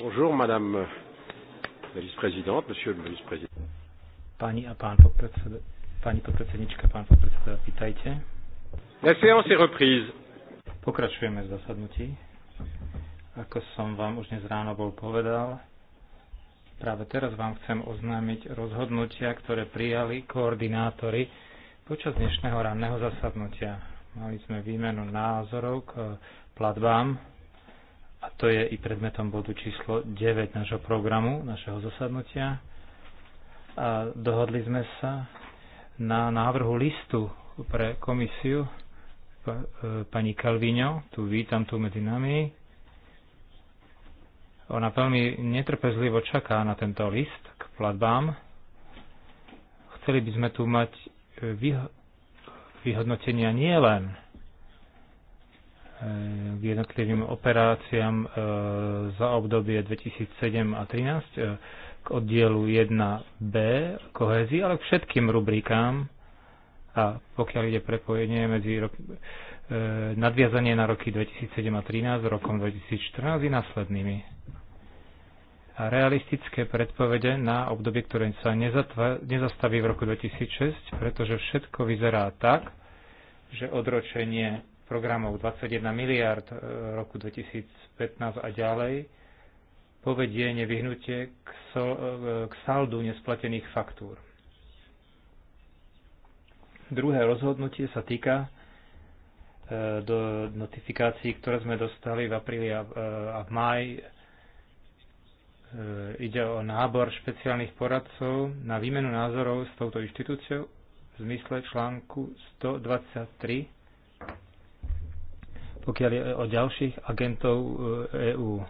Bonjour, madame la vice-présidente, monsieur le vice-président. Pani a pán podpredseda, pani podpredsednička, pán podpredseda, vítajte. La séance est reprise. Pokračujeme v zasadnutí. Ako som vám už dnes ráno bol povedal, práve teraz vám chcem oznámiť rozhodnutia, ktoré prijali koordinátori počas dnešného ranného zasadnutia. Mali sme výmenu názorov k platbám to je i predmetom bodu číslo 9 nášho programu, našeho zasadnutia. A dohodli sme sa na návrhu listu pre komisiu e, pani Kalvíňo. Tu vítam tu medzi nami. Ona veľmi netrpezlivo čaká na tento list k platbám. Chceli by sme tu mať e, vyhodnotenia nielen k jednotlivým operáciám e, za obdobie 2007 a 2013 e, k oddielu 1b kohézii ale k všetkým rubrikám a pokiaľ ide prepojenie medzi rok, e, nadviazanie na roky 2007 a 2013, rokom 2014 i následnými. A realistické predpovede na obdobie, ktoré sa nezatva, nezastaví v roku 2006, pretože všetko vyzerá tak, že odročenie programov 21 miliard e, roku 2015 a ďalej povedie nevyhnutie k, e, k saldu nesplatených faktúr. Druhé rozhodnutie sa týka e, do notifikácií, ktoré sme dostali v apríli a v máji. Ide o nábor špeciálnych poradcov na výmenu názorov s touto inštitúciou v zmysle článku 123 pokiaľ je o ďalších agentov EÚ. E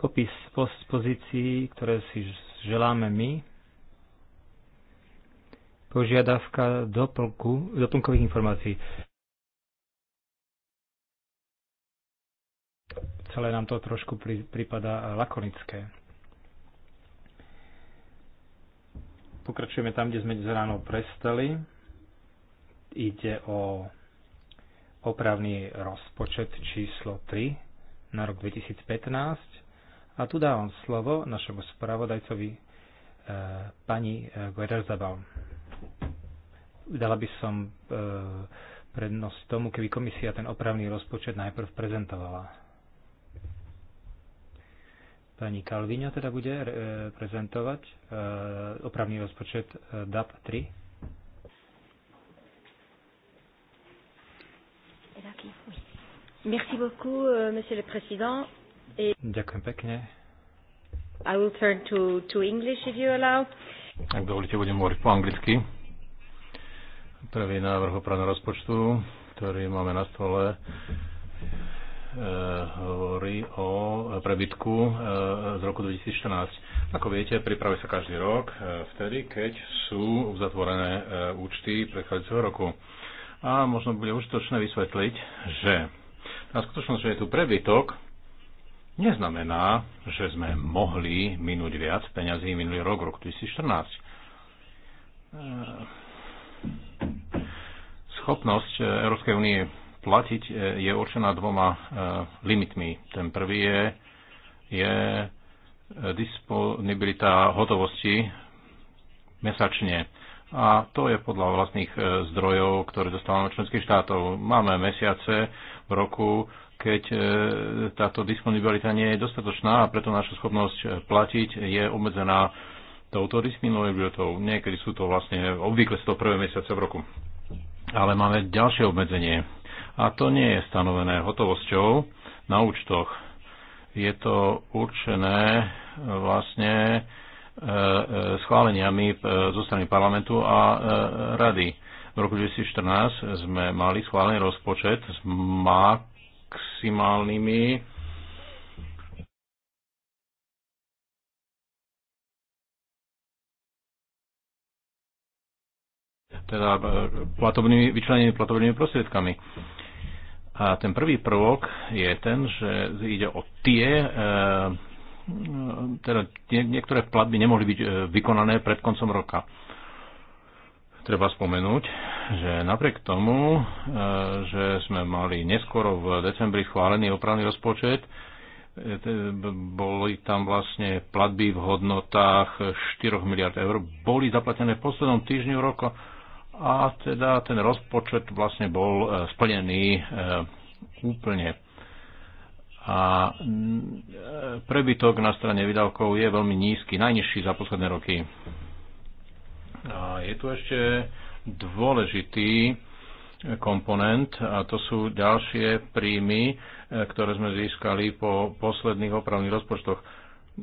Popis post pozícií, ktoré si želáme my, požiadavka doplnku, doplnkových informácií. Celé nám to trošku pri, prípada lakonické. Pokračujeme tam, kde sme ráno prestali. Ide o opravný rozpočet číslo 3 na rok 2015 a tu dávam slovo našemu spravodajcovi e, pani eh, Guerzabal. Dala by som e, prednosť tomu, keby komisia ten opravný rozpočet najprv prezentovala. Pani Kalvíňa teda bude prezentovať opravný rozpočet DAP 3. Merci beaucoup, euh, monsieur le président. Et... Ďakujem pekne. I will turn to, to English, if you allow. Ak dovolíte, budem hovoriť po anglicky. Prvý návrh opravného rozpočtu, ktorý máme na stole, eh, hovorí o prebytku eh, z roku 2014. Ako viete, pripravuje sa každý rok eh, vtedy, keď sú uzatvorené účty predchádzajúceho roku. A možno bude užitočné vysvetliť, že a skutočnosť, že je tu prebytok, neznamená, že sme mohli minúť viac peňazí minulý rok, rok 2014. E, schopnosť Európskej únie platiť e, je určená dvoma e, limitmi. Ten prvý je, je disponibilita hotovosti mesačne. A to je podľa vlastných zdrojov, ktoré dostávame členských štátov. Máme mesiace, roku, keď e, táto disponibilita nie je dostatočná a preto naša schopnosť e, platiť je obmedzená touto disponibilitou. Niekedy sú to vlastne, obvykle sú to prvé mesiace v roku. Ale máme ďalšie obmedzenie a to nie je stanovené hotovosťou na účtoch. Je to určené e, vlastne schváleniami zo strany parlamentu a rady v roku 2014 sme mali schválený rozpočet s maximálnymi teda e, platobnými, vyčlenenými platobnými prostriedkami. A ten prvý prvok je ten, že ide o tie, e, e, teda niektoré platby nemohli byť vykonané pred koncom roka treba spomenúť, že napriek tomu, e, že sme mali neskoro v decembri chválený opravný rozpočet, e, boli tam vlastne platby v hodnotách 4 miliard eur, boli zaplatené v poslednom týždni roka a teda ten rozpočet vlastne bol e, splnený úplne. A prebytok na strane výdavkov je veľmi nízky, najnižší za posledné roky je tu ešte dôležitý komponent a to sú ďalšie príjmy, e, ktoré sme získali po posledných opravných rozpočtoch.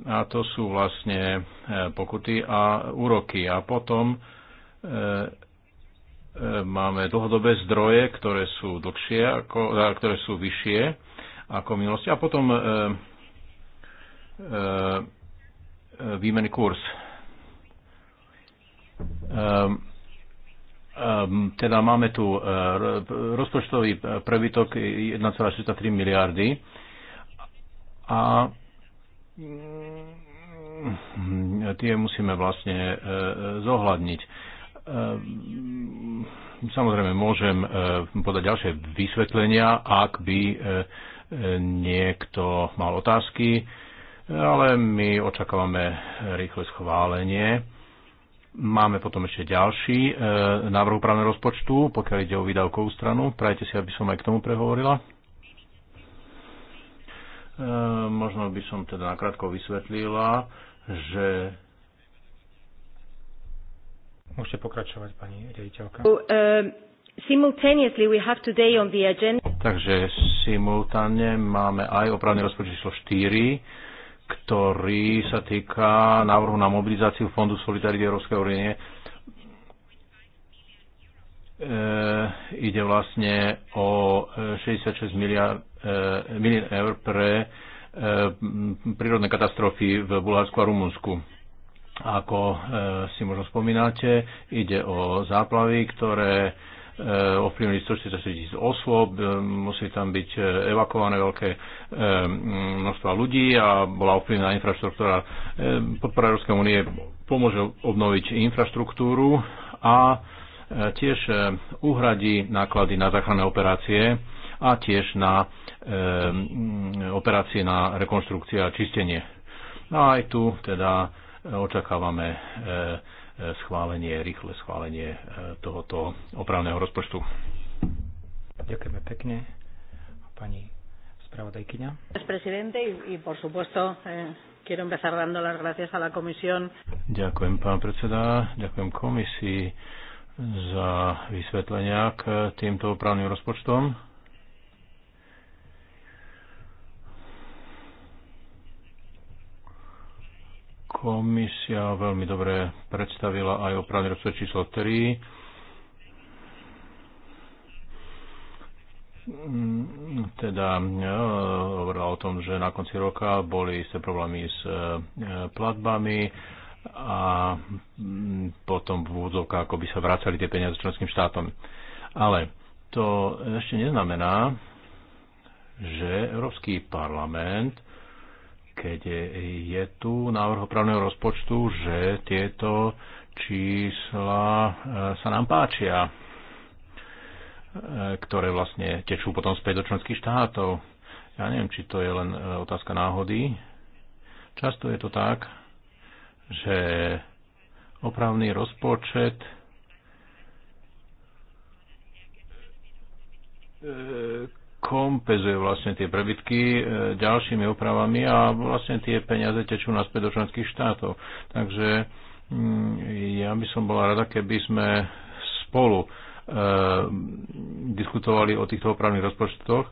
A to sú vlastne e, pokuty a úroky. A potom e, máme dlhodobé zdroje, ktoré sú dlhšie, ako, ktoré sú vyššie ako minulosti. A potom e, e, výmenný kurz Ehm, ehm, teda máme tu e, rozpočtový e, prebytok 1,63 miliardy a mm, tie musíme vlastne e, zohľadniť. Ehm, samozrejme, môžem podať ďalšie vysvetlenia, ak by niekto mal otázky, ale my očakávame rýchle schválenie Máme potom ešte ďalší e, návrh právne rozpočtu, pokiaľ ide o výdavkovú stranu. Prajte si, aby som aj k tomu prehovorila. E, možno by som teda nakrátko vysvetlila, že... Môžete pokračovať, pani rejiteľka. Um, simultaneously we have today on the agenda. Takže simultánne máme aj opravný rozpočet číslo 4, ktorý sa týka návrhu na mobilizáciu Fondu Solidarity Európskej únie. E, ide vlastne o 66 e, miliard, e, miliard eur pre e, prírodné katastrofy v Bulharsku a Rumunsku. Ako e, si možno spomínate, ide o záplavy, ktoré e, Eh, ovplyvniť 140 tisíc osôb, eh, musí tam byť eh, evakuované veľké množstva ľudí a bola ovplyvnená infraštruktúra. Podpora Európskej únie pomôže obnoviť infraštruktúru a tiež uhradí náklady na záchranné operácie a tiež na operácie na rekonstrukcie a čistenie. No a aj tu teda očakávame schválenie, rýchle schválenie e, tohoto opravného rozpočtu. Ďakujeme pekne, pani spravodajkyňa. Eh, ďakujem, pán predseda, ďakujem komisii za vysvetlenia k týmto opravným rozpočtom Komisia veľmi dobre predstavila aj opravný rozpočet číslo 3. teda no, hovorila o tom, že na konci roka boli isté problémy s e, platbami a mm, potom v úvodzovkách ako by sa vracali tie peniaze členským štátom. Ale to ešte neznamená, že Európsky parlament keď je tu návrh opravného rozpočtu, že tieto čísla eh, sa nám páčia, eh, ktoré vlastne tečú potom späť do členských štátov. Ja neviem, či to je len eh, otázka náhody. Často je to tak, že opravný rozpočet kompenzuje vlastne tie prebytky e, ďalšími opravami a vlastne tie peniaze tečú naspäť do členských štátov. Takže mm, ja by som bola rada, keby sme spolu e, diskutovali o týchto opravných rozpočtoch.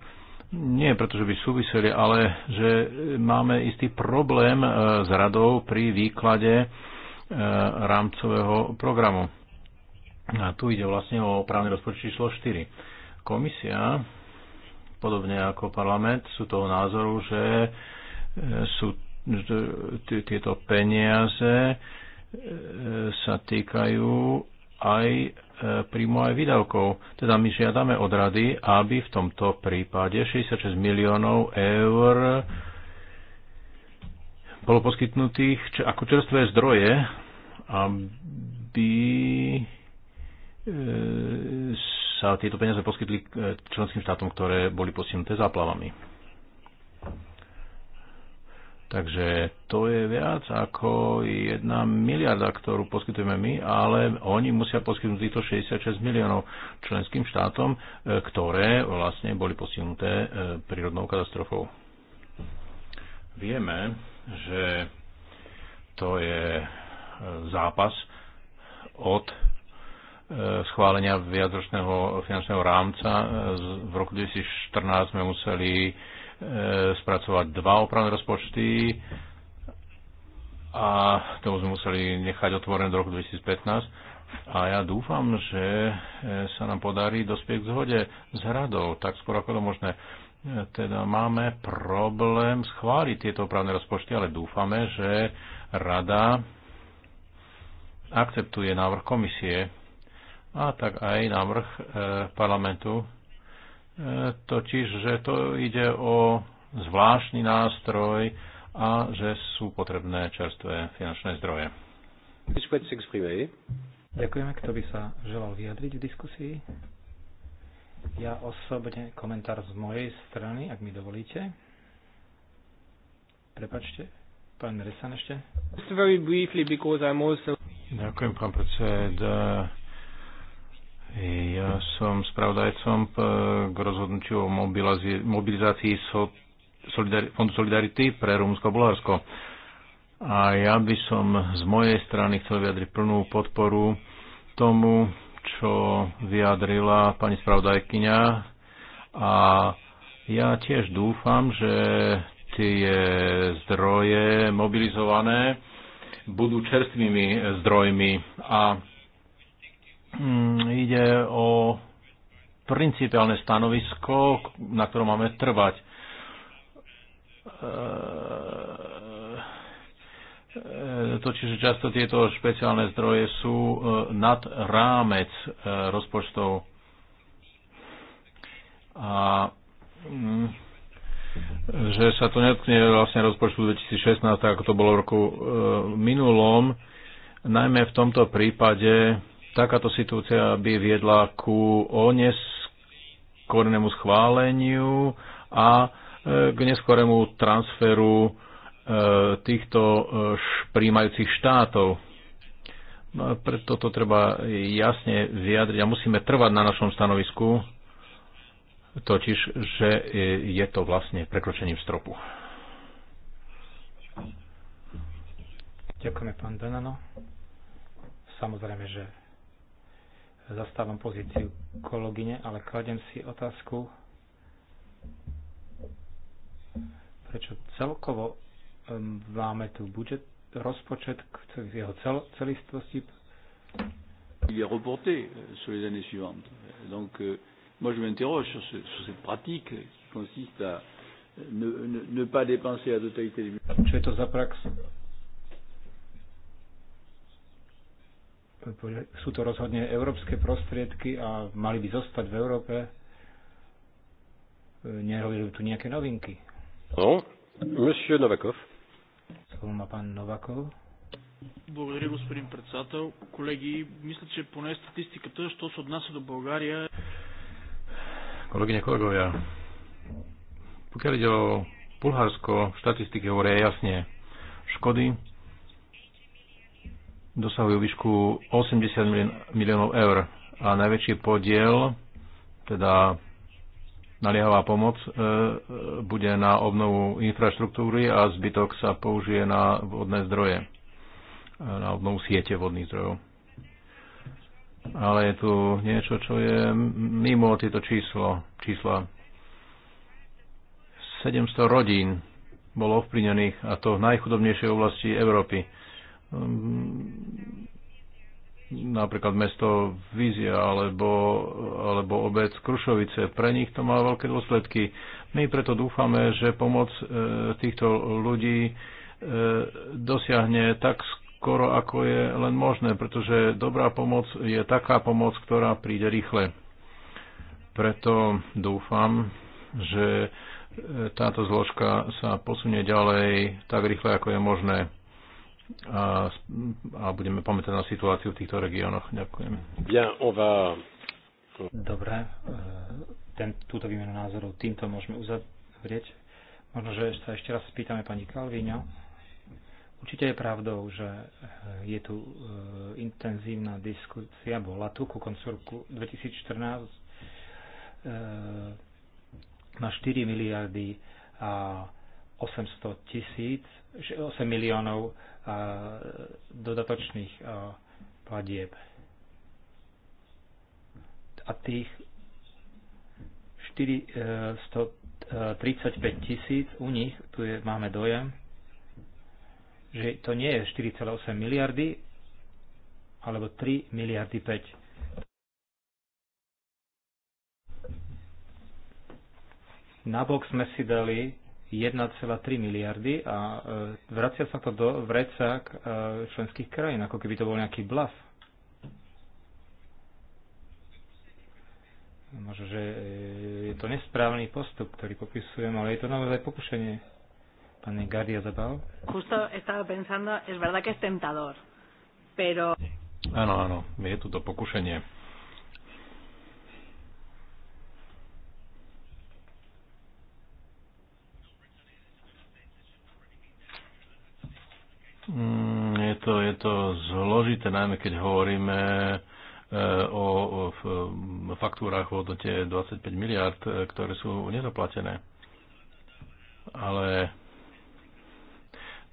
Nie preto, že by súviseli, ale že máme istý problém e, s radou pri výklade e, rámcového programu. A tu ide vlastne o opravný rozpočet číslo 4. Komisia podobne ako parlament, sú toho názoru, že e, sú tieto peniaze e, sa týkajú aj e, príjmu aj výdavkov. Teda my žiadame od rady, aby v tomto prípade 66 miliónov eur bolo poskytnutých ako čerstvé zdroje, aby sa tieto peniaze poskytli eh, členským štátom, ktoré boli postihnuté záplavami. Takže to je viac ako jedna miliarda, ktorú poskytujeme my, ale oni musia poskytnúť týchto 66 miliónov členským štátom, eh, ktoré vlastne boli postihnuté eh, prírodnou katastrofou. Vieme, že to je zápas od E, schválenia viacročného finančného rámca. E, v roku 2014 sme museli e, spracovať dva opravné rozpočty a to sme museli nechať otvorené do roku 2015. A ja dúfam, že sa nám podarí dospieť k zhode s hradou, tak skoro ako to možné. Teda máme problém schváliť tieto opravné rozpočty, ale dúfame, že rada akceptuje návrh komisie a tak aj návrh e, parlamentu. E, totiž, že to ide o zvláštny nástroj a že sú potrebné čerstvé finančné zdroje. Ďakujeme, kto by sa želal vyjadriť v diskusii. Ja osobne komentár z mojej strany, ak mi dovolíte. Prepačte, pán Meresan ešte. Ďakujem, pán predseda ja som spravodajcom k rozhodnutiu o mobilizácii Fondu Solidarity pre Rumunsko a Bulharsko. A ja by som z mojej strany chcel vyjadriť plnú podporu tomu, čo vyjadrila pani spravodajkyňa. A ja tiež dúfam, že tie zdroje mobilizované budú čerstvými zdrojmi a Mm, ide o principiálne stanovisko, na ktorom máme trvať. E, e, totiž často tieto špeciálne zdroje sú e, nad rámec rozpočtov. A mm, že sa to netkne vlastne rozpočtu 2016, ako to bolo v roku minulom, najmä v tomto prípade Takáto situácia by viedla ku oneskornému schváleniu a e, k neskorému transferu e, týchto e, príjmajúcich štátov. No preto to treba jasne vyjadriť a musíme trvať na našom stanovisku, totiž, že je to vlastne prekročením stropu. Ďakujeme, pán Danano. Samozrejme, že zastávam pozíciu kolegyne, ale kladem si otázku, prečo celkovo máme tu budžet, rozpočet v jeho cel, celistvosti. Il est reporté sur les années suivantes. Donc, euh, moi, je m'interroge sur, ce, sur cette pratique qui consiste à euh, ne, ne, ne pas dépenser la totalité des budgets. Čo je to za prax? Sú to rozhodne európske prostriedky a mali by zostať v Európe. E, Nerobili tu nejaké novinky. No, monsieur Novakov. Slovo má pán Novakov. Благодаря, господин председател. Колеги, мисля, че поне статистиката, що се отнася до България... Kolegyne, kolegovia, pokiaľ Покъде o Bulharsko, štatistiky hovoria jasne. Шкоди, dosahujú výšku 80 milión, miliónov eur a najväčší podiel, teda naliehavá pomoc, e, e, bude na obnovu infraštruktúry a zbytok sa použije na vodné zdroje, e, na obnovu siete vodných zdrojov. Ale je tu niečo, čo je mimo tieto číslo, čísla. 700 rodín bolo ovplyvnených, a to v najchudobnejšej oblasti Európy Ehm, napríklad mesto Vízia alebo, alebo obec Krušovice. Pre nich to má veľké dôsledky. My preto dúfame, že pomoc e, týchto ľudí e, dosiahne tak skoro, ako je len možné, pretože dobrá pomoc je taká pomoc, ktorá príde rýchle. Preto dúfam, že e, táto zložka sa posunie ďalej tak rýchle, ako je možné a, a budeme pamätať na situáciu v týchto regiónoch. Ďakujem. Bien, Dobre, e, ten, túto výmenu názorov týmto môžeme uzavrieť. Možno, že sa ešte raz spýtame pani Kalvíňa. Určite je pravdou, že e, je tu e, intenzívna diskusia, bola tu ku koncu roku 2014 na 4 miliardy a 800 tisíc, 8 miliónov dodatočných platieb. A tých 435 e, e, tisíc u nich, tu je, máme dojem, že to nie je 4,8 miliardy, alebo 3 miliardy 5. Nabok sme si dali 1,3 miliardy a e, vracia sa to do vreca k e, členských krajín, ako keby to bol nejaký blav. Možno, že e, je to nesprávny postup, ktorý popisujem, ale je to naozaj pokušenie. Pani Gardia Zabal. Justo estaba pensando, es verdad que es tentador, pero... Áno, áno, je tu to pokušenie Mm, je to, je to zložité, najmä keď hovoríme e, o, o faktúrach v hodnote 25 miliard, e, ktoré sú nezaplatené. Ale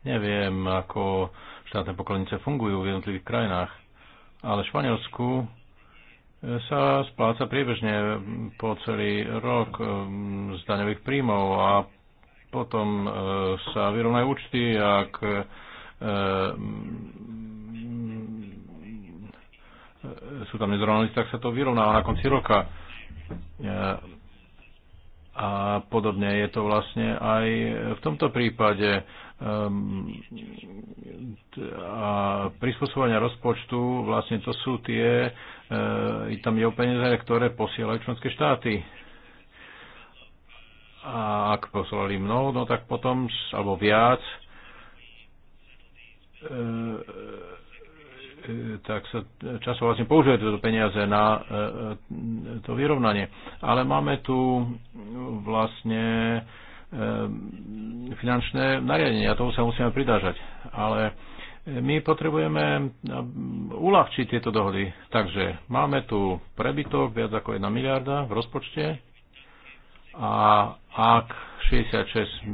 neviem, ako štátne pokladnice fungujú v jednotlivých krajinách, ale v Španielsku e, sa spláca priebežne po celý rok z daňových príjmov a potom sa vyrovnajú účty, ak Ehm, sú tam nezrovnalosti, tak sa to vyrovnáva na konci roka. Ehm, a podobne je to vlastne aj v tomto prípade ehm, a prispôsobenia rozpočtu, vlastne to sú tie, e, tam je o peniaze, ktoré posielajú členské štáty. A ak poslali mnou, no tak potom, alebo viac, E, e, tak sa často vlastne použije tieto peniaze na e, to vyrovnanie. Ale máme tu vlastne finančné nariadenia, toho sa musíme pridážať. Ale my potrebujeme uľahčiť tieto dohody. Takže máme tu prebytok viac ako 1 miliarda v rozpočte a ak 66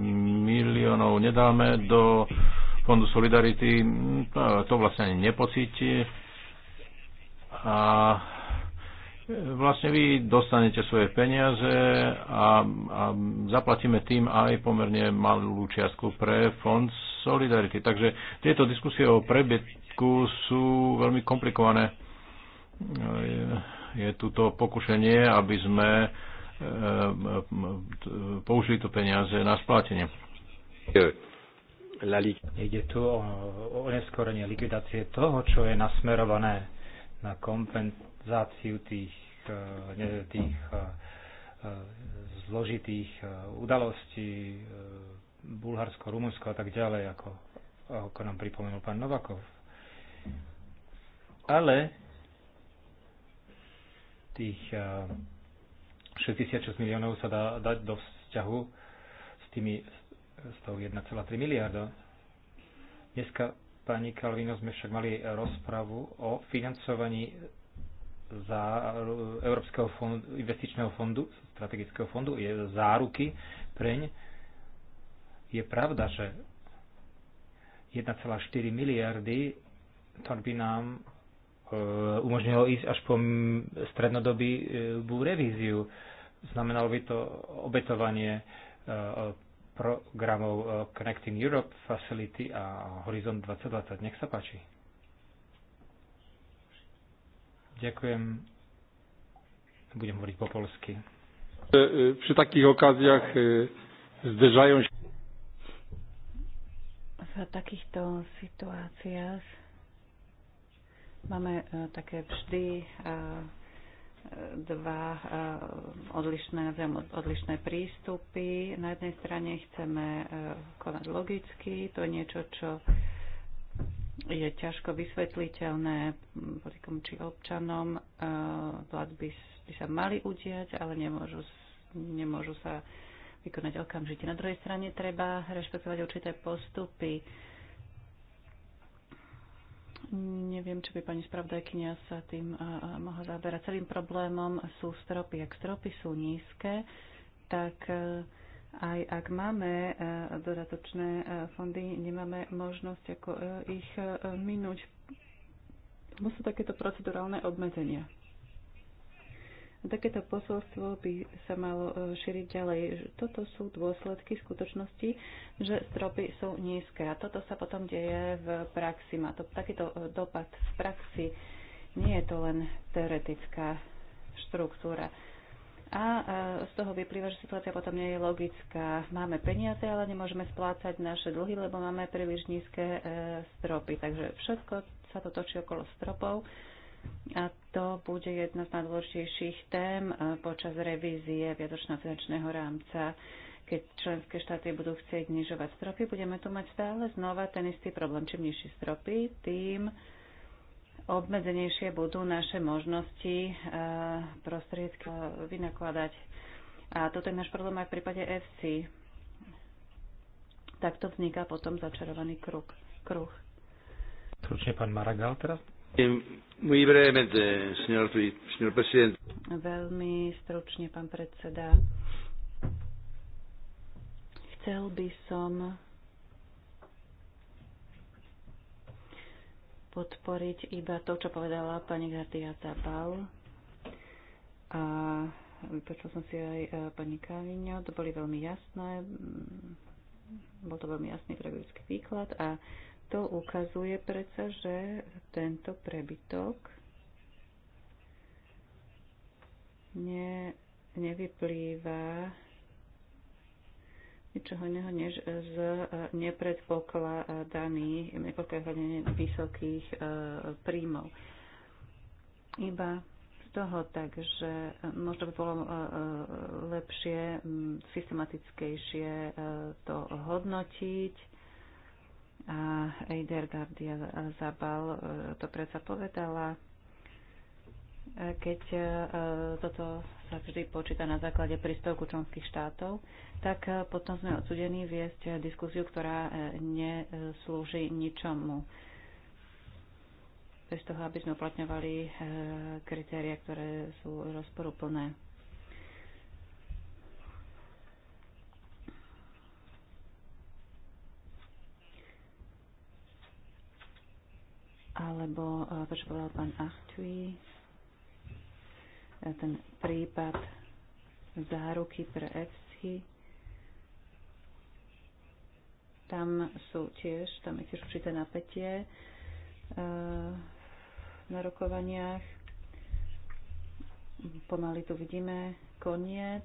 miliónov nedáme do Fondu Solidarity, mm, to, to vlastne ani nepocíti. A e, vlastne vy dostanete svoje peniaze a, a zaplatíme tým aj pomerne malú čiastku pre Fond Solidarity. Takže tieto diskusie o prebytku sú veľmi komplikované. E, je, tu to pokušenie, aby sme e, použili to peniaze na Yeah la Ide tu o, o oneskorenie likvidácie toho, čo je nasmerované na kompenzáciu tých, e, ne, tých e, e, zložitých udalostí Bulharsko, Rumunsko a tak ďalej, ako, ako nám pripomenul pán Novakov. Ale tých 66 miliónov sa dá dať do vzťahu s tými z toho 1,3 miliarda. Dneska, pani Kalvino, sme však mali rozpravu o financovaní za Európskeho fondu, investičného fondu, strategického fondu, je záruky preň. Je pravda, že 1,4 miliardy to by nám e, umožnilo ísť až po strednodobú e, revíziu. Znamenalo by to obetovanie e, programov eh, Connecting Europe Facility a Horizon 2020. Nech sa páči. Ďakujem. Budem hovoriť po polsky. E, e, Pri takých okazjach e, zdržajú v takýchto situáciách máme také vždy dva eh, odlišné, odlišné prístupy. Na jednej strane chceme eh, konať logicky, to je niečo, čo je ťažko vysvetliteľné hm, politikom či občanom. Eh, platby by sa mali udiať, ale nemôžu, nemôžu sa vykonať okamžite. Na druhej strane treba rešpektovať určité postupy, Neviem, či by pani spravodajkynia sa tým mohla zaberať. Celým problémom sú stropy. Ak stropy sú nízke, tak e, aj ak máme e, dodatočné e, fondy, nemáme možnosť ako ich minúť. Musú takéto procedurálne obmedzenia. Takéto posolstvo by sa malo e, šíriť ďalej. Toto sú dôsledky skutočnosti, že stropy sú nízke a toto sa potom deje v praxi. Má to takýto e, dopad v praxi. Nie je to len teoretická štruktúra. A e, z toho vyplýva, že situácia potom nie je logická. Máme peniaze, ale nemôžeme splácať naše dlhy, lebo máme príliš nízke stropy. Takže všetko sa to točí okolo stropov a to bude jedna z najdôležitejších tém e, počas revízie viadočného finančného rámca. Keď členské štáty budú chcieť znižovať stropy, budeme tu mať stále znova ten istý problém. Čím nižší stropy, tým obmedzenejšie budú naše možnosti e, prostriedky vynakladať. A toto je náš problém aj v prípade FC. Takto vzniká potom začarovaný kruh. kruh. Stručne pán Maragal teraz. Veľmi stručne, pán predseda. Chcel by som podporiť iba to, čo povedala pani Gardia Zabal. A vypočul som si aj e, pani Kavino, to boli veľmi jasné, bol to veľmi jasný pedagogický výklad a to ukazuje predsa, že tento prebytok ne, nevyplýva ničoho neho než z nepredpokladaných, nepredpokladaných vysokých eh, príjmov. Iba z toho tak, že možno by bolo eh, eh, lepšie, mm, systematickejšie to hodnotiť, a Eider Gardia Zabal e, to predsa povedala, e, keď e, toto sa vždy počíta na základe príspevku členských štátov, tak potom sme odsudení viesť diskusiu, ktorá neslúži ničomu. Bez toho, aby sme uplatňovali kritéria, ktoré sú rozporuplné. alebo e, to, čo povedal pán Achtui, e, ten prípad záruky pre EFSI. Tam sú tiež, tam je tiež určité napätie e, na rokovaniach. Pomaly tu vidíme koniec,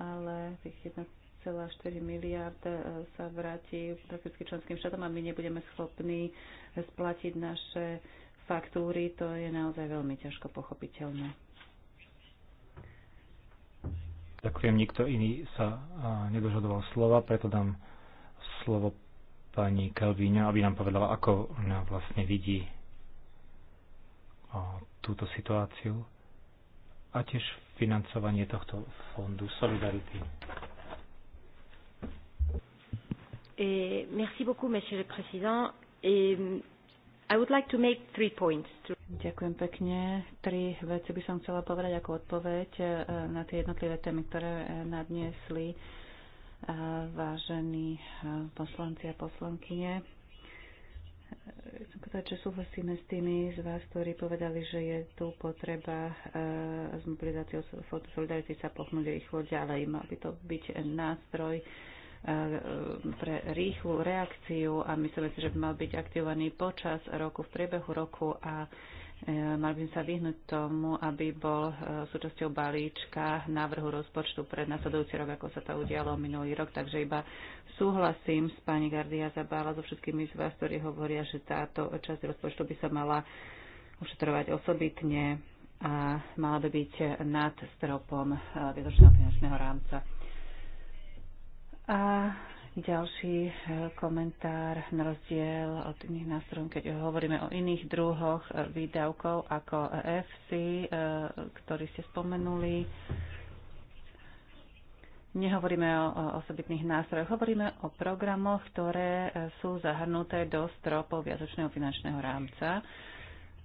ale tých 1,5 1,4 miliard e, sa vráti prakticky členským štátom a my nebudeme schopní splatiť naše faktúry, to je naozaj veľmi ťažko pochopiteľné. Ďakujem, nikto iný sa nedožadoval slova, preto dám slovo pani Kelvíňa, aby nám povedala, ako ona vlastne vidí túto situáciu a tiež financovanie tohto fondu Solidarity. Et merci beaucoup, Monsieur le Président. Et mm, I would like to make three points. Ďakujem pekne. Tri veci by som chcela povedať ako odpoveď e, na tie jednotlivé témy, ktoré e, nadniesli e, vážení poslanci a poslankyne. Chcem povedať, že súhlasíme s tými z vás, ktorí povedali, že je tu potreba s mobilizáciou Solidarity sa pohnúť rýchlo ďalej. Mal by to byť nástroj, E, pre rýchlu reakciu a myslíme si, že by mal byť aktivovaný počas roku, v priebehu roku a e, mal by sa vyhnúť tomu, aby bol e, súčasťou balíčka návrhu rozpočtu pre nasledujúci rok, ako sa to udialo minulý rok. Takže iba súhlasím s pani Gardia Zabála, so všetkými z vás, ktorí hovoria, že táto časť rozpočtu by sa mala ušetrovať osobitne a mala by byť nad stropom výročného finančného rámca. A ďalší e, komentár na rozdiel od iných nástrojov, keď hovoríme o iných druhoch e, výdavkov ako FC, e, ktorý ste spomenuli. Nehovoríme o osobitných nástrojoch, hovoríme o programoch, ktoré sú zahrnuté do stropov viazočného finančného rámca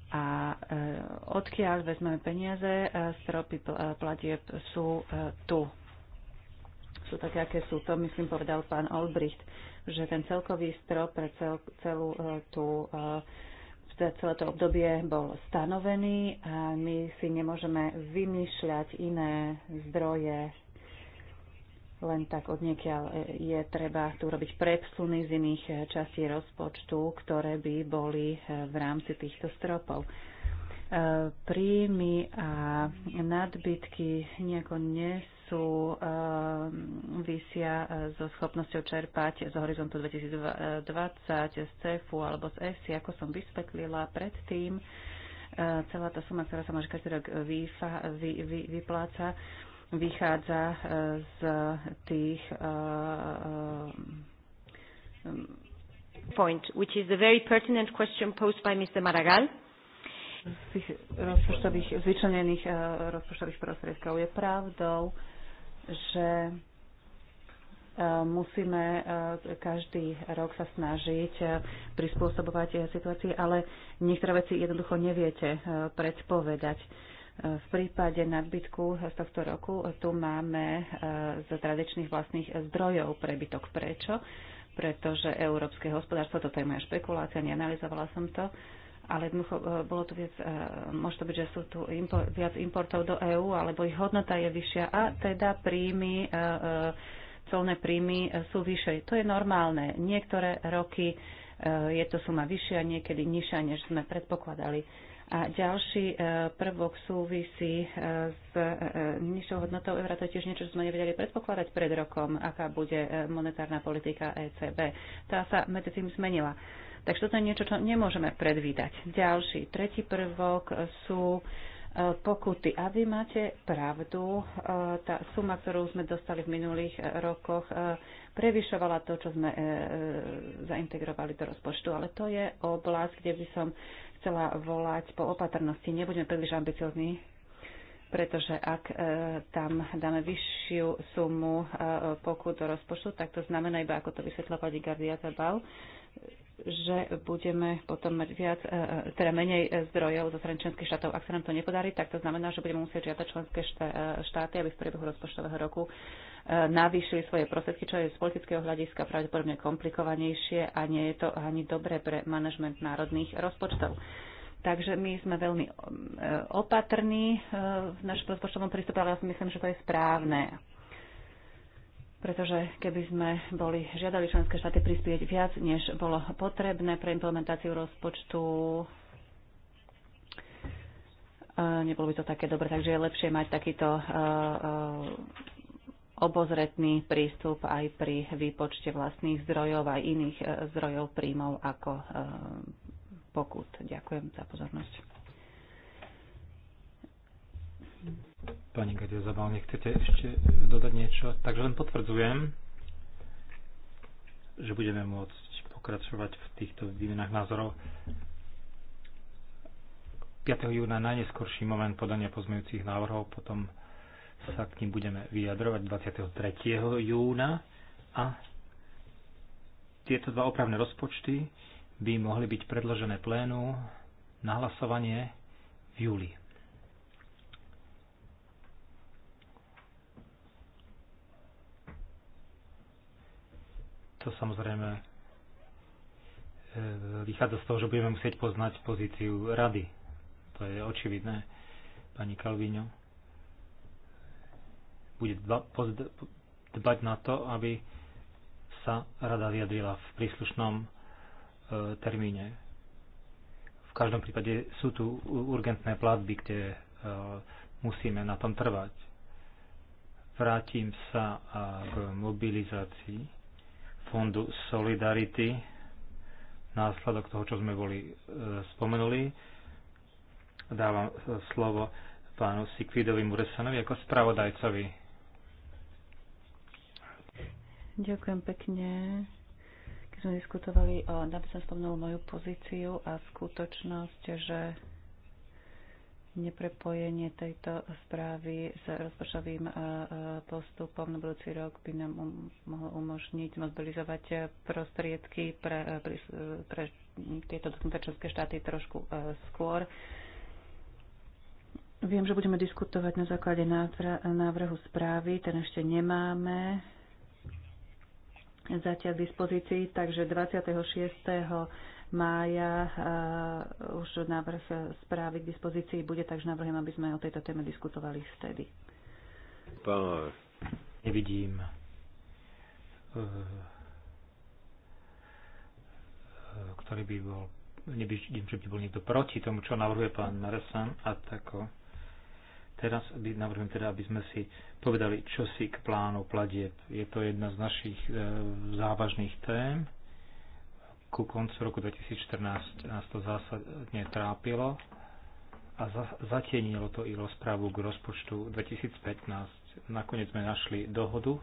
a odkiaľ vezmeme peniaze, stropy platieb sú tu sú také, aké sú. To, myslím, povedal pán Olbricht, že ten celkový strop pre cel, celú e, tú e, celé to obdobie bol stanovený a my si nemôžeme vymýšľať iné zdroje len tak od niekiaľ e, je treba tu robiť prepsuny z iných častí rozpočtu, ktoré by boli v rámci týchto stropov. Príjmy a nadbytky nejako nes sú, uh, vysia uh, so schopnosťou čerpať z horizontu 2020, e, z CEFu alebo z ESI, ako som vysvetlila predtým. Uh, Celá tá suma, ktorá sa môže každý rok vyfa, vy, vy, vypláca, vychádza uh, z tých uh, um, point, which is the very pertinent question posed by Mr. Maragall z tých rozpočtových, zvyčlenených uh, rozpočtových prostriedkov. Je pravdou, uh, že e, musíme e, každý rok sa snažiť e, prispôsobovať situácii, ale niektoré veci jednoducho neviete predpovedať. V prípade nadbytku z tohto roku tu máme z tradičných vlastných zdrojov prebytok. Prečo? Pretože európske hospodárstvo, toto je moja špekulácia, neanalizovala som to, ale jednoducho e, bolo tu viac, e, môže to byť, že sú tu impor, viac importov do EÚ, alebo ich hodnota je vyššia a teda príjmy, e, colné príjmy sú vyššie. To je normálne. Niektoré roky je to suma vyššia, niekedy nižšia, než sme predpokladali. A ďalší prvok súvisí s nižšou hodnotou eura, to je tiež niečo, čo sme nevedeli predpokladať pred rokom, aká bude monetárna politika ECB. Tá sa medzi tým zmenila. Takže toto je niečo, čo nemôžeme predvídať. Ďalší, tretí prvok sú e, pokuty. A vy máte pravdu, e, tá suma, ktorú sme dostali v minulých e, rokoch, prevyšovala to, čo sme zaintegrovali do rozpočtu, ale to je oblasť, kde by som chcela volať po opatrnosti. Nebudeme príliš ambiciozní, pretože ak tam dáme vyššiu sumu pokut do rozpočtu, tak to znamená iba, ako to vysvetlila pani Gardia Zabal, že budeme potom mať viac, e, e, teda menej e, zdrojov zo strany členských štátov. Ak sa nám to nepodarí, tak to znamená, že budeme musieť žiadať členské štáty, aby v priebehu rozpočtového roku navýšili svoje prostriedky, čo je z politického hľadiska pravdepodobne komplikovanejšie a nie je to ani dobré pre manažment národných rozpočtov. Takže my sme veľmi opatrní v našom rozpočtovom prístupe, ale ja si myslím, že to je správne pretože keby sme boli žiadali členské štáty prispieť viac, než bolo potrebné pre implementáciu rozpočtu, e, nebolo by to také dobre, takže je lepšie mať takýto e, e, obozretný prístup aj pri výpočte vlastných zdrojov a iných zdrojov príjmov ako pokut. Ďakujem za pozornosť. Pani Gadia Zabal, nechcete ešte dodať niečo? Takže len potvrdzujem, že budeme môcť pokračovať v týchto výmenách názorov. 5. júna najneskorší moment podania pozmejúcich návrhov, potom sa k ním budeme vyjadrovať 23. júna a tieto dva opravné rozpočty by mohli byť predložené plénu na hlasovanie v júli. To samozrejme e, vychádza z toho, že budeme musieť poznať pozíciu rady. To je očividné, pani Kalvíňo. Bude dba, pozd, dbať na to, aby sa rada vyjadrila v príslušnom e, termíne. V každom prípade sú tu urgentné platby, kde e, musíme na tom trvať. Vrátim sa k mobilizácii fondu Solidarity, následok toho, čo sme boli e, spomenuli. Dávam e, slovo pánu Sikvidovi Muresanovi ako spravodajcovi. Ďakujem pekne. Keď sme diskutovali o, aby som spomenul moju pozíciu a skutočnosť, že Neprepojenie tejto správy s rozpočtovým e, e, postupom na budúci rok by nám um, mohlo umožniť mobilizovať prostriedky pre, e, pre, pre tieto dotknuté členské štáty trošku skôr. Viem, že budeme diskutovať na základe návrhu správy, ten ešte nemáme zatiaľ k dispozícii, takže 26 mája eh, už návrh správy k dispozícii bude, takže navrhujem, aby sme o tejto téme diskutovali vtedy. Pán, nevidím eh, eh, ktorý by bol nevidím, že by bol niekto proti tomu, čo navrhuje pán Maresan a tako. Teraz by, navrhujem teda, aby sme si povedali, čo si k plánu pladieb. Je to jedna z našich e, závažných tém ku koncu roku 2014 nás to zásadne trápilo a za, zatienilo to i rozprávu k rozpočtu 2015. Nakoniec sme našli dohodu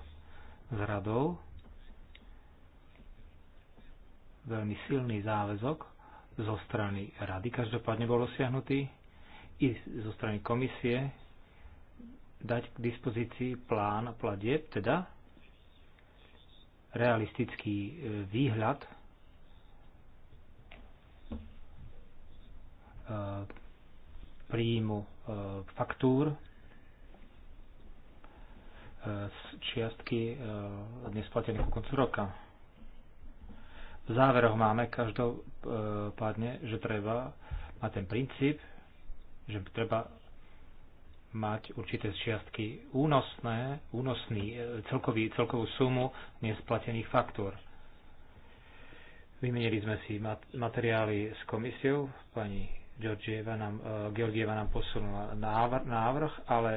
s radou, veľmi silný záväzok zo strany rady, každopádne bol dosiahnutý, i zo strany komisie dať k dispozícii plán pladieb, teda realistický e, výhľad Eh, príjmu eh, faktúr eh, z čiastky nesplatených ku koncu roka. V záveroch máme každopádne, že treba mať ten princíp, že treba mať určité čiastky únosné, únosný, celkový, celkovú sumu nesplatených faktúr. Vymenili sme si materiály s komisiou, pani Georgieva nám, e, Georgieva nám posunula návrh, návrh, ale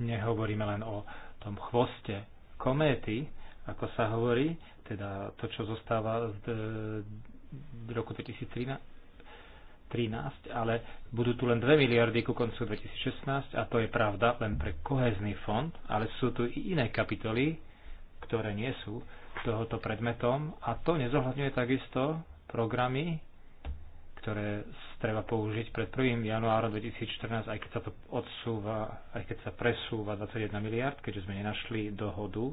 nehovoríme len o tom chvoste kométy, ako sa hovorí, teda to, čo zostáva z e, roku 2013, 13, ale budú tu len 2 miliardy ku koncu 2016 a to je pravda len pre kohezný fond, ale sú tu i iné kapitoly, ktoré nie sú tohoto predmetom a to nezohľadňuje takisto programy, ktoré treba použiť pred 1. januárom 2014, aj keď sa to odsúva, aj keď sa presúva 21 miliard, keďže sme nenašli dohodu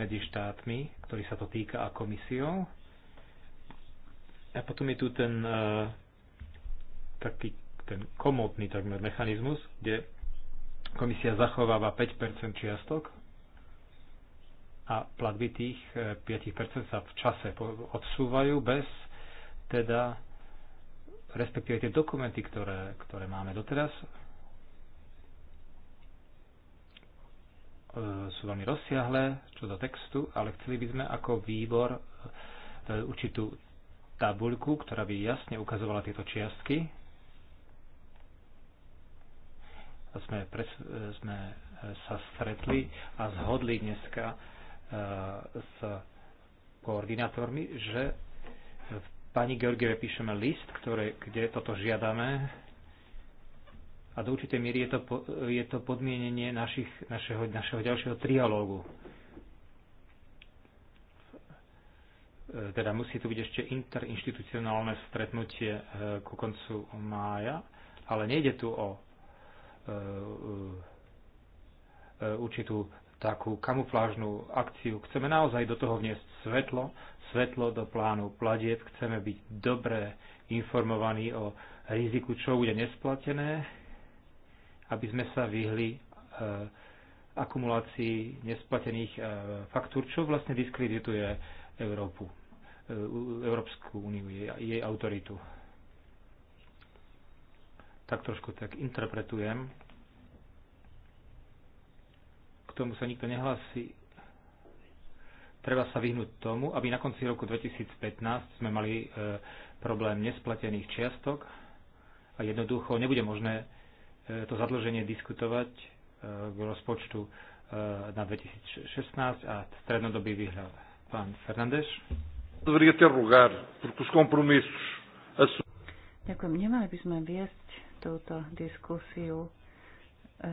medzi štátmi, ktorý sa to týka a komisiou. A potom je tu ten uh, taký ten komotný takmer mechanizmus, kde komisia zachováva 5% čiastok a platby tých 5% e, sa v čase odsúvajú bez teda respektíve tie dokumenty, ktoré, ktoré máme doteraz, e, sú veľmi rozsiahle čo do textu, ale chceli by sme ako výbor e, určitú tabuľku, ktorá by jasne ukazovala tieto čiastky. A sme, pres, sme sa stretli a zhodli dneska E, s koordinátormi, že pani Georgieve píšeme list, ktoré, kde toto žiadame a do určitej miery je to, je to podmienenie našich, našeho, našeho ďalšieho trialógu. E, teda musí tu byť ešte interinstitucionálne stretnutie e, ku koncu mája, ale nejde tu o určitú takú kamuflážnú akciu. Chceme naozaj do toho vniesť svetlo, svetlo do plánu platieb, chceme byť dobre informovaní o riziku, čo bude nesplatené, aby sme sa vyhli e, akumulácii nesplatených e, faktúr, čo vlastne diskredituje Európu, e, Európsku úniu, jej, jej autoritu. Tak trošku tak interpretujem tomu sa nikto nehlási. Treba sa vyhnúť tomu, aby na konci roku 2015 sme mali e, problém nesplatených čiastok a jednoducho nebude možné e, to zadlženie diskutovať e, k rozpočtu e, na 2016 a strednodobý výhľad. Pán Fernández. Ďakujem. Nemali by sme viesť túto diskusiu e,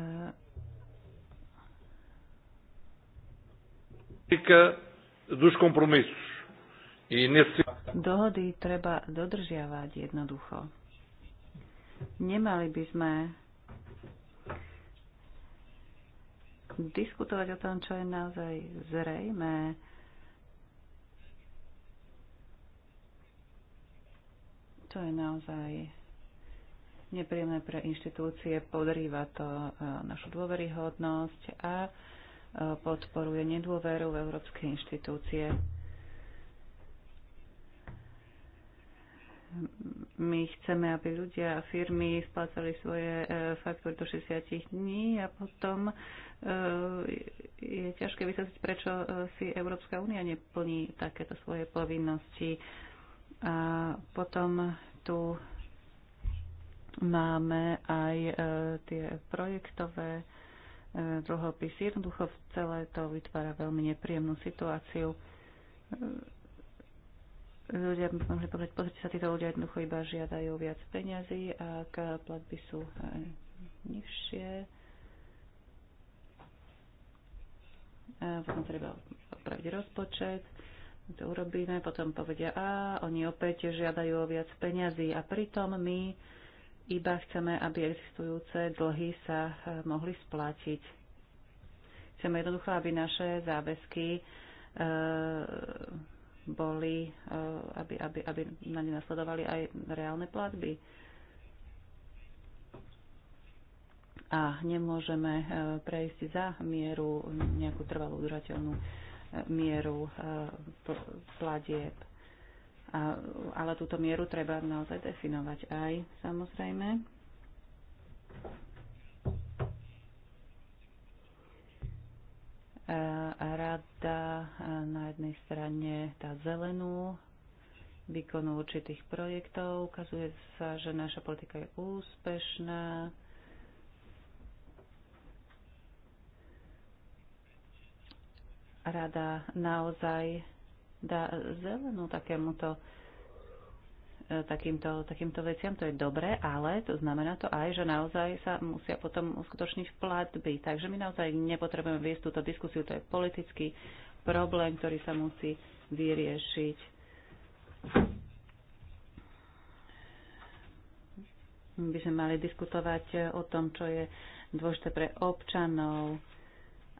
E Dohody treba dodržiavať jednoducho. Nemali by sme diskutovať o tom, čo je naozaj zrejme. To je naozaj nepríjemné pre inštitúcie, podrýva to e, našu dôveryhodnosť a podporuje nedôveru v európske inštitúcie. My chceme, aby ľudia a firmy splácali svoje e, faktúry do 60 dní a potom e, je ťažké vysvetliť, prečo e, si Európska únia neplní takéto svoje povinnosti. A potom tu máme aj tie projektové E, druhopis. Jednoducho celé to vytvára veľmi nepríjemnú situáciu. E, ľudia by mohli povedať, pozrite sa, títo ľudia jednoducho iba žiadajú viac peňazí, ak platby sú e, nižšie. Potom treba opraviť rozpočet to urobíme, potom povedia, a oni opäť žiadajú o viac peňazí a pritom my iba chceme, aby existujúce dlhy sa eh, mohli splatiť. Chceme jednoducho, aby naše záväzky eh, boli, eh, aby, aby, aby na ne nasledovali aj reálne platby. A nemôžeme prejsť za mieru, nejakú trvalú udržateľnú mieru platieb. A, ale túto mieru treba naozaj definovať aj samozrejme. Rada na jednej strane tá zelenú výkonu určitých projektov. Ukazuje sa, že naša politika je úspešná. Rada naozaj dá zelenú takémuto e, takýmto, takýmto veciam, to je dobré, ale to znamená to aj, že naozaj sa musia potom uskutočniť platby. Takže my naozaj nepotrebujeme viesť túto diskusiu, to je politický problém, ktorý sa musí vyriešiť. My by sme mali diskutovať o tom, čo je dôležité pre občanov,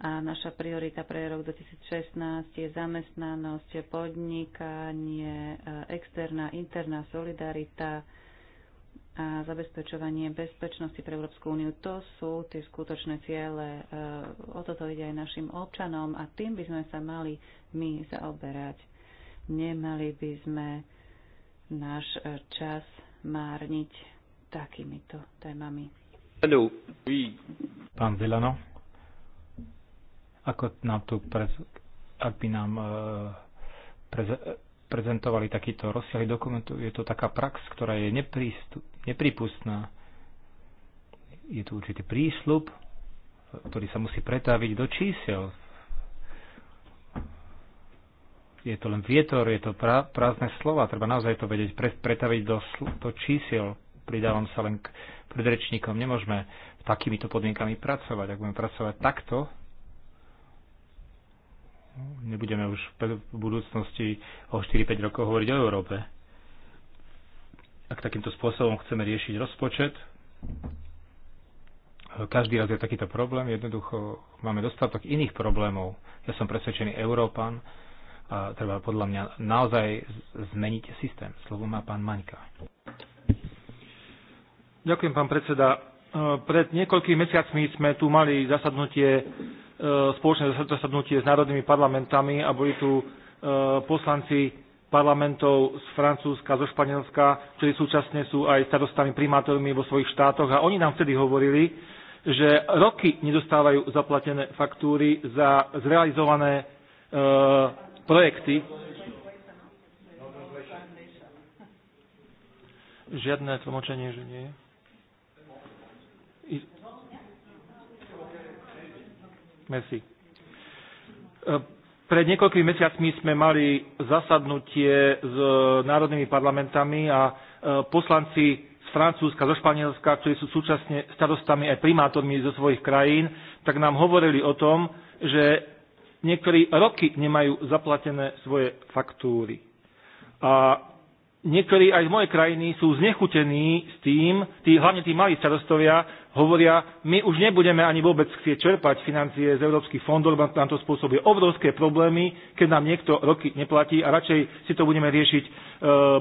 a naša priorita pre rok 2016 je zamestnanosť, podnikanie, e, externá, interná solidarita a zabezpečovanie bezpečnosti pre Európsku úniu. To sú tie skutočné ciele. E, o toto ide aj našim občanom a tým by sme sa mali my zaoberať. Nemali by sme náš e, čas márniť takýmito témami. Hello. Pán Vilano. Ako nám tu prez, ak by nám e, prez, prezentovali takýto rozsiahly dokument, je to taká prax, ktorá je nepripustná. Je tu určitý prísľub, ktorý sa musí pretaviť do čísel. Je to len vietor, je to pra, prázdne slova, treba naozaj to vedieť pre, pretaviť do, do čísel. Pridávam sa len k predrečníkom. Nemôžeme takýmito podmienkami pracovať. Ak budeme pracovať takto, nebudeme už v budúcnosti o 4-5 rokov hovoriť o Európe. Ak takýmto spôsobom chceme riešiť rozpočet, každý raz je takýto problém, jednoducho máme dostatok iných problémov. Ja som presvedčený Európan a treba podľa mňa naozaj zmeniť systém. Slovo má pán Maňka. Ďakujem, pán predseda. Pred niekoľkými mesiacmi sme tu mali zasadnutie E, spoločné zasadnutie s národnými parlamentami a boli tu e, poslanci parlamentov z Francúzska, zo Španielska, ktorí súčasne sú aj starostami, primátormi vo svojich štátoch a oni nám vtedy hovorili, že roky nedostávajú zaplatené faktúry za zrealizované e, projekty. Žiadne tlmočenie, že nie je. Merci. E, pred niekoľkými mesiacmi sme mali zasadnutie s e, národnými parlamentami a e, poslanci z Francúzska, zo Španielska, ktorí sú súčasne starostami aj primátormi zo svojich krajín, tak nám hovorili o tom, že niektorí roky nemajú zaplatené svoje faktúry. A niektorí aj z mojej krajiny sú znechutení s tým, tí, hlavne tí malí starostovia, hovoria, my už nebudeme ani vôbec chcieť čerpať financie z európskych fondov, lebo nám to spôsobuje obrovské problémy, keď nám niekto roky neplatí a radšej si to budeme riešiť e,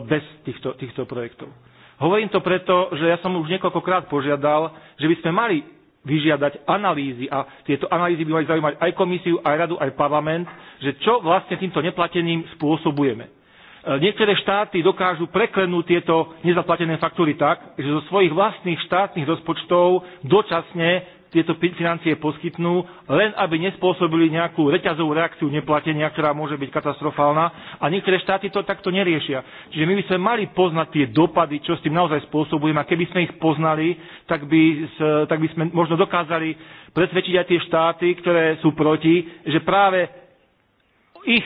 bez týchto, týchto projektov. Hovorím to preto, že ja som už niekoľkokrát požiadal, že by sme mali vyžiadať analýzy a tieto analýzy by mali zaujímať aj komisiu, aj radu, aj parlament, že čo vlastne týmto neplateným spôsobujeme E, niektoré štáty dokážu preklenúť tieto nezaplatené faktúry tak, že zo svojich vlastných štátnych rozpočtov dočasne tieto financie poskytnú, len aby nespôsobili nejakú reťazovú reakciu neplatenia, ktorá môže byť katastrofálna. A niektoré štáty to takto neriešia. Čiže my by sme mali poznať tie dopady, čo s tým naozaj spôsobujeme. A keby sme ich poznali, tak by, tak by sme možno dokázali presvedčiť aj tie štáty, ktoré sú proti, že práve ich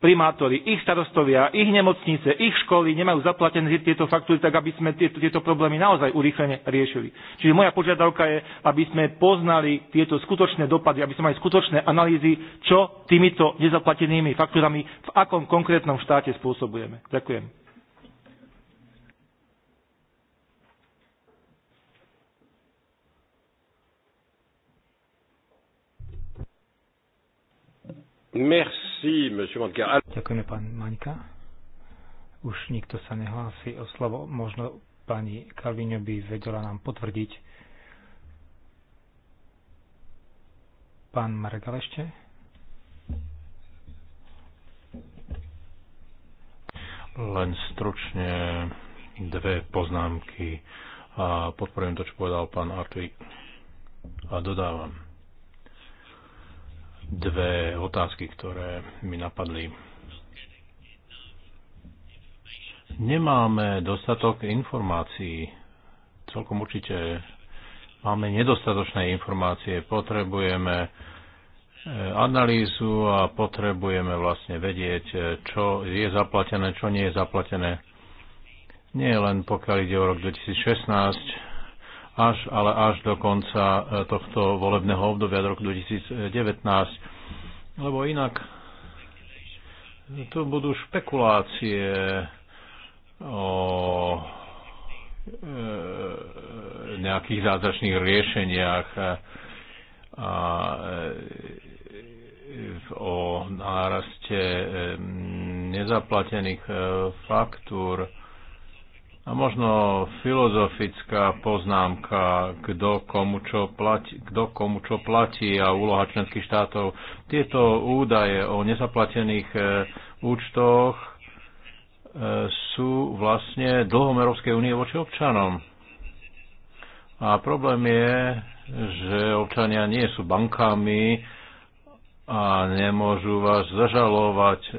primátori, ich starostovia, ich nemocnice, ich školy nemajú zaplatené tieto faktúry, tak aby sme tieto, tieto problémy naozaj urýchlene riešili. Čiže moja požiadavka je, aby sme poznali tieto skutočné dopady, aby sme mali skutočné analýzy, čo týmito nezaplatenými faktúrami v akom konkrétnom štáte spôsobujeme. Ďakujem. Merci, monsieur Manka. Ďakujeme, pán Maňka. Už nikto sa nehlási o slovo. Možno pani Kalvíňo by vedela nám potvrdiť. Pán Margal ešte? Len stručne dve poznámky. A podporujem to, čo povedal pán Artvík A dodávam dve otázky, ktoré mi napadli. Nemáme dostatok informácií. Celkom určite máme nedostatočné informácie. Potrebujeme eh, analýzu a potrebujeme vlastne vedieť, eh, čo je zaplatené, čo nie je zaplatené. Nie len pokiaľ ide o rok 2016, až, ale až do konca e, tohto volebného obdobia do roku 2019. Lebo inak e, tu budú špekulácie o e, nejakých zázračných riešeniach a o náraste nezaplatených faktúr a možno filozofická poznámka, kto komu čo platí, kto komu čo platí a úloha členských štátov. Tieto údaje o nezaplatených e, účtoch e, sú vlastne dlhom Európskej únie voči občanom. A problém je, že občania nie sú bankami a nemôžu vás zažalovať e,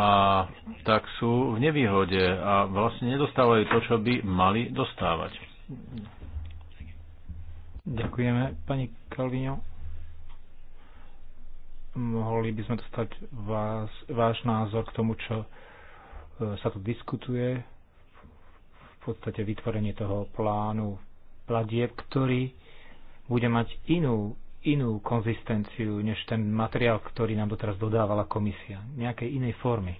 a tak sú v nevýhode a vlastne nedostávajú to, čo by mali dostávať. Ďakujeme, pani Kalvino. Mohli by sme dostať vás, váš názor k tomu, čo e, sa tu diskutuje, v podstate vytvorenie toho plánu platieb, ktorý bude mať inú inú konzistenciu než ten materiál, ktorý nám doteraz dodávala komisia, nejakej inej formy.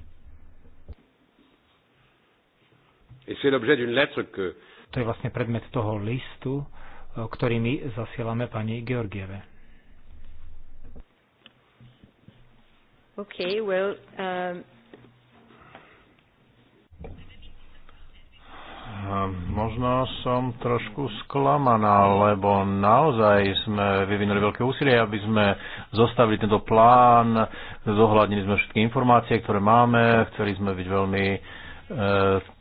To je vlastne predmet toho listu, e, ktorý my zasielame pani Georgieve. Okay, well, um... Možno som trošku sklamaná, lebo naozaj sme vyvinuli veľké úsilie, aby sme zostavili tento plán, zohľadnili sme všetky informácie, ktoré máme, chceli sme byť veľmi e,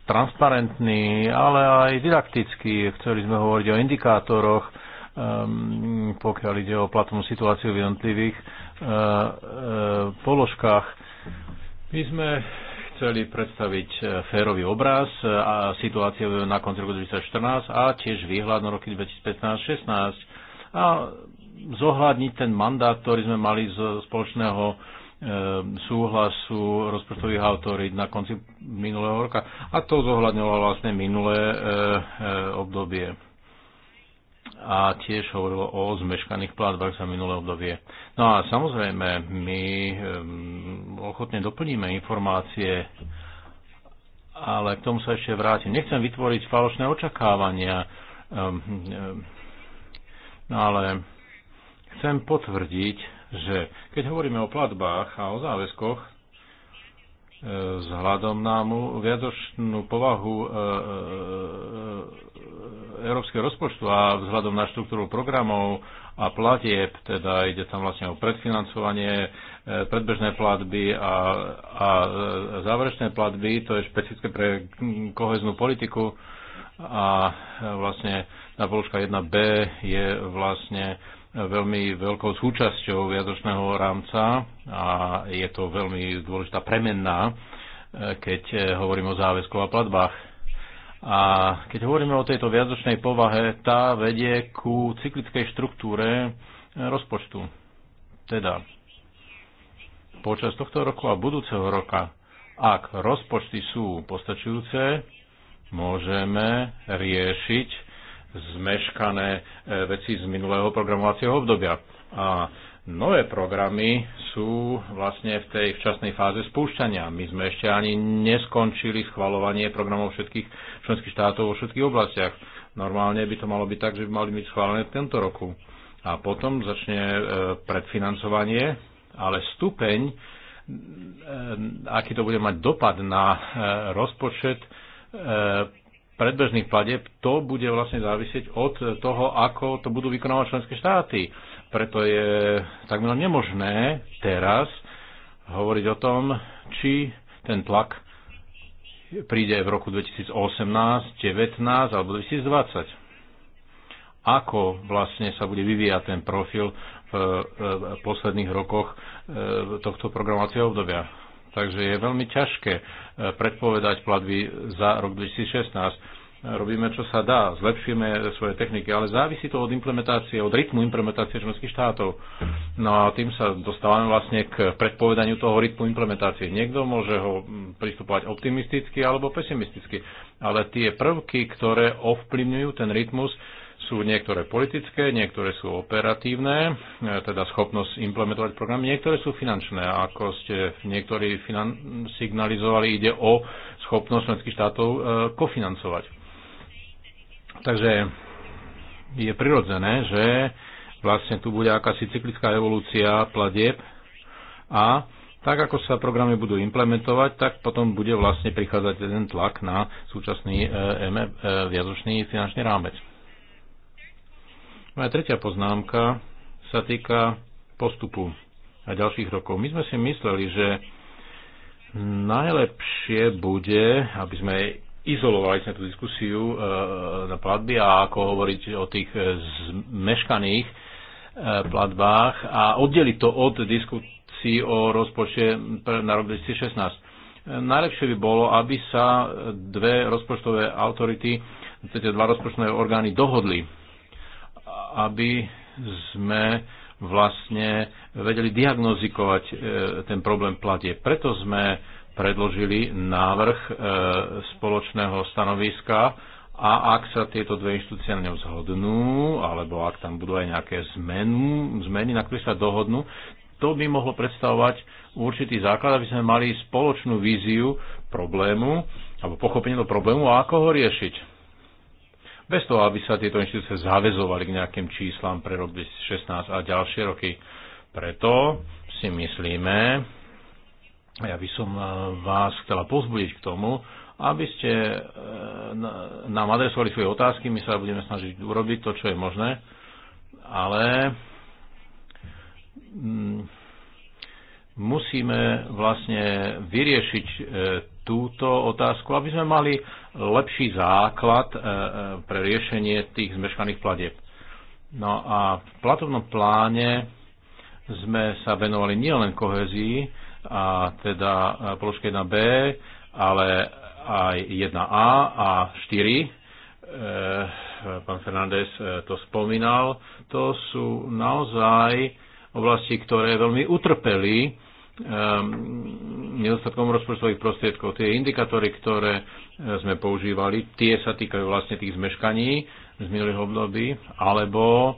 transparentní, ale aj didaktickí. Chceli sme hovoriť o indikátoroch, e, pokiaľ ide o platnú situáciu v jednotlivých e, e, položkách. My sme chceli predstaviť e, férový obraz e, a situácie na konci roku 2014 a tiež výhľad na roky 2015-16 a zohľadniť ten mandát, ktorý sme mali z spoločného e, súhlasu rozpočtových autorít na konci minulého roka. A to zohľadňovalo vlastne minulé obdobie a tiež hovorilo o zmeškaných platbách za minulé obdobie. No a samozrejme, my ehm, ochotne doplníme informácie, ale k tomu sa ešte vrátim. Nechcem vytvoriť falošné očakávania, ehm, ehm, no ale chcem potvrdiť, že keď hovoríme o platbách a o záväzkoch, E, vzhľadom na viadočnú povahu e, e, európskeho rozpočtu a vzhľadom na štruktúru programov a platieb, teda ide tam vlastne o predfinancovanie, predbežné platby a, a záverečné platby, to je špecifické pre koheznú politiku a vlastne na položka 1b je vlastne veľmi veľkou súčasťou viadočného rámca a je to veľmi dôležitá premenná, e, keď e, hovorím o záväzkoch a platbách. A keď hovoríme o tejto viadočnej povahe, tá vedie ku cyklickej štruktúre e, rozpočtu. Teda počas tohto roku a budúceho roka, ak rozpočty sú postačujúce, môžeme riešiť zmeškané e, veci z minulého programovacieho obdobia. A nové programy sú vlastne v tej včasnej fáze spúšťania. My sme ešte ani neskončili schvalovanie programov všetkých členských štátov vo všetkých oblastiach. Normálne by to malo byť tak, že by mali byť schválené tento roku. A potom začne e, predfinancovanie, ale stupeň, e, aký to bude mať dopad na rozpočet, predbežných pladeb, to bude vlastne závisieť od toho, ako to budú vykonávať členské štáty. Preto je takmer nemožné teraz hovoriť o tom, či ten tlak príde v roku 2018, 2019 alebo 2020 ako vlastne sa bude vyvíjať ten profil v, posledných rokoch e, tohto programovacieho obdobia takže je veľmi ťažké e, predpovedať platby za rok 2016. E, robíme, čo sa dá, zlepšíme svoje techniky, ale závisí to od implementácie, od rytmu implementácie členských štátov. No a tým sa dostávame vlastne k predpovedaniu toho rytmu implementácie. Niekto môže ho pristupovať optimisticky alebo pesimisticky, ale tie prvky, ktoré ovplyvňujú ten rytmus, sú niektoré politické, niektoré sú operatívne, e, teda schopnosť implementovať programy, niektoré sú finančné. Ako ste niektorí finan- signalizovali, ide o schopnosť členských štátov e, kofinancovať. Takže je prirodzené, že vlastne tu bude akási cyklická evolúcia pladieb a tak ako sa programy budú implementovať, tak potom bude vlastne prichádzať ten tlak na súčasný e, e, viazočný finančný rámec. Moja tretia poznámka sa týka postupu a ďalších rokov. My sme si mysleli, že najlepšie bude, aby sme izolovali sme tú diskusiu e, na platby a ako hovoriť o tých zmeškaných e, platbách a oddeliť to od diskusí o rozpočte na rok 2016 e, najlepšie by bolo, aby sa dve rozpočtové autority, teda dva rozpočtové orgány dohodli aby sme vlastne vedeli diagnozikovať e, ten problém platie. Preto sme predložili návrh e, spoločného stanoviska a ak sa tieto dve inštitúcie na ňom zhodnú, alebo ak tam budú aj nejaké zmenu, zmeny, na ktorých sa dohodnú, to by mohlo predstavovať určitý základ, aby sme mali spoločnú víziu problému, alebo pochopenie do problému a ako ho riešiť bez toho, aby sa tieto inštitúcie zavezovali k nejakým číslam pre rok 2016 a ďalšie roky. Preto si myslíme, ja by som e, vás chcela pozbudiť k tomu, aby ste e, nám adresovali svoje otázky, my sa budeme snažiť urobiť to, čo je možné, ale mm, musíme vlastne vyriešiť e, túto otázku, aby sme mali lepší základ e, e, pre riešenie tých zmeškaných platieb. No a v platovnom pláne sme sa venovali nielen kohezii, a teda e, položke 1b, ale aj 1a a 4. Pán Fernández to spomínal. To sú naozaj oblasti, ktoré veľmi utrpeli Ehm, nedostatkom rozpočtových prostriedkov. Tie indikátory, ktoré e, sme používali, tie sa týkajú vlastne tých zmeškaní z minulých období, alebo e,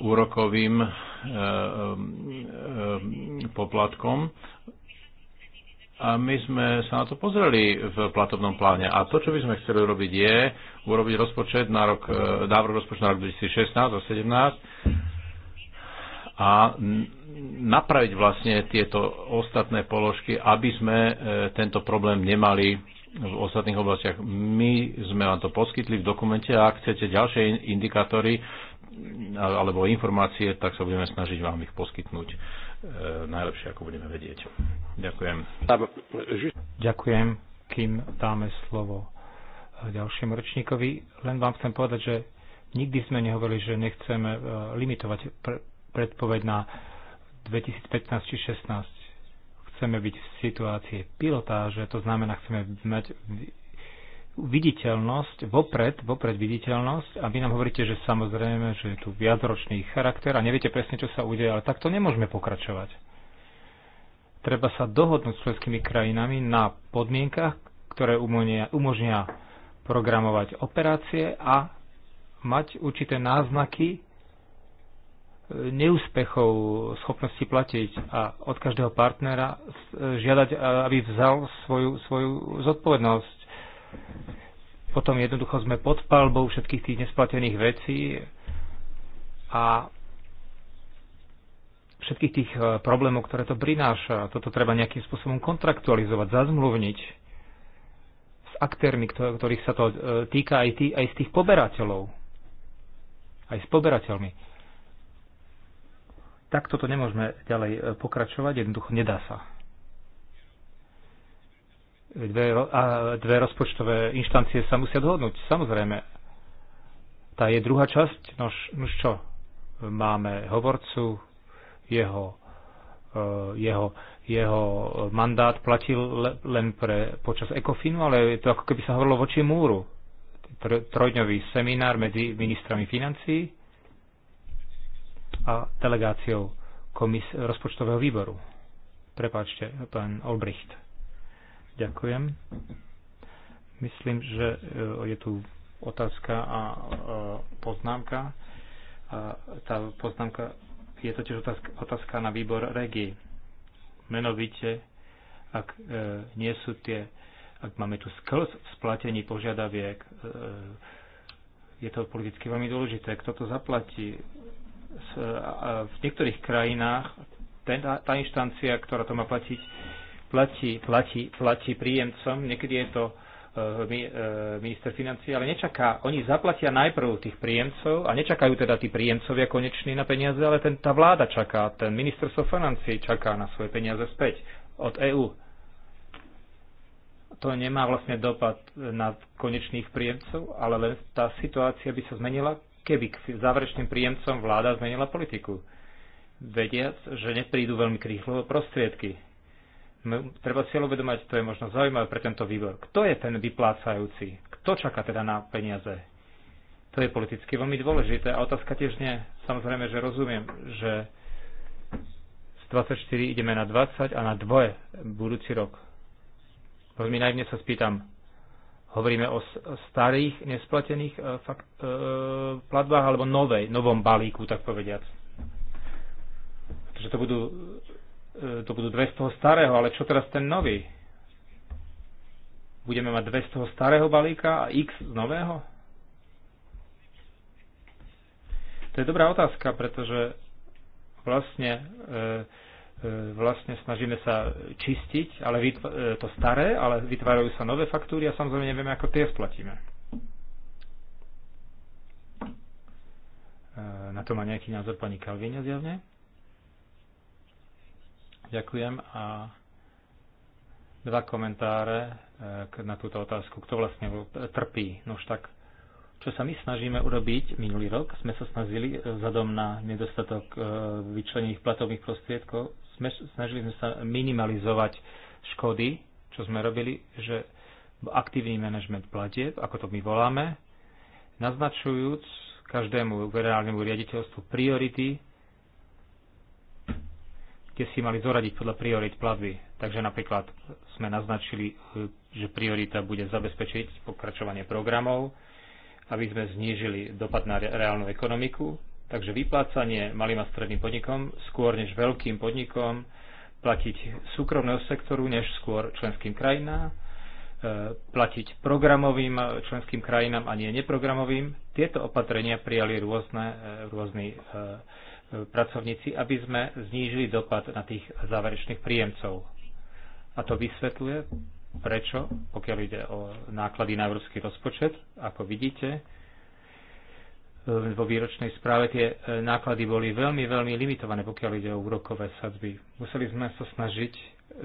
úrokovým e, poplatkom. A my sme sa na to pozreli v platobnom pláne. A to, čo by sme chceli urobiť, je urobiť rozpočet na rok, návrh rozpočet na rok 2016 a 2017 a napraviť vlastne tieto ostatné položky, aby sme e, tento problém nemali v ostatných oblastiach. My sme vám to poskytli v dokumente a ak chcete ďalšie indikátory alebo informácie, tak sa budeme snažiť vám ich poskytnúť e, najlepšie, ako budeme vedieť. Ďakujem. Ďakujem, kým dáme slovo e, ďalšiemu ročníkovi. Len vám chcem povedať, že nikdy sme nehovorili, že nechceme limitovať predpoveď na 2015 či 16 chceme byť v situácii pilotáže, to znamená, chceme mať viditeľnosť, vopred, vopred viditeľnosť a vy nám hovoríte, že samozrejme, že je tu viacročný charakter a neviete presne, čo sa udeje, ale takto nemôžeme pokračovať. Treba sa dohodnúť s členskými krajinami na podmienkach, ktoré umožnia, umožnia programovať operácie a mať určité náznaky neúspechov schopnosti platiť a od každého partnera žiadať, aby vzal svoju, svoju zodpovednosť. Potom jednoducho sme pod palbou všetkých tých nesplatených vecí a všetkých tých e, problémov, ktoré to prináša. Toto treba nejakým spôsobom kontraktualizovať, zazmluvniť s aktérmi, ktorých sa to e, týka aj, tý, aj z tých poberateľov. Aj s poberateľmi Takto to nemôžeme ďalej e, pokračovať, jednoducho nedá sa. Dve, a dve rozpočtové inštancie sa musia dohodnúť, samozrejme. Tá je druhá časť, nož, nož čo? Máme hovorcu, jeho, e, jeho, jeho mandát platil len pre, počas ECOFINu, ale je to ako keby sa hovorilo voči múru. Trojdňový seminár medzi ministrami financií, a delegáciou komis- rozpočtového výboru. Prepáčte, pán Olbricht. Ďakujem. Myslím, že e, je tu otázka a e, poznámka. A tá poznámka je totiž otázka, otázka na výbor regii. Menovite, ak e, nie sú tie, ak máme tu sklz v splatení požiadaviek, e, je to politicky veľmi dôležité, kto to zaplatí, v niektorých krajinách tá inštancia, ktorá to má platiť, platí, platí, platí príjemcom. Niekedy je to e, e, minister financí, ale nečaká. Oni zaplatia najprv tých príjemcov a nečakajú teda tí príjemcovia koneční na peniaze, ale ten, tá vláda čaká, ten ministerstvo financí čaká na svoje peniaze späť od EÚ. To nemá vlastne dopad na konečných príjemcov, ale len tá situácia by sa zmenila, keby k záverečným príjemcom vláda zmenila politiku, vediac, že neprídu veľmi krýchlo prostriedky. Treba si uvedomať, to je možno zaujímavé pre tento výbor. Kto je ten vyplácajúci? Kto čaká teda na peniaze? To je politicky veľmi dôležité. A otázka tiež nie, samozrejme, že rozumiem, že z 24 ideme na 20 a na dvoje budúci rok. Veľmi najmne sa spýtam, Hovoríme o starých nesplatených e, fakt, e, platbách alebo novej, novom balíku, tak povediac. Pretože to budú, e, to budú dve z toho starého, ale čo teraz ten nový? Budeme mať dve z toho starého balíka a x z nového? To je dobrá otázka, pretože vlastne e, E, vlastne snažíme sa čistiť, ale e, to staré, ale vytvárajú sa nové faktúry a samozrejme nevieme, ako tie splatíme. E, na to má nejaký názor pani Kalvíňa zjavne. Ďakujem a dva komentáre na túto otázku. Kto vlastne trpí? No už tak, čo sa my snažíme urobiť minulý rok, sme sa snažili vzhľadom na nedostatok vyčlenených platových prostriedkov snažili sme sa minimalizovať škody, čo sme robili, že aktívny manažment platieb, ako to my voláme, naznačujúc každému generálnemu riaditeľstvu priority, kde si mali zoradiť podľa priorit platby. Takže napríklad sme naznačili, že priorita bude zabezpečiť pokračovanie programov, aby sme znížili dopad na reálnu ekonomiku, Takže vyplácanie malým a stredným podnikom skôr než veľkým podnikom, platiť súkromného sektoru než skôr členským krajinám, e, platiť programovým členským krajinám a nie neprogramovým. Tieto opatrenia prijali rôzne, e, rôzni e, pracovníci, aby sme znížili dopad na tých záverečných príjemcov. A to vysvetľuje, prečo, pokiaľ ide o náklady na európsky rozpočet, ako vidíte, E, vo výročnej správe tie e, náklady boli veľmi, veľmi limitované, pokiaľ ide o úrokové sadzby. Museli sme sa snažiť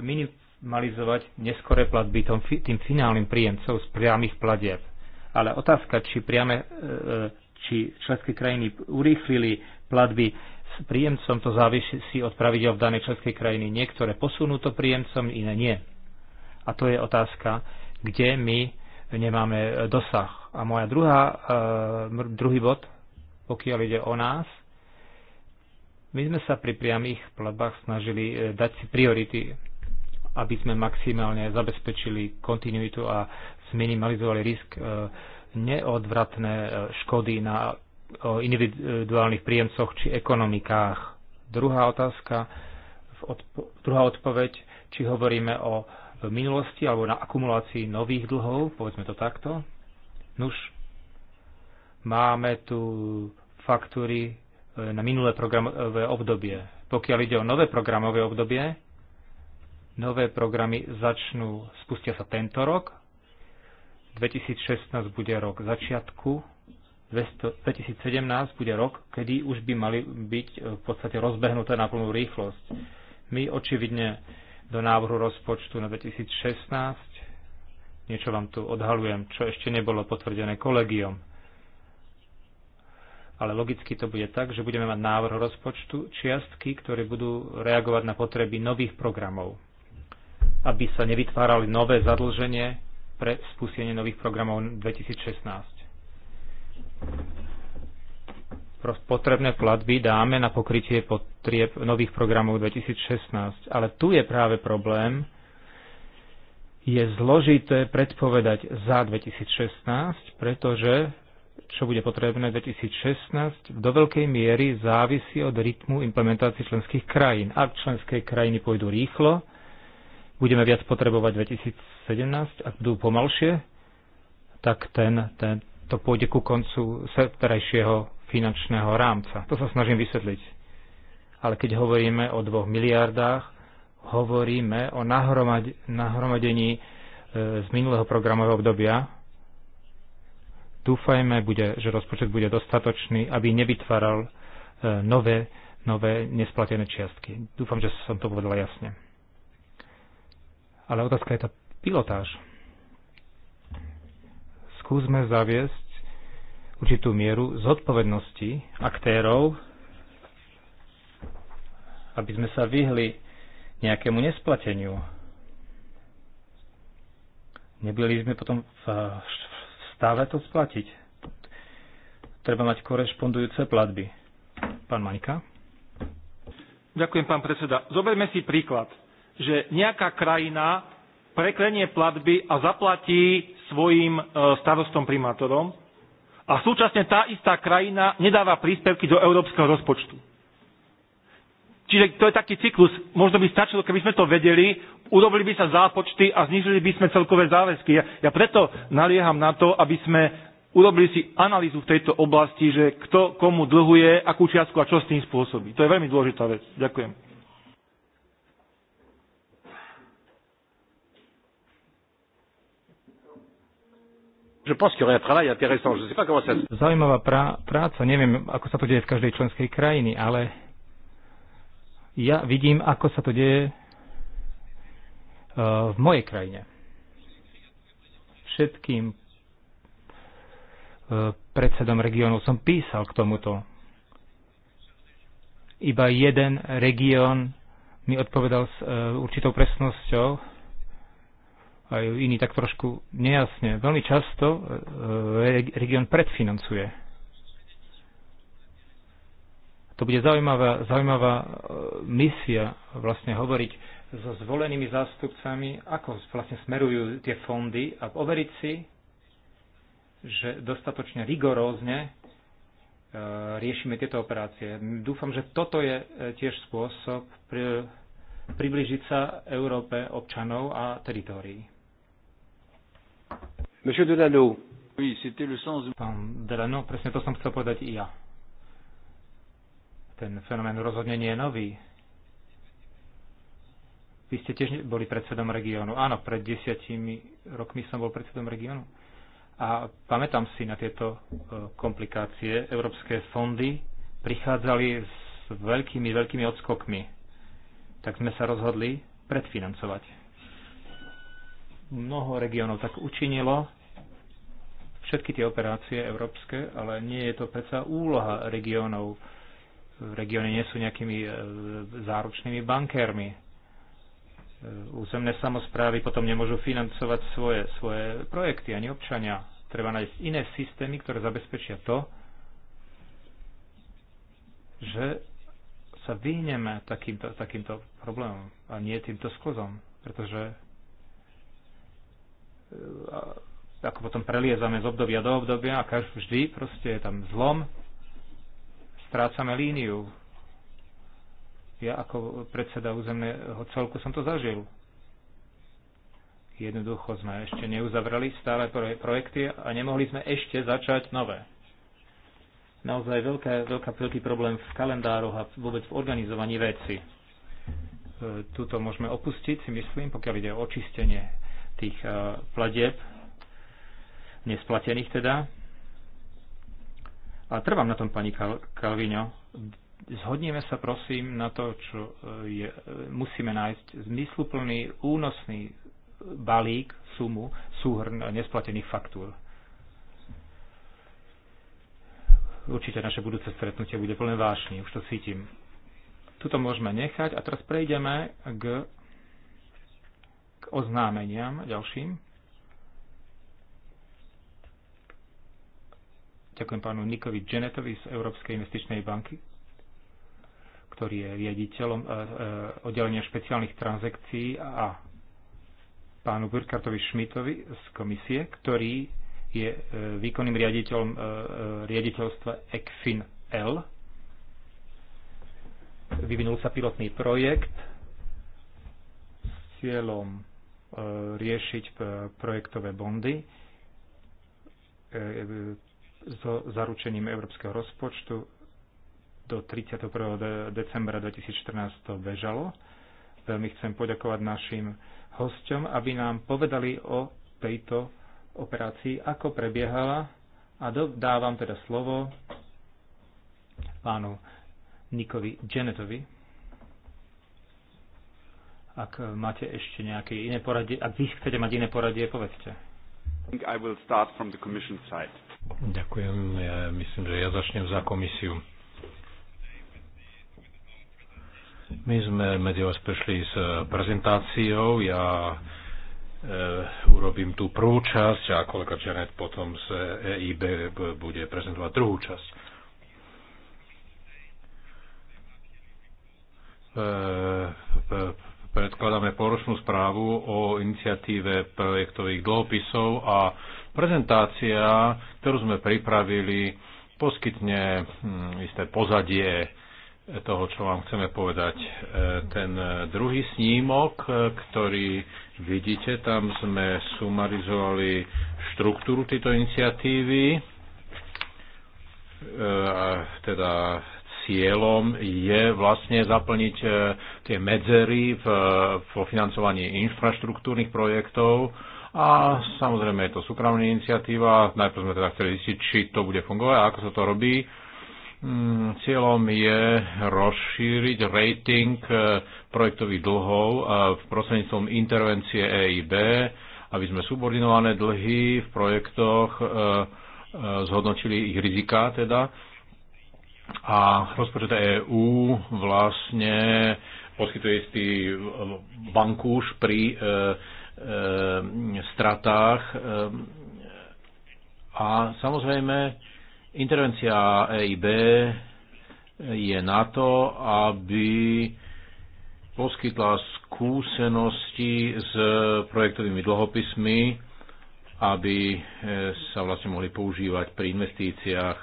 minimalizovať neskore platby tým finálnym príjemcom z priamých platieb. Ale otázka, či priame e, či členské krajiny urýchlili platby s príjemcom, to závisí od pravidel v danej členskej krajiny. Niektoré posunú to príjemcom, iné nie. A to je otázka, kde my nemáme e, dosah. A moja druhá, e, druhý bod, pokiaľ ide o nás, my sme sa pri priamých platbách snažili e, dať si priority, aby sme maximálne zabezpečili kontinuitu a zminimalizovali risk neodvratné škody na individuálnych príjemcoch či ekonomikách. Druhá otázka, druhá odpoveď, či hovoríme o v minulosti alebo na akumulácii nových dlhov, povedzme to takto. Nuž, máme tu faktúry e, na minulé programové obdobie. Pokiaľ ide o nové programové obdobie, nové programy začnú, spustia sa tento rok. 2016 bude rok začiatku, 2017 bude rok, kedy už by mali byť e, v podstate rozbehnuté na plnú rýchlosť. My očividne do návrhu rozpočtu na 2016. Niečo vám tu odhalujem, čo ešte nebolo potvrdené kolegiom. Ale logicky to bude tak, že budeme mať návrh rozpočtu čiastky, ktoré budú reagovať na potreby nových programov, aby sa nevytvárali nové zadlženie pre spustenie nových programov 2016 potrebné platby dáme na pokrytie potrieb nových programov 2016. Ale tu je práve problém, je zložité predpovedať za 2016, pretože čo bude potrebné 2016, do veľkej miery závisí od rytmu implementácie členských krajín. Ak členské krajiny pôjdu rýchlo, budeme viac potrebovať 2017, ak budú pomalšie, tak ten, ten, to pôjde ku koncu terajšieho finančného rámca. To sa snažím vysvetliť. Ale keď hovoríme o dvoch miliardách, hovoríme o nahromad- nahromadení e, z minulého programového obdobia. Dúfajme, bude, že rozpočet bude dostatočný, aby nevytváral e, nové, nové nesplatené čiastky. Dúfam, že som to povedala jasne. Ale otázka je tá pilotáž. Skúsme zaviesť určitú mieru zodpovednosti aktérov, aby sme sa vyhli nejakému nesplateniu. Nebyli sme potom v stave to splatiť. Treba mať korešpondujúce platby. Pán Maňka. Ďakujem, pán predseda. Zoberme si príklad, že nejaká krajina preklenie platby a zaplatí svojim e, starostom primátorom a súčasne tá istá krajina nedáva príspevky do európskeho rozpočtu. Čiže to je taký cyklus. Možno by stačilo, keby sme to vedeli, urobili by sa zápočty a znižili by sme celkové záväzky. Ja, ja preto nalieham na to, aby sme urobili si analýzu v tejto oblasti, že kto komu dlhuje, akú čiastku a čo s tým spôsobí. To je veľmi dôležitá vec. Ďakujem. je pense qu'il y aurait un travail intéressant. Je sais pas comment ça se... Zaujímavá prá- práca, neviem, ako sa to deje v každej členskej krajiny, ale ja vidím, ako sa to deje eh, v mojej krajine. Všetkým eh, predsedom regiónov som písal k tomuto. Iba jeden región mi odpovedal s eh, určitou presnosťou, aj iní tak trošku nejasne. Veľmi často e, e, región predfinancuje. To bude zaujímavá, zaujímavá e, misia vlastne hovoriť so zvolenými zástupcami, ako vlastne smerujú tie fondy a overiť si, že dostatočne rigorózne riešime tieto operácie. Dúfam, že toto je tiež spôsob približiť sa Európe občanov a teritórií. Monsieur Delano. Oui, c'était le sens... Pán Delano, presne to som chcel povedať i ja. Ten fenomén rozhodne nie je nový. Vy ste tiež boli predsedom regiónu. Áno, pred desiatimi rokmi som bol predsedom regiónu. A pamätám si na tieto e, komplikácie. Európske fondy prichádzali s veľkými, veľkými odskokmi. Tak sme sa rozhodli predfinancovať Mnoho regiónov tak učinilo, všetky tie operácie európske, ale nie je to predsa úloha regiónov. Regióny nie sú nejakými e, záručnými bankérmi. E, územné samozprávy potom nemôžu financovať svoje, svoje projekty ani občania. Treba nájsť iné systémy, ktoré zabezpečia to, že sa vyhneme takýmto, takýmto problémom a nie týmto sklzom, pretože ako potom preliezame z obdobia do obdobia a každý vždy proste je tam zlom, strácame líniu. Ja ako predseda územného celku som to zažil. Jednoducho sme ešte neuzavreli stále projekty a nemohli sme ešte začať nové. Naozaj veľká, veľká, veľký problém v kalendároch a vôbec v organizovaní veci. E, tuto môžeme opustiť, si myslím, pokiaľ ide o očistenie tých eh, pladeb, nesplatených teda. A trvám na tom, pani Kalvino. Zhodníme sa, prosím, na to, čo eh, je, eh, musíme nájsť zmysluplný, únosný balík, sumu, súhrn nesplatených faktúr. Určite naše budúce stretnutie bude plné vášni, už to cítim. Tuto môžeme nechať a teraz prejdeme k oznámeniam ďalším. Ďakujem pánu Nikovi Genetovi z Európskej investičnej banky, ktorý je riaditeľom e, e, oddelenia špeciálnych transakcií a pánu Burkartovi Šmitovi z komisie, ktorý je e, výkonným riaditeľom riaditeľstva ECFIN L. Vyvinul sa pilotný projekt s cieľom E, riešiť e, projektové bondy e, so zaručením európskeho rozpočtu. Do 31. decembra 2014 to bežalo. Veľmi chcem poďakovať našim hosťom, aby nám povedali o tejto operácii, ako prebiehala. A dávam teda slovo pánu Nikovi Janetovi. Ak máte ešte nejaké iné poradie, ak vy chcete mať iné poradie, povedzte. I will start from the commission side. Ďakujem. Ja myslím, že ja začnem za komisiu. My sme medzi vás prišli s prezentáciou. Ja e, urobím tú prvú časť a kolega Černet potom z EIB bude prezentovať druhú časť. E, e, predkladáme poročnú správu o iniciatíve projektových dlhopisov a prezentácia, ktorú sme pripravili, poskytne hm, isté pozadie toho, čo vám chceme povedať. E, ten druhý snímok, e, ktorý vidíte, tam sme sumarizovali štruktúru tejto iniciatívy, e, teda cieľom je vlastne zaplniť e, tie medzery v, vo financovaní infraštruktúrnych projektov a samozrejme je to súkromná iniciatíva. Najprv sme teda chceli zistiť, či to bude fungovať a ako sa to robí. Mm, cieľom je rozšíriť rating e, projektových dlhov e, v prostredníctvom intervencie EIB, aby sme subordinované dlhy v projektoch zhodnotili ich rizika teda a rozpočet EÚ vlastne poskytuje istý bankúš e, pri e, e, stratách. E, a samozrejme, intervencia EIB je na to, aby poskytla skúsenosti s projektovými dlhopismi, aby e, sa vlastne mohli používať pri investíciách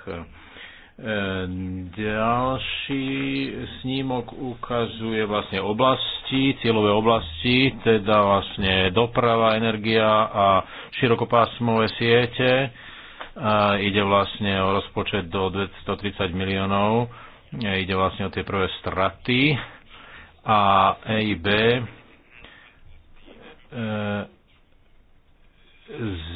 ďalší snímok ukazuje vlastne oblasti, cieľové oblasti, teda vlastne doprava, energia a širokopásmové siete. A ide vlastne o rozpočet do 230 miliónov. Ide vlastne o tie prvé straty. A EIB e,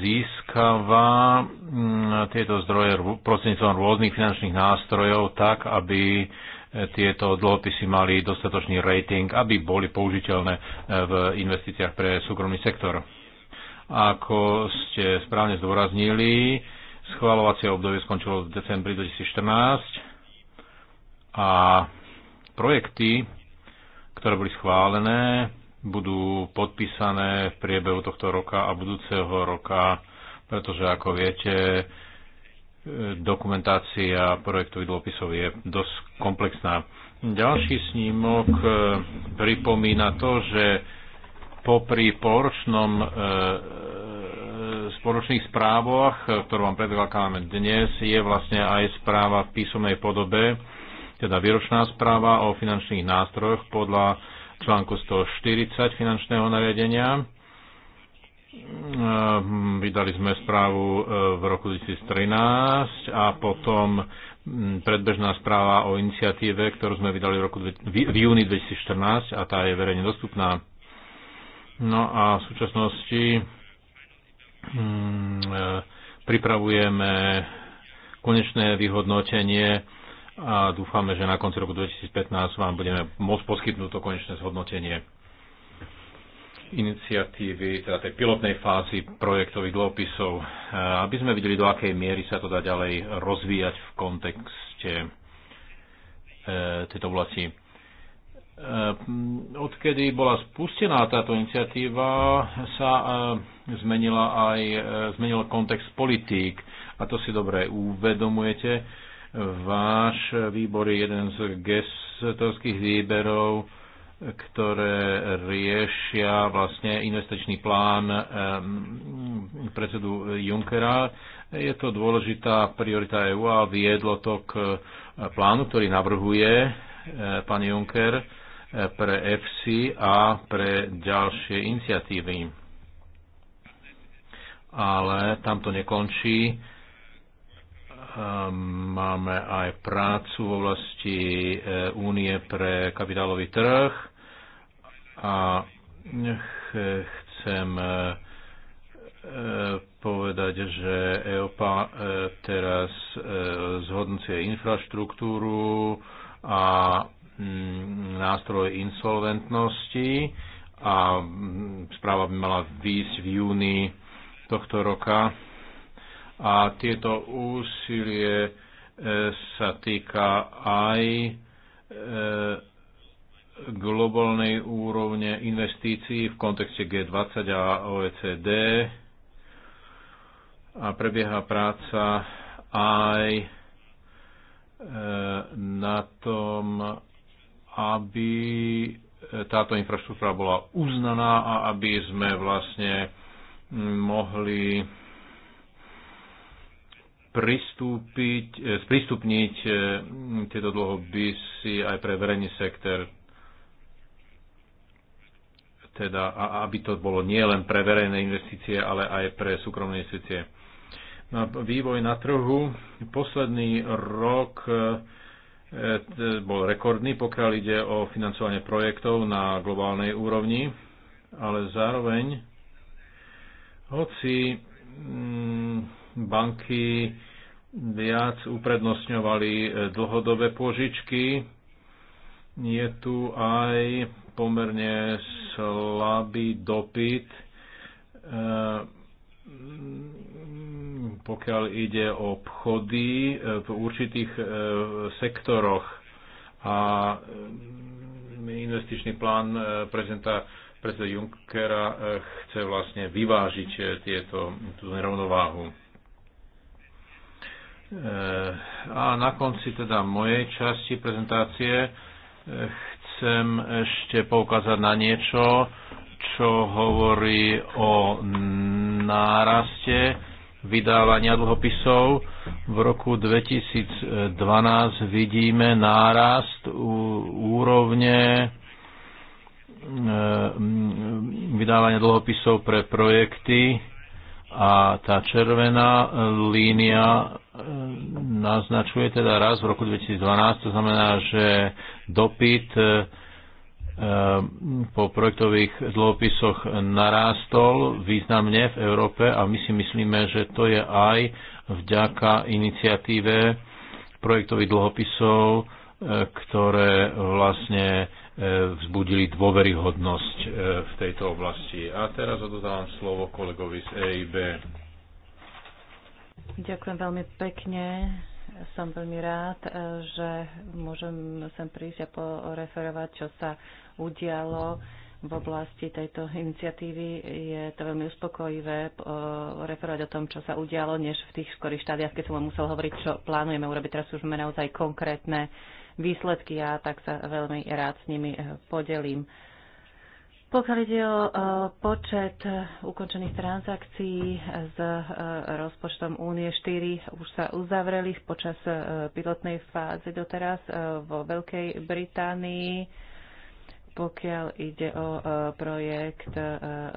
získava mm, tieto zdroje prostredníctvom rôznych finančných nástrojov tak, aby e, tieto dlhopisy mali dostatočný rating, aby boli použiteľné e, v investíciách pre súkromný sektor. Ako ste správne zdôraznili, schvalovacie obdobie skončilo v decembri 2014 a projekty, ktoré boli schválené, budú podpísané v priebehu tohto roka a budúceho roka, pretože ako viete, dokumentácia projektových dlhopisov je dosť komplexná. Ďalší snímok e, pripomína to, že popri poročnom e, e, spoločných správach, ktorú vám predkladáme dnes, je vlastne aj správa v písomnej podobe, teda výročná správa o finančných nástrojoch podľa článku 140 finančného nariadenia. Ehm, vydali sme správu e, v roku 2013 a potom predbežná správa o iniciatíve, ktorú sme vydali v, roku, v júni 2014 a tá je verejne dostupná. No a v súčasnosti e, pripravujeme konečné vyhodnotenie a dúfame, že na konci roku 2015 vám budeme môcť poskytnúť to konečné zhodnotenie iniciatívy, teda tej pilotnej fázy projektových dlhopisov, e, aby sme videli, do akej miery sa to dá ďalej rozvíjať v kontexte e, tejto oblasti. E, odkedy bola spustená táto iniciatíva, sa zmenila aj, zmenil kontext politík a to si dobre uvedomujete Váš výbor je jeden z gestorských výberov, ktoré riešia vlastne investičný plán predsedu Junckera. Je to dôležitá priorita EU a viedlo to k eh, plánu, ktorý navrhuje eh, pán Juncker eh, pre EFSI a pre ďalšie iniciatívy. Ale tam to nekončí Máme aj prácu v oblasti e, Únie pre kapitálový trh a chcem e, e, povedať, že EOPA teraz zhodnúcie infraštruktúru a mm, nástroj insolventnosti a mm, správa by mala výjsť v júni tohto roka a tieto úsilie e, sa týka aj e, globálnej úrovne investícií v kontexte G20 a OECD a prebieha práca aj e, na tom, aby táto infraštruktúra bola uznaná a aby sme vlastne mohli pristúpiť, e, sprístupniť e, tieto dlhopisy aj pre verejný sektor. Teda, aby to bolo nie len pre verejné investície, ale aj pre súkromné investície. Na no vývoj na trhu posledný rok e, bol rekordný, pokiaľ ide o financovanie projektov na globálnej úrovni, ale zároveň, hoci mm, banky viac uprednostňovali e, dlhodobé pôžičky. Je tu aj pomerne slabý dopyt, e, pokiaľ ide o obchody e, v určitých sektoroch. A investičný plán prezidenta predseda Junckera chce vlastne vyvážiť tieto, tú nerovnováhu. Eh, a na konci teda mojej časti prezentácie eh, chcem ešte poukázať na niečo, čo hovorí o náraste vydávania dlhopisov. V roku 2012 vidíme nárast úrovne eh, vydávania dlhopisov pre projekty a tá červená línia naznačuje teda raz v roku 2012, to znamená, že dopyt e, e, po projektových dlhopisoch narástol významne v Európe a my si myslíme, že to je aj vďaka iniciatíve projektových dlhopisov, e, ktoré vlastne vzbudili dôveryhodnosť v tejto oblasti. A teraz odozávam slovo kolegovi z EIB. Ďakujem veľmi pekne. Som veľmi rád, e, že môžem sem prísť a poreferovať, čo sa udialo v oblasti tejto iniciatívy. Je to veľmi uspokojivé e, referovať o tom, čo sa udialo, než v tých skorých štádiách, keď som len musel hovoriť, čo plánujeme urobiť. Teraz už máme naozaj konkrétne výsledky a tak sa veľmi rád s nimi e, podelím. Pokiaľ ide o e, počet e, ukončených transakcií s e, rozpočtom Únie 4, už sa uzavreli počas pilotnej fázy doteraz vo Veľkej Británii. Pokiaľ ide o projekt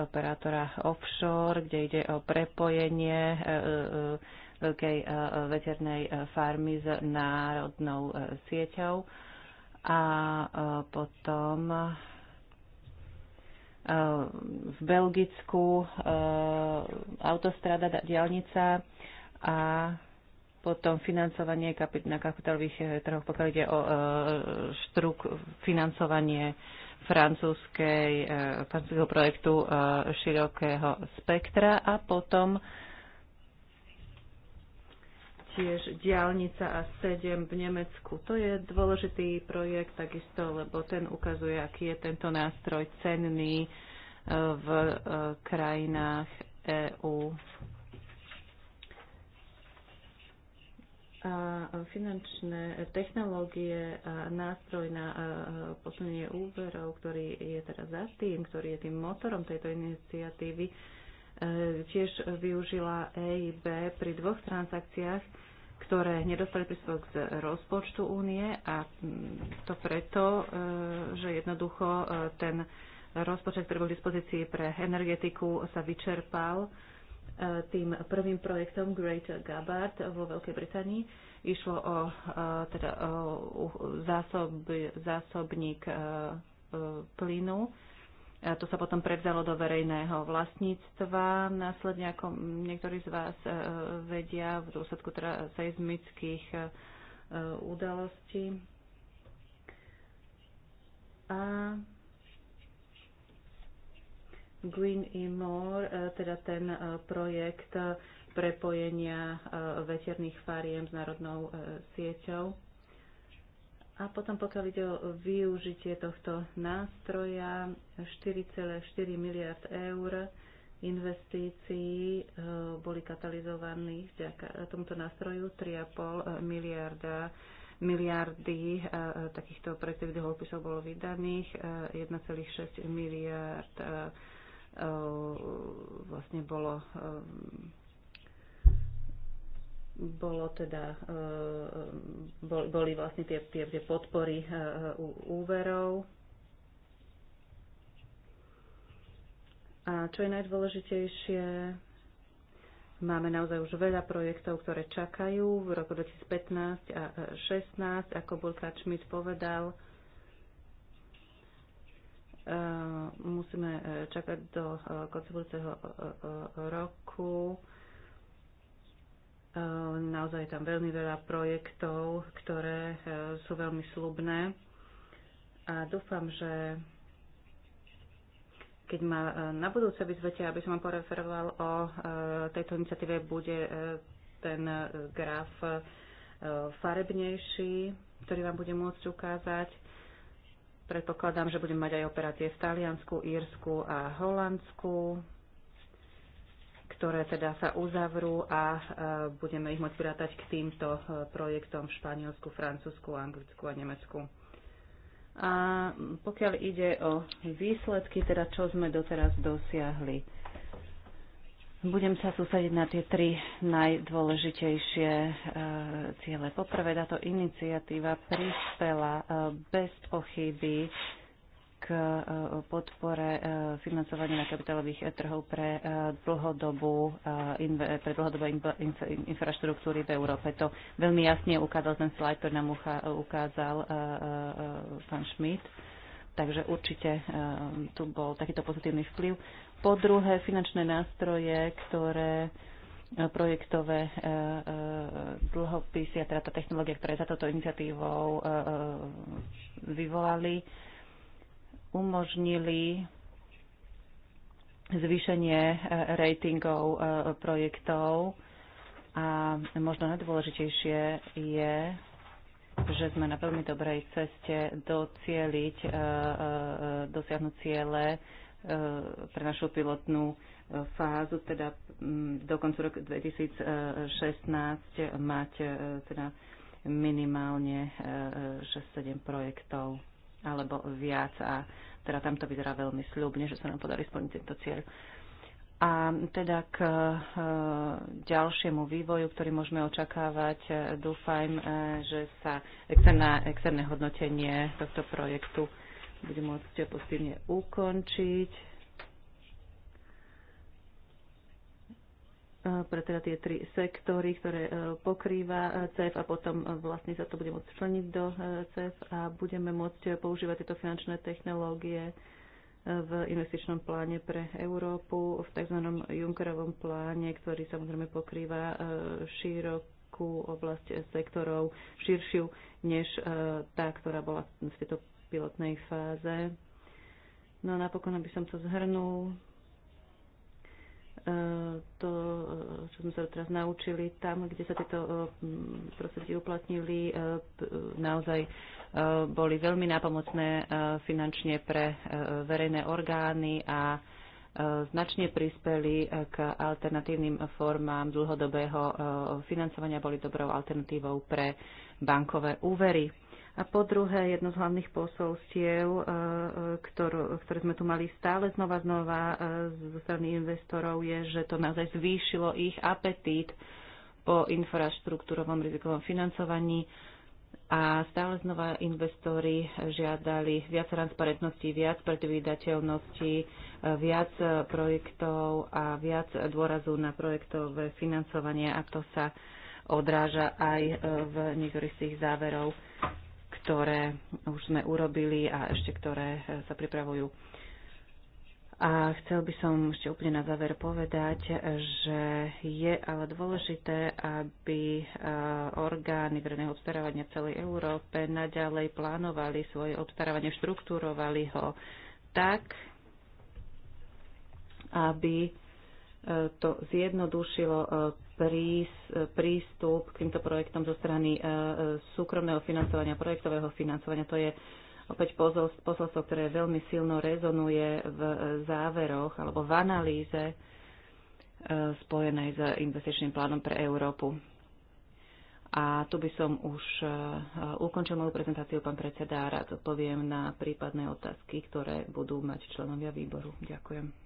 operátora offshore, kde ide o prepojenie veľkej veternej farmy s národnou sieťou a potom v Belgicku eh, autostrada, diálnica a potom financovanie na kapitálových eh, trhoch, pokiaľ ide o eh, štruk, financovanie francúzskej, francúzského projektu širokého spektra a potom tiež diálnica a 7 v Nemecku. To je dôležitý projekt takisto, lebo ten ukazuje, aký je tento nástroj cenný e, v e, krajinách EÚ. A finančné technológie a nástroj na e, posunenie úverov, ktorý je teda za tým, ktorý je tým motorom tejto iniciatívy, tiež využila EIB pri dvoch transakciách ktoré nedostali príspevok z rozpočtu únie a mm, to preto, e, že jednoducho e, ten rozpočet, ktorý bol v dispozícii pre energetiku, sa vyčerpal e, tým prvým projektom Great Gabbard vo Veľkej Británii. Išlo o, teda, o zásob, zásobník plynu to sa potom prevzalo do verejného vlastníctva. Následne, ako niektorí z vás e, vedia, v dôsledku teda seizmických e, udalostí. A Green e More, e, teda ten projekt prepojenia veterných fariem s národnou sieťou. A potom pokiaľ ide o využitie tohto nástroja, 4,4 miliard eur investícií e, boli katalizovaných vďaka tomuto nástroju 3,5 e, miliarda miliardy e, takýchto projektových dlhopisov bolo vydaných, 1,6 miliard vlastne bolo bolo teda, eh, boli vlastne tie, tie, tie podpory eh, úverov. A čo je najdôležitejšie, máme naozaj už veľa projektov, ktoré čakajú v roku 2015 a 2016, eh, ako Burka Schmidt povedal, musíme čakať do konca budúceho roku Naozaj je tam veľmi veľa projektov, ktoré e, sú veľmi slubné a dúfam, že keď ma e, na budúce vyzvete, aby som vám poreferoval o e, tejto iniciatíve, bude ten graf farebnejší, ktorý vám budem môcť ukázať. Predpokladám, že budem mať aj operácie v Taliansku, Írsku a Holandsku ktoré teda sa uzavrú a e, budeme ich môcť vrátať k týmto e, projektom v Španielsku, Francúzsku, Anglicku a Nemecku. A pokiaľ ide o výsledky, teda čo sme doteraz dosiahli, budem sa sústrediť na tie tri najdôležitejšie e, ciele. Poprvé, táto iniciatíva prispela e, bez pochyby k e, podpore e, financovania na kapitálových e, trhov pre, dlhodobú, pre dlhodobé infraštruktúry v Európe. To veľmi jasne ukázal ten slajd, ktorý nám ukázal pán Schmidt. Takže určite tu bol takýto pozitívny vplyv. Po druhé, finančné nástroje, ktoré projektové dlhopisy a teda tá technológia, ktoré za toto iniciatívou vyvolali, umožnili zvýšenie e, ratingov e, projektov a možno najdôležitejšie je, že sme na veľmi dobrej ceste docieliť, e, dosiahnuť ciele pre našu pilotnú fázu, teda do konca roku 2016 mať teda minimálne 6-7 projektov alebo viac a teda tam to vyzerá veľmi sľubne, že sa nám podarí splniť tento cieľ. A teda k e, ďalšiemu vývoju, ktorý môžeme očakávať, e, dúfajm, e, že sa externá, externé hodnotenie tohto projektu bude môcť pozitívne ukončiť pre teda tie tri sektory, ktoré e, pokrýva e, CEF a potom e, vlastne sa to bude môcť členiť do CEF a budeme môcť používať tieto finančné technológie v investičnom pláne pre Európu, v tzv. Junckerovom pláne, ktorý samozrejme pokrýva širokú oblasť sektorov, širšiu než tá, ktorá bola v tejto pilotnej fáze. No a napokon, aby som to zhrnul, to, eh, čo sme sa teraz naučili, tam, kde sa tieto eh, mm, prostredky uplatnili, eh, naozaj boli veľmi nápomocné finančne pre verejné orgány a značne prispeli k alternatívnym formám dlhodobého financovania, boli dobrou alternatívou pre bankové úvery. A po druhé, jedno z hlavných posolstiev, e, e, ktorú, ktoré sme tu mali stále znova znova e, zo strany investorov, je, že to naozaj zvýšilo ich apetít po infraštruktúrovom rizikovom financovaní a stále znova investori žiadali viac transparentnosti, viac predvídateľnosti, viac projektov a viac dôrazu na projektové financovanie a to sa odráža aj v niektorých z tých záverov ktoré už sme urobili a ešte ktoré e, sa pripravujú. A chcel by som ešte úplne na záver povedať, že je ale dôležité, aby e, orgány verejného obstarávania v celej Európe naďalej plánovali svoje obstarávanie, štruktúrovali ho tak, aby to zjednodušilo e, e, prístup k týmto projektom zo strany e, súkromného financovania, projektového financovania. To je opäť posolstvo, ktoré veľmi silno rezonuje v záveroch alebo v analýze spojenej s investičným plánom pre Európu. A tu by som už ukončil moju prezentáciu, pán predseda, a rád odpoviem na prípadné otázky, ktoré budú mať členovia výboru. Ďakujem.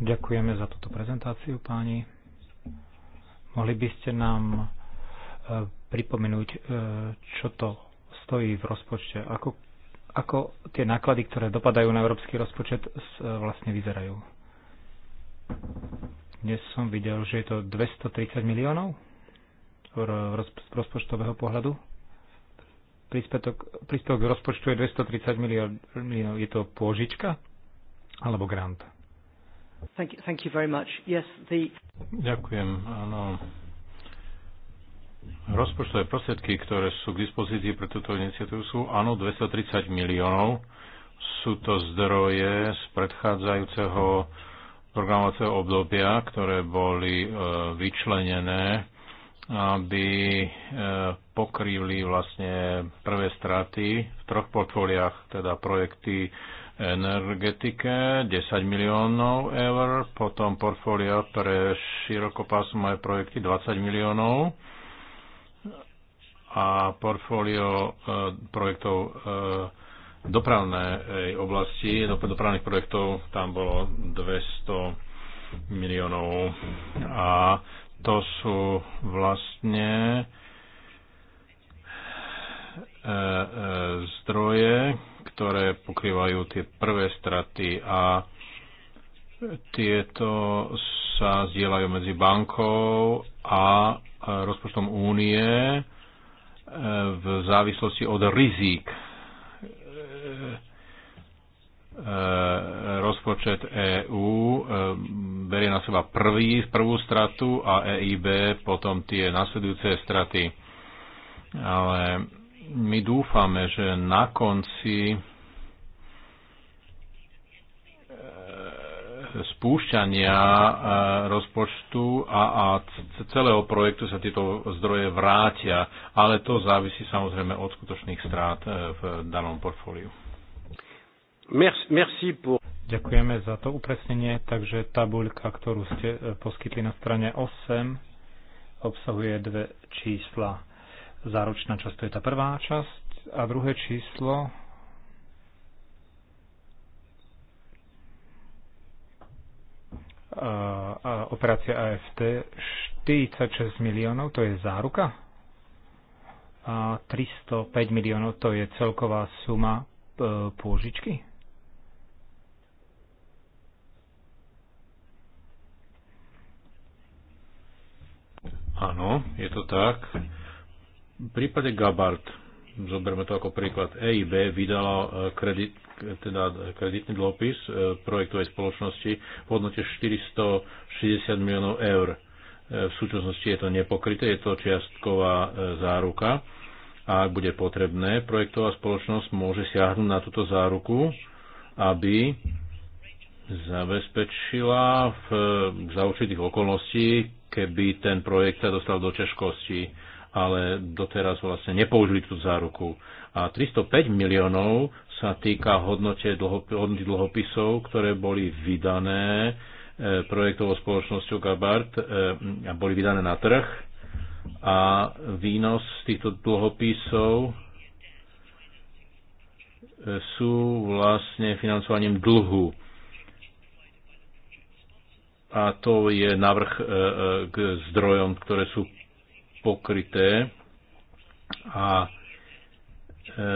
Ďakujeme za túto prezentáciu, páni. Mohli by ste nám e, pripomenúť, e, čo to stojí v rozpočte, ako, ako tie náklady, ktoré dopadajú na európsky rozpočet, e, vlastne vyzerajú. Dnes som videl, že je to 230 miliónov z rozpočtového pohľadu príspevok, rozpočtu je 230 miliónov. Je to pôžička? alebo grant. Thank you, thank you very much. Yes, the... Ďakujem, áno. Rozpočtové prostriedky, ktoré sú k dispozícii pre túto iniciatívu, sú áno 230 miliónov. Sú to zdroje z predchádzajúceho programovacieho obdobia, ktoré boli e, vyčlenené, aby e, pokryli vlastne prvé straty v troch portfóliách, teda projekty energetike 10 miliónov eur, potom portfólia pre širokopásmové projekty 20 miliónov a portfólio e, projektov e, dopravnej oblasti, dopravných projektov tam bolo 200 miliónov a to sú vlastne e, zdroje, ktoré pokrývajú tie prvé straty a tieto sa zdieľajú medzi bankou a rozpočtom únie e, v závislosti od rizík. E, e, rozpočet EÚ berie na seba prvý, prvú stratu a EIB potom tie nasledujúce straty. Ale my dúfame, že na konci spúšťania e, rozpočtu a, a celého projektu sa tieto zdroje vrátia, ale to závisí samozrejme od skutočných strát e, v danom portfóliu. Merci, merci pour... Ďakujeme za to upresnenie, takže tabuľka, ktorú ste e, poskytli na strane 8, obsahuje dve čísla. Záročná časť to je tá prvá časť a druhé číslo operácia AFT 46 miliónov, to je záruka a 305 miliónov to je celková suma e, pôžičky. Áno, je to tak. V prípade Gabart zoberme to ako príklad, EIB vydala e, kredit, teda kreditný dlhopis e, projektovej spoločnosti v hodnote 460 miliónov eur. E, v súčasnosti je to nepokryté, je to čiastková záruka a ak bude potrebné, projektová spoločnosť môže siahnuť na túto záruku, aby zabezpečila v, za určitých okolností, keby ten projekt sa dostal do ťažkosti ale doteraz vlastne nepoužili tú záruku. A 305 miliónov sa týka hodnote hodnoty dlhopisov, ktoré boli vydané e, projektovou spoločnosťou Gabart e, a boli vydané na trh a výnos týchto dlhopisov e, sú vlastne financovaním dlhu a to je navrh k zdrojom, ktoré sú pokryté a e,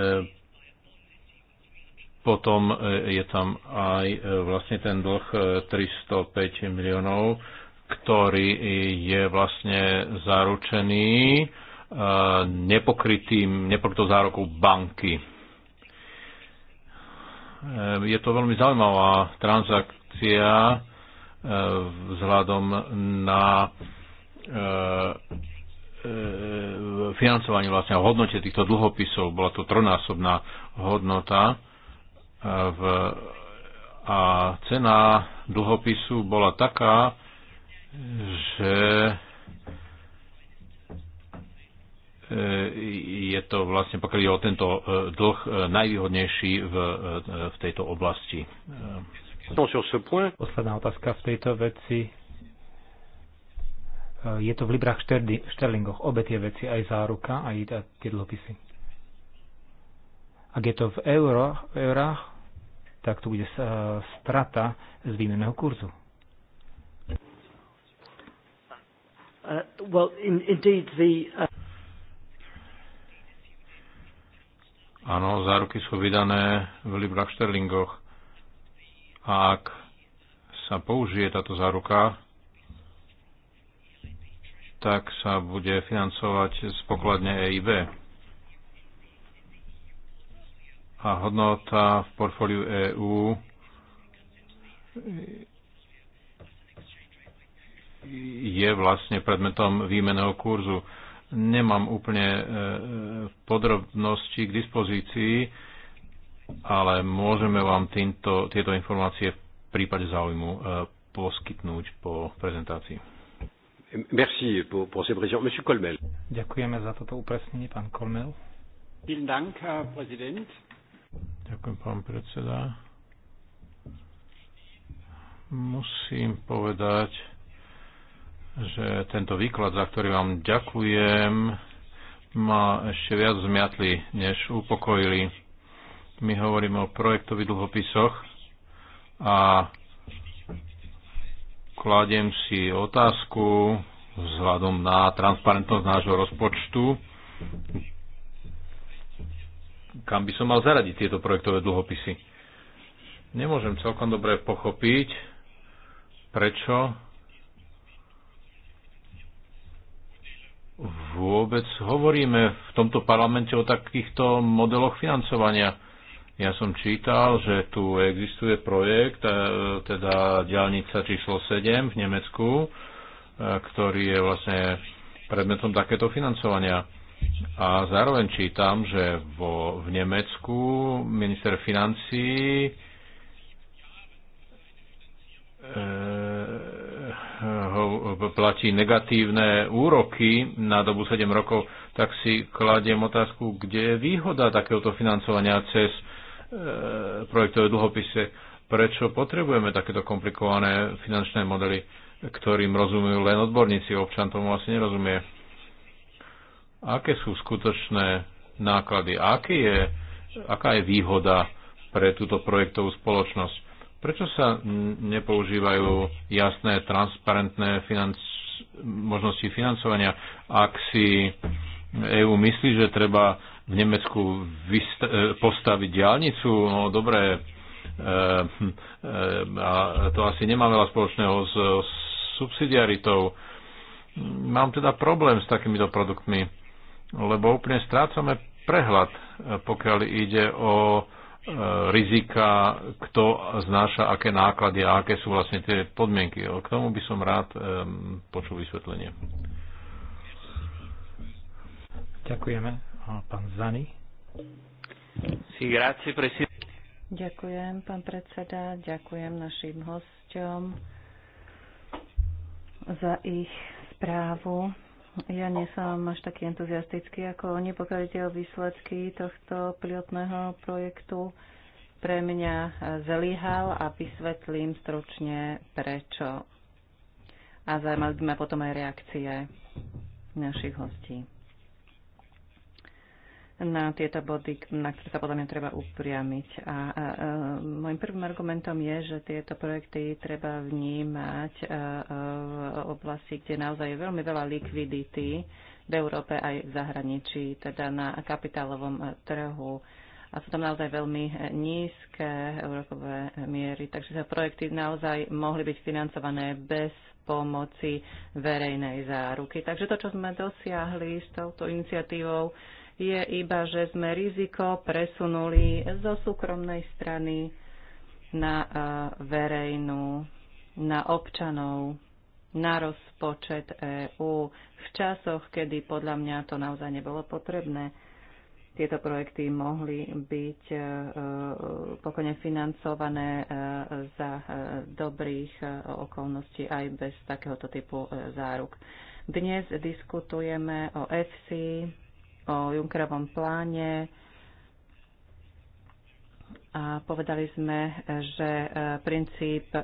potom e, je tam aj e, vlastne ten dlh 305 miliónov, ktorý je vlastne zaručený nepokrytým, nepokrytou zárokou banky. Je to veľmi zaujímavá transakcia vzhľadom na financovanie vlastne a hodnote týchto dlhopisov. Bola to trojnásobná hodnota e, v, a cena dlhopisu bola taká, že e, je to vlastne, pokiaľ je o tento e, dlh, najvýhodnejší v, v tejto oblasti. Posledná otázka v tejto veci je to v librách šterlingoch, obe tie veci, aj záruka, aj tie dlhopisy. Ak je to v, euro, v eurách, tak tu bude eh, strata z výmenného kurzu. Uh, well, in, indeed the, uh... Áno, záruky sú vydané v librách šterlingoch. A ak sa použije táto záruka, tak sa bude financovať z pokladne EIB. A hodnota v portfóliu EÚ je vlastne predmetom výmeného kurzu. Nemám úplne e, podrobnosti k dispozícii, ale môžeme vám týmto, tieto informácie v prípade záujmu e, poskytnúť po prezentácii. Merci pour, pour ces précisions. Monsieur Colmel. Ďakujeme za toto upresnenie, pán Kolmel. Vielen Dank, Herr Präsident. Ďakujem, pán predseda. Musím povedať, že tento výklad, za ktorý vám ďakujem, ma ešte viac zmiatli, než upokojili. My hovoríme o projektových dlhopisoch a Kladiem si otázku vzhľadom na transparentnosť nášho rozpočtu, kam by som mal zaradiť tieto projektové dlhopisy. Nemôžem celkom dobre pochopiť, prečo vôbec hovoríme v tomto parlamente o takýchto modeloch financovania. Ja som čítal, že tu existuje projekt, e, teda diálnica číslo 7 v Nemecku, e, ktorý je vlastne predmetom takéto financovania. A zároveň čítam, že vo, v Nemecku minister financí e, ho, platí negatívne úroky na dobu 7 rokov, tak si kladiem otázku, kde je výhoda takéhoto financovania cez E, projektové dlhopisy. Prečo potrebujeme takéto komplikované finančné modely, ktorým rozumujú len odborníci, občan tomu asi nerozumie. Aké sú skutočné náklady? aké je, aká je výhoda pre túto projektovú spoločnosť? Prečo sa nepoužívajú jasné, transparentné financ- možnosti financovania, ak si EÚ myslí, že treba v Nemecku e, postaviť diálnicu, no dobré, e, e, a to asi nemá veľa spoločného s, s subsidiaritou. Mám teda problém s takýmito produktmi, lebo úplne strácame prehľad, pokiaľ ide o e, rizika, kto znáša aké náklady a aké sú vlastne tie podmienky. K tomu by som rád e, počul vysvetlenie. Ďakujeme Pán Zany. Ďakujem, pán predseda. Ďakujem našim hosťom za ich správu. Ja nie som až taký entuziastický ako oni, pokiaľ ide o výsledky tohto pilotného projektu. Pre mňa zlyhal a vysvetlím stručne prečo. A zaujímavé by ma potom aj reakcie našich hostí na tieto body, na ktoré sa podľa mňa treba upriamiť. A, a, a môjim prvým argumentom je, že tieto projekty treba vnímať a, a, v oblasti, kde naozaj je veľmi veľa likvidity v Európe aj v zahraničí, teda na kapitálovom e, trhu. A sú tam naozaj veľmi e, nízke európové miery, takže sa projekty naozaj mohli byť financované bez pomoci verejnej záruky. Takže to, čo sme dosiahli s touto iniciatívou, je iba, že sme riziko presunuli zo súkromnej strany na e, verejnú, na občanov, na rozpočet EÚ v časoch, kedy podľa mňa to naozaj nebolo potrebné. Tieto projekty mohli byť e, e, pokojne financované za dobrých okolností aj bez takéhoto typu záruk. Dnes diskutujeme o EFSI, o Junkerovom pláne a povedali sme, že e, princíp e, e,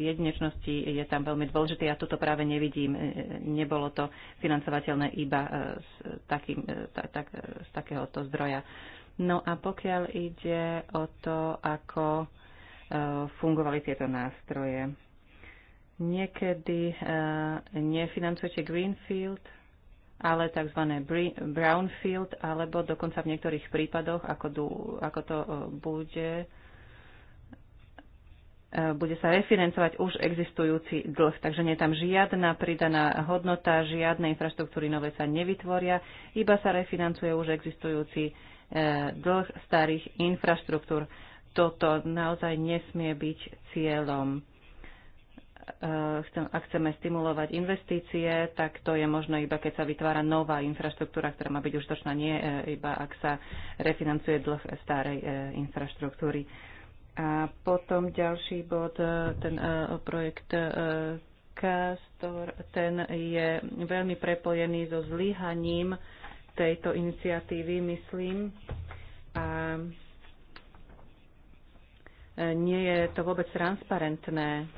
jedinečnosti je tam veľmi dôležitý. Ja toto práve nevidím. Nebolo to financovateľné iba z, takým, tak, tak, z takéhoto zdroja. No a pokiaľ ide o to, ako fungovali tieto nástroje. Niekedy nefinancujete Greenfield, ale tzv. brownfield, alebo dokonca v niektorých prípadoch, ako, du, ako to e, bude, e, bude sa refinancovať už existujúci dlh. Takže nie je tam žiadna pridaná hodnota, žiadne infraštruktúry nové sa nevytvoria, iba sa refinancuje už existujúci e, dlh starých infraštruktúr. Toto naozaj nesmie byť cieľom. Eh, ak chceme stimulovať investície, tak to je možné iba keď sa vytvára nová infraštruktúra, ktorá má byť užitočná, nie eh, iba ak sa refinancuje dlh starej eh, infraštruktúry. A potom ďalší bod, ten projekt Castor, ten je veľmi prepojený so zlyhaním tejto iniciatívy, myslím. A nie je to vôbec transparentné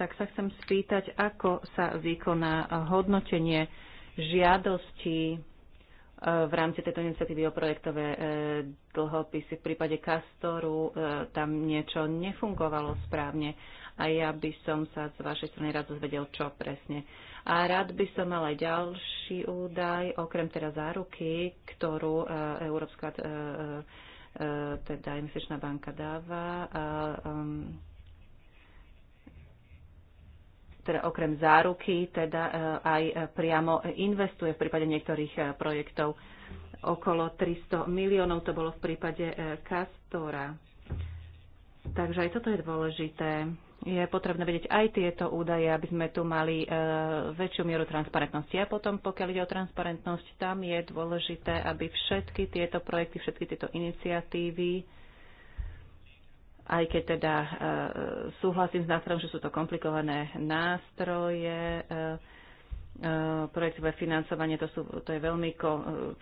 tak sa chcem spýtať, ako sa vykoná hodnotenie žiadosti e, v rámci tejto iniciatívy o projektové e, dlhopisy. V prípade Castoru e, tam niečo nefungovalo správne a ja by som sa z vašej strany rád dozvedel, čo presne. A rád by som mal aj ďalší údaj, okrem teda záruky, ktorú Európska teda investičná banka dáva. A, um, ktorá teda okrem záruky teda e, aj e, priamo investuje v prípade niektorých e, projektov. Okolo 300 miliónov to bolo v prípade Castora. Takže aj toto je dôležité. Je potrebné vedieť aj tieto údaje, aby sme tu mali väčšiu mieru transparentnosti. A potom, pokiaľ ide o transparentnosť, tam je dôležité, aby všetky tieto projekty, všetky tieto iniciatívy aj keď teda e, súhlasím s nástrojom, že sú to komplikované nástroje, e, e, projektové financovanie, to, sú, to je veľmi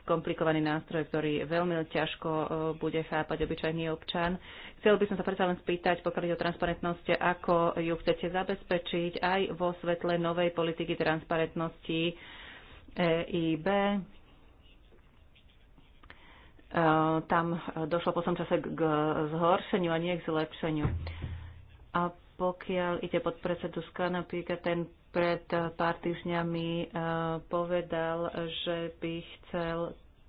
komplikovaný nástroj, ktorý veľmi ťažko bude chápať obyčajný občan. Chcel by som sa predsa len spýtať, pokiaľ ide o transparentnosť, ako ju chcete zabezpečiť aj vo svetle novej politiky transparentnosti EIB, E, tam došlo po tom čase k zhoršeniu a nie k zlepšeniu. A pokiaľ ide pod predsedu Skanapíka, ten pred pár týždňami e, povedal, že by chcel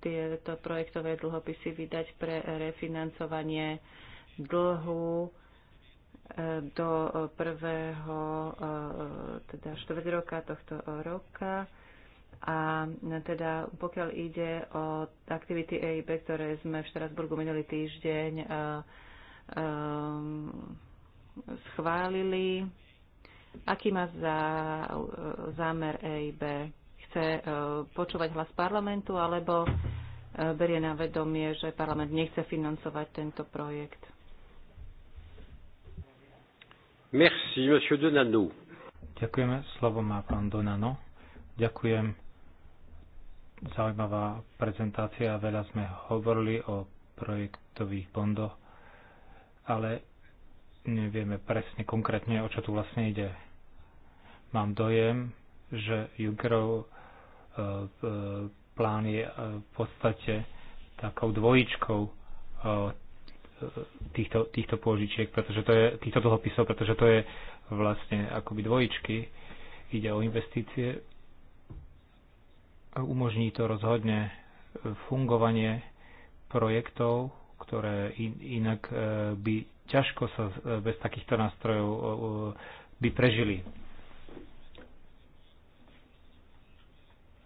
tieto projektové dlhopisy vydať pre refinancovanie dlhu e, do prvého teda štvrť roka tohto roka a teda pokiaľ ide o aktivity EIB, ktoré sme v Štrasburgu minulý týždeň e, e, schválili, aký má za, zámer EIB? Chce e, počúvať hlas parlamentu alebo berie na vedomie, že parlament nechce financovať tento projekt? Merci, monsieur Donano. Ďakujeme. Slovo má pán Donano. Ďakujem. Zaujímavá prezentácia. Veľa sme hovorili o projektových bondoch, ale nevieme presne konkrétne, o čo tu vlastne ide. Mám dojem, že Junckerov e, e, plán je e, v podstate takou dvojičkou týchto, týchto pôžičiek, pretože to je, týchto dlhopisov, pretože to je vlastne akoby dvojičky. Ide o investície umožní to rozhodne e, fungovanie projektov, ktoré inak e, by ťažko sa e, bez takýchto nástrojov by prežili.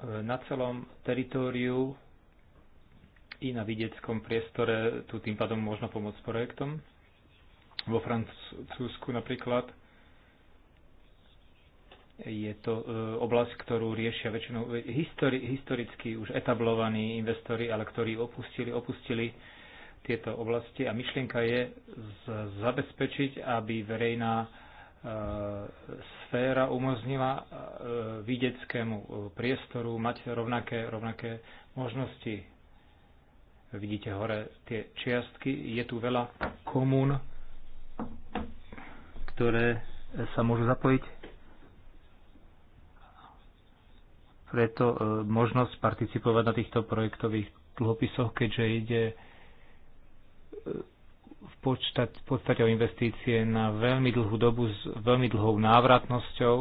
Na celom teritóriu i na vidieckom priestore tu tým pádom možno pomôcť projektom. Vo Francúzsku napríklad je to e, oblasť, ktorú riešia väčšinou e, histori, historicky už etablovaní investori, ale ktorí opustili, opustili tieto oblasti. A myšlienka je zabezpečiť, aby verejná e, sféra umožnila videckému priestoru mať rovnaké, rovnaké možnosti. Vidíte hore tie čiastky. Je tu veľa komún, ktoré sa môžu zapojiť preto e, možnosť participovať na týchto projektových dlhopisoch, keďže ide e, v podstate, v podstate o investície na veľmi dlhú dobu s veľmi dlhou návratnosťou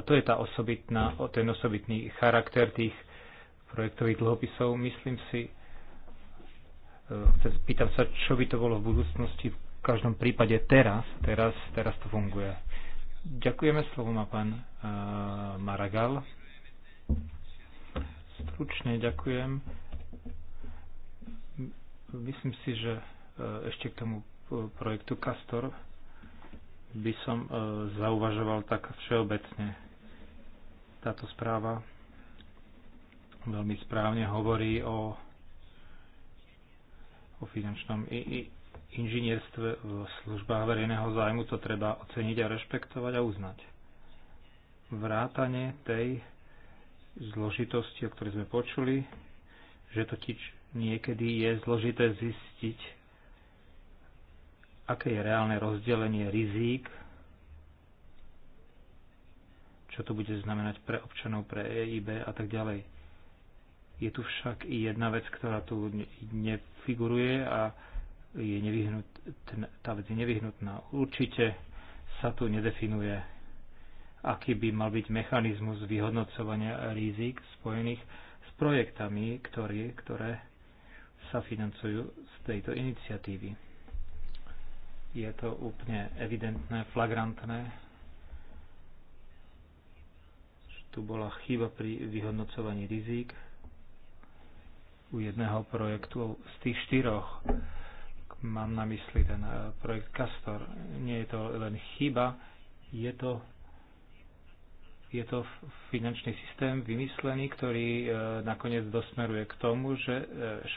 a to je tá osobitná, ten osobitný charakter tých projektových dlhopisov. Myslím si, chcem, teda pýtam sa, čo by to bolo v budúcnosti, v každom prípade teraz, teraz, teraz to funguje. Ďakujeme, slovo má pán uh, e, Maragal. Stručne ďakujem. Myslím si, že e, ešte k tomu e, projektu Castor by som e, zauvažoval tak všeobecne. Táto správa veľmi správne hovorí o, o finančnom i, i inžinierstve v službách verejného zájmu. To treba oceniť a rešpektovať a uznať. Vrátanie tej zložitosti, o ktoré sme počuli, že totiž niekedy je zložité zistiť, aké je reálne rozdelenie rizík, čo to bude znamenať pre občanov, pre EIB a tak ďalej. Je tu však i jedna vec, ktorá tu nefiguruje a je nevyhnutná, tá vec je nevyhnutná. Určite sa tu nedefinuje aký by mal byť mechanizmus vyhodnocovania rizik spojených s projektami, ktoré, ktoré sa financujú z tejto iniciatívy. Je to úplne evidentné, flagrantné. Tu bola chyba pri vyhodnocovaní rizik u jedného projektu z tých štyroch. Mám na mysli ten eh, projekt Castor. Nie je to len chyba, je to je to finančný systém vymyslený, ktorý e, nakoniec dosmeruje k tomu, že e,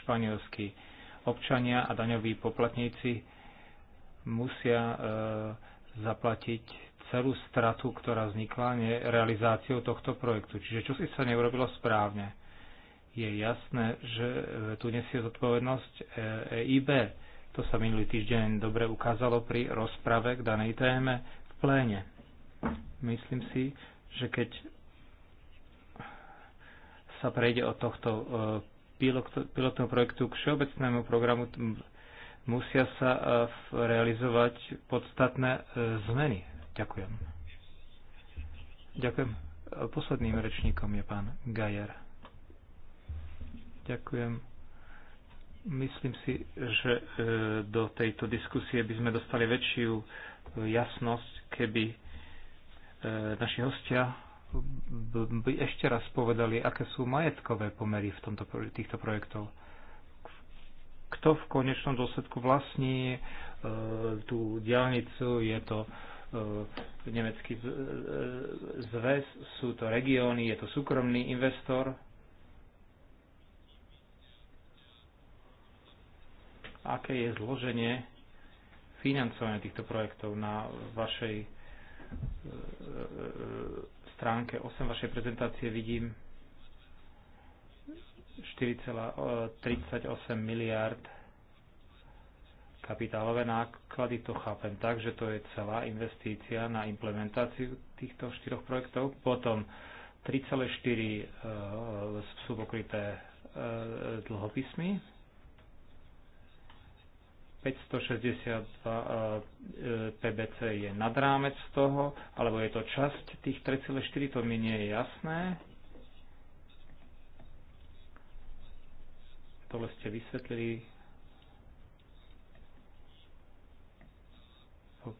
španielskí občania a daňoví poplatníci musia e, zaplatiť celú stratu, ktorá vznikla realizáciou tohto projektu. Čiže čo si sa neurobilo správne? Je jasné, že tu nesie zodpovednosť EIB. To sa minulý týždeň dobre ukázalo pri rozprave k danej téme v pléne. Myslím si, že keď sa prejde od tohto e, pilotného projektu k všeobecnému programu, musia sa e, realizovať podstatné e, zmeny. Ďakujem. Ďakujem. Posledným rečníkom je pán Gajer. Ďakujem. Myslím si, že do tejto diskusie by sme dostali väčšiu jasnosť, keby E, naši hostia by ešte raz povedali, aké sú majetkové pomery v tomto, týchto projektov. Kto v konečnom dôsledku vlastní e, tú diálnicu, je to e, nemecký e, zväz, sú to regióny, je to súkromný investor. Aké je zloženie financovania týchto projektov na vašej stránke 8 vašej prezentácie vidím 4,38 e, miliard kapitálové náklady, to chápem tak, že to je celá investícia na implementáciu týchto štyroch projektov. Potom 3,4 e, e, sú pokryté dlhopismy, 562 e, PBC je nad rámec toho, alebo je to časť tých 3,4, to mi nie je jasné. Tohle ste vysvetlili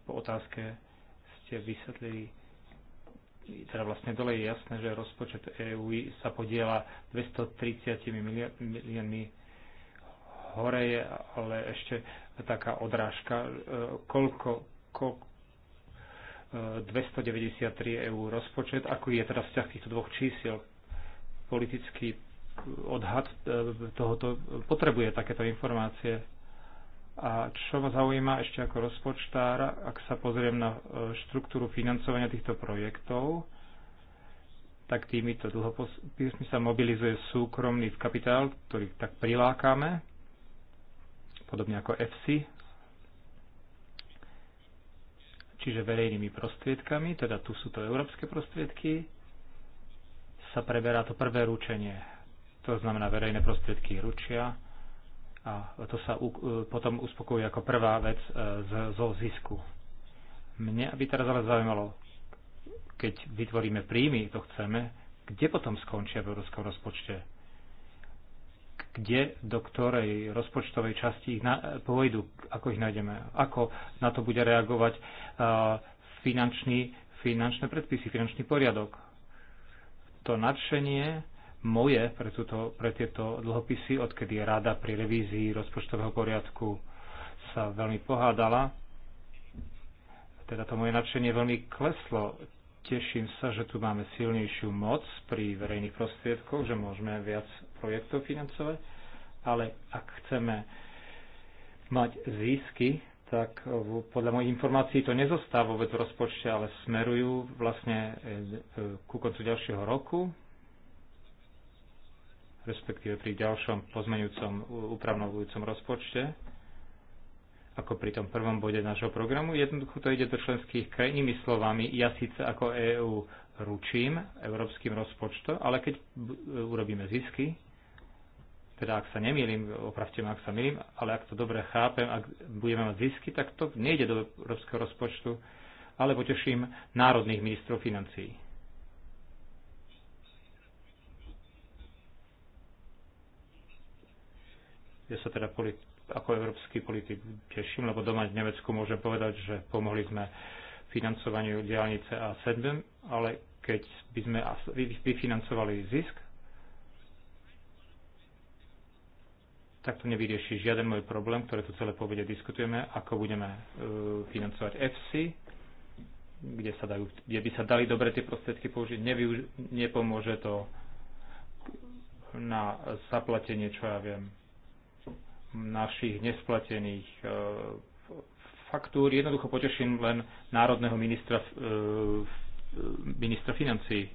po, otázke ste vysvetlili teda vlastne dole je jasné, že rozpočet EU sa podiela 230 miliónmi hore je ale ešte taká odrážka, e, koľko, koľko e, 293 eur rozpočet, ako je teda vzťah týchto dvoch čísiel. Politický e, odhad tohoto potrebuje takéto informácie. A čo ma zaujíma ešte ako rozpočtár, ak sa pozriem na štruktúru financovania týchto projektov, tak týmito dlhopismi sa mobilizuje súkromný kapitál, ktorý tak prilákame, podobne ako EFSI, čiže verejnými prostriedkami, teda tu sú to európske prostriedky, sa preberá to prvé ručenie, to znamená verejné prostriedky ručia a to sa u, potom uspokojuje ako prvá vec e, z, zo zisku. Mne by teraz ale zaujímalo, keď vytvoríme príjmy, to chceme, kde potom skončia v európskom rozpočte? kde, do ktorej rozpočtovej časti ich na, pôjdu, ako ich nájdeme, ako na to bude reagovať uh, finančný, finančné predpisy, finančný poriadok. To nadšenie moje pre, tuto, pre tieto dlhopisy, odkedy rada pri revízii rozpočtového poriadku sa veľmi pohádala, teda to moje nadšenie veľmi kleslo. Teším sa, že tu máme silnejšiu moc pri verejných prostriedkoch, že môžeme viac projektov financovať, ale ak chceme mať zisky, tak podľa mojich informácií to nezostáva vôbec v rozpočte, ale smerujú vlastne e, e, ku koncu ďalšieho roku, respektíve pri ďalšom pozmenujúcom upravnovujúcom rozpočte, ako pri tom prvom bode nášho programu. Jednoducho to ide do členských krajín. Inými slovami, ja síce ako EÚ ručím európskym rozpočtom, ale keď e, urobíme zisky, teda ak sa nemýlim, opravte ma, ak sa mýlim, ale ak to dobre chápem, ak budeme mať zisky, tak to nejde do európskeho rozpočtu, ale poteším národných ministrov financií. Ja sa teda ako európsky politik teším, lebo doma v Nemecku môžem povedať, že pomohli sme financovaniu diálnice A7, ale keď by sme vyfinancovali zisk, tak to nevyrieši žiaden môj problém, ktoré tu celé povede diskutujeme, ako budeme e, financovať EFSI, kde, sa dajú, kde by sa dali dobre tie prostriedky použiť, Nevyuž- nepomôže to na zaplatenie, čo ja viem, našich nesplatených e, faktúr. Jednoducho poteším len národného ministra, e, ministra financí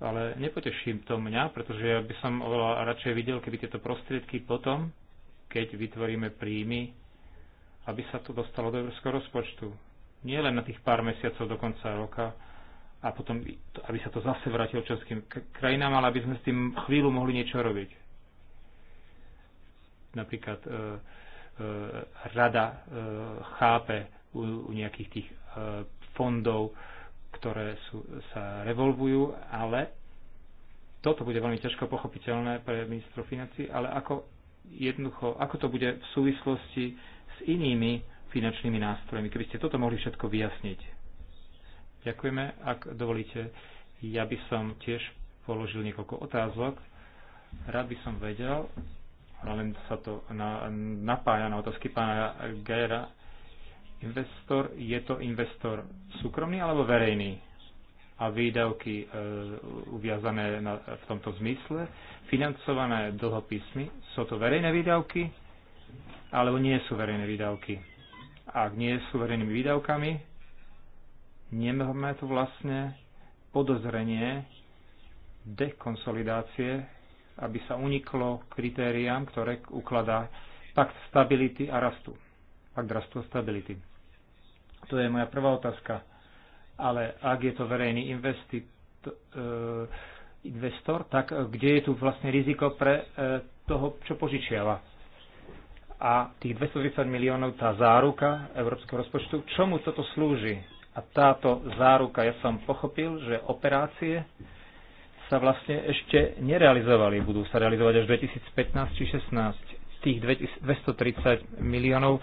ale nepoteším to mňa, pretože ja by som oveľa radšej videl, keby tieto prostriedky potom, keď vytvoríme príjmy, aby sa to dostalo do európskeho rozpočtu. Nie len na tých pár mesiacov do konca roka a potom, aby sa to zase vrátilo českým krajinám, ale aby sme s tým chvíľu mohli niečo robiť. Napríklad e, e, rada e, chápe u, u nejakých tých e, fondov, e, ktoré sú, sa revolvujú, ale toto bude veľmi ťažko pochopiteľné pre ministro financí, ale ako, jednoducho, ako to bude v súvislosti s inými finančnými nástrojmi, keby ste toto mohli všetko vyjasniť. Ďakujeme, ak dovolíte. Ja by som tiež položil niekoľko otázok. Rád by som vedel, ale len sa to na, napája na otázky pána Gajera, Investor, je to investor súkromný alebo verejný? A výdavky e, uviazané na, v tomto zmysle, financované dlhopismy, sú to verejné výdavky alebo nie sú verejné výdavky? Ak nie sú verejnými výdavkami, nemáme tu vlastne podozrenie dekonsolidácie, aby sa uniklo kritériám, ktoré ukladá pakt stability a rastu. Pakt rastu a stability. To je moja prvá otázka. Ale ak je to verejný e, investor, tak kde je tu vlastne riziko pre e, toho, čo požičiava? A tých 230 miliónov, tá záruka európskeho rozpočtu, čomu toto slúži? A táto záruka, ja som pochopil, že operácie sa vlastne ešte nerealizovali. Budú sa realizovať až 2015 či 16. Tých 230 miliónov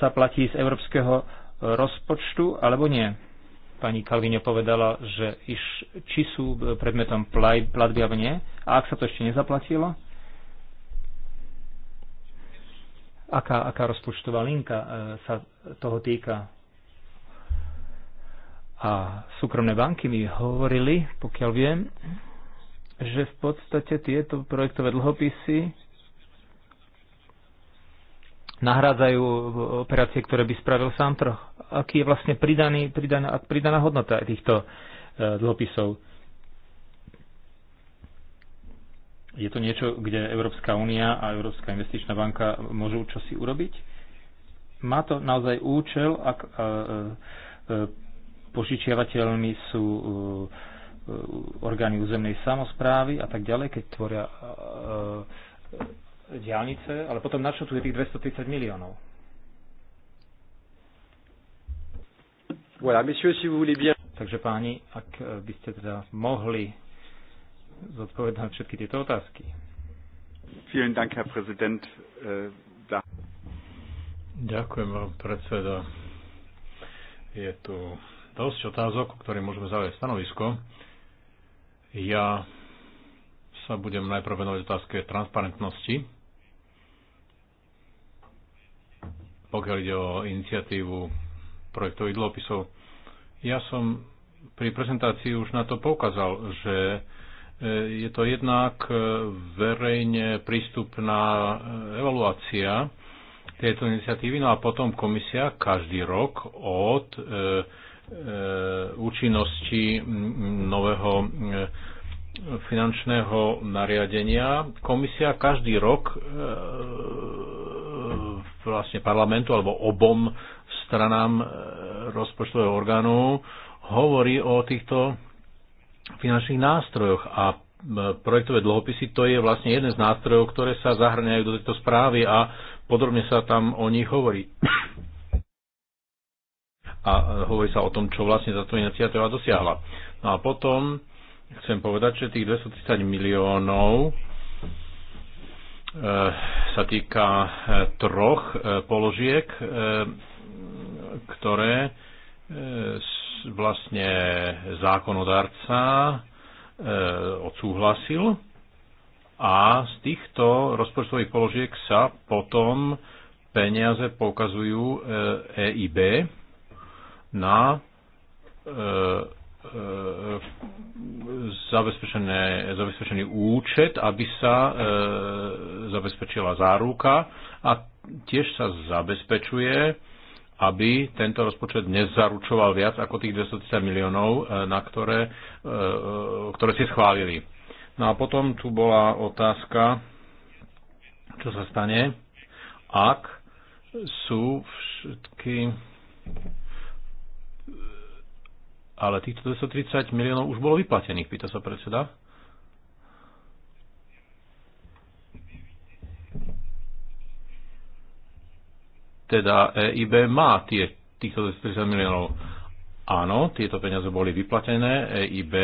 sa platí z Európskeho rozpočtu alebo nie? Pani Kalvine povedala, že iš, či sú predmetom platby alebo nie. A ak sa to ešte nezaplatilo, aká, aká rozpočtová linka e, sa toho týka? A súkromné banky mi hovorili, pokiaľ viem, že v podstate tieto projektové dlhopisy nahrádzajú e, operácie, ktoré by spravil sám trh. Aký je vlastne pridaný, pridaná, pridaná hodnota týchto e, dlhopisov? Je to niečo, kde Európska únia a Európska investičná banka môžu čosi urobiť? Má to naozaj účel, ak a, e, a, požičiavateľmi sú orgány územnej samozprávy a tak ďalej, keď tvoria diálnice, ale potom na čo tu je tých 230 miliónov? Voilà, messieurs, si vous voulez bien. Takže páni, ak eh, by ste teda mohli zodpovedať na všetky tieto otázky. Vielen Dank, Herr Präsident. Äh, Ďakujem vám, predseda. Je tu dosť otázok, ktorým môžeme zaujať stanovisko. Ja sa budem najprv venovať otázke transparentnosti. pokiaľ ide o iniciatívu projektov idlopisov. Ja som pri prezentácii už na to poukázal, že e, je to jednak verejne prístupná e, evaluácia tejto iniciatívy, no a potom komisia každý rok od e, e, účinnosti nového e, finančného nariadenia. Komisia každý rok vlastne parlamentu alebo obom stranám e, rozpočtového orgánu hovorí o týchto finančných nástrojoch a e, projektové dlhopisy to je vlastne jeden z nástrojov, ktoré sa zahrňajú do tejto správy a podrobne sa tam o nich hovorí. A e, hovorí sa o tom, čo vlastne táto iniciatíva dosiahla. No a potom chcem povedať, že tých 230 miliónov Eh, sa týka eh, troch eh, položiek, ktoré vlastne zákonodarca odsúhlasil a z týchto rozpočtových položiek sa potom peniaze poukazujú EIB e na E, e, zabezpečené, zabezpečený účet, aby sa e, zabezpečila záruka a tiež sa zabezpečuje, aby tento rozpočet nezaručoval viac ako tých 230 miliónov, e, na ktoré, e, ktoré si schválili. No a potom tu bola otázka, čo sa stane, ak sú všetky ale týchto 230 miliónov už bolo vyplatených, pýta sa predseda. Teda EIB má tie, týchto 230 miliónov. Áno, tieto peniaze boli vyplatené, EIB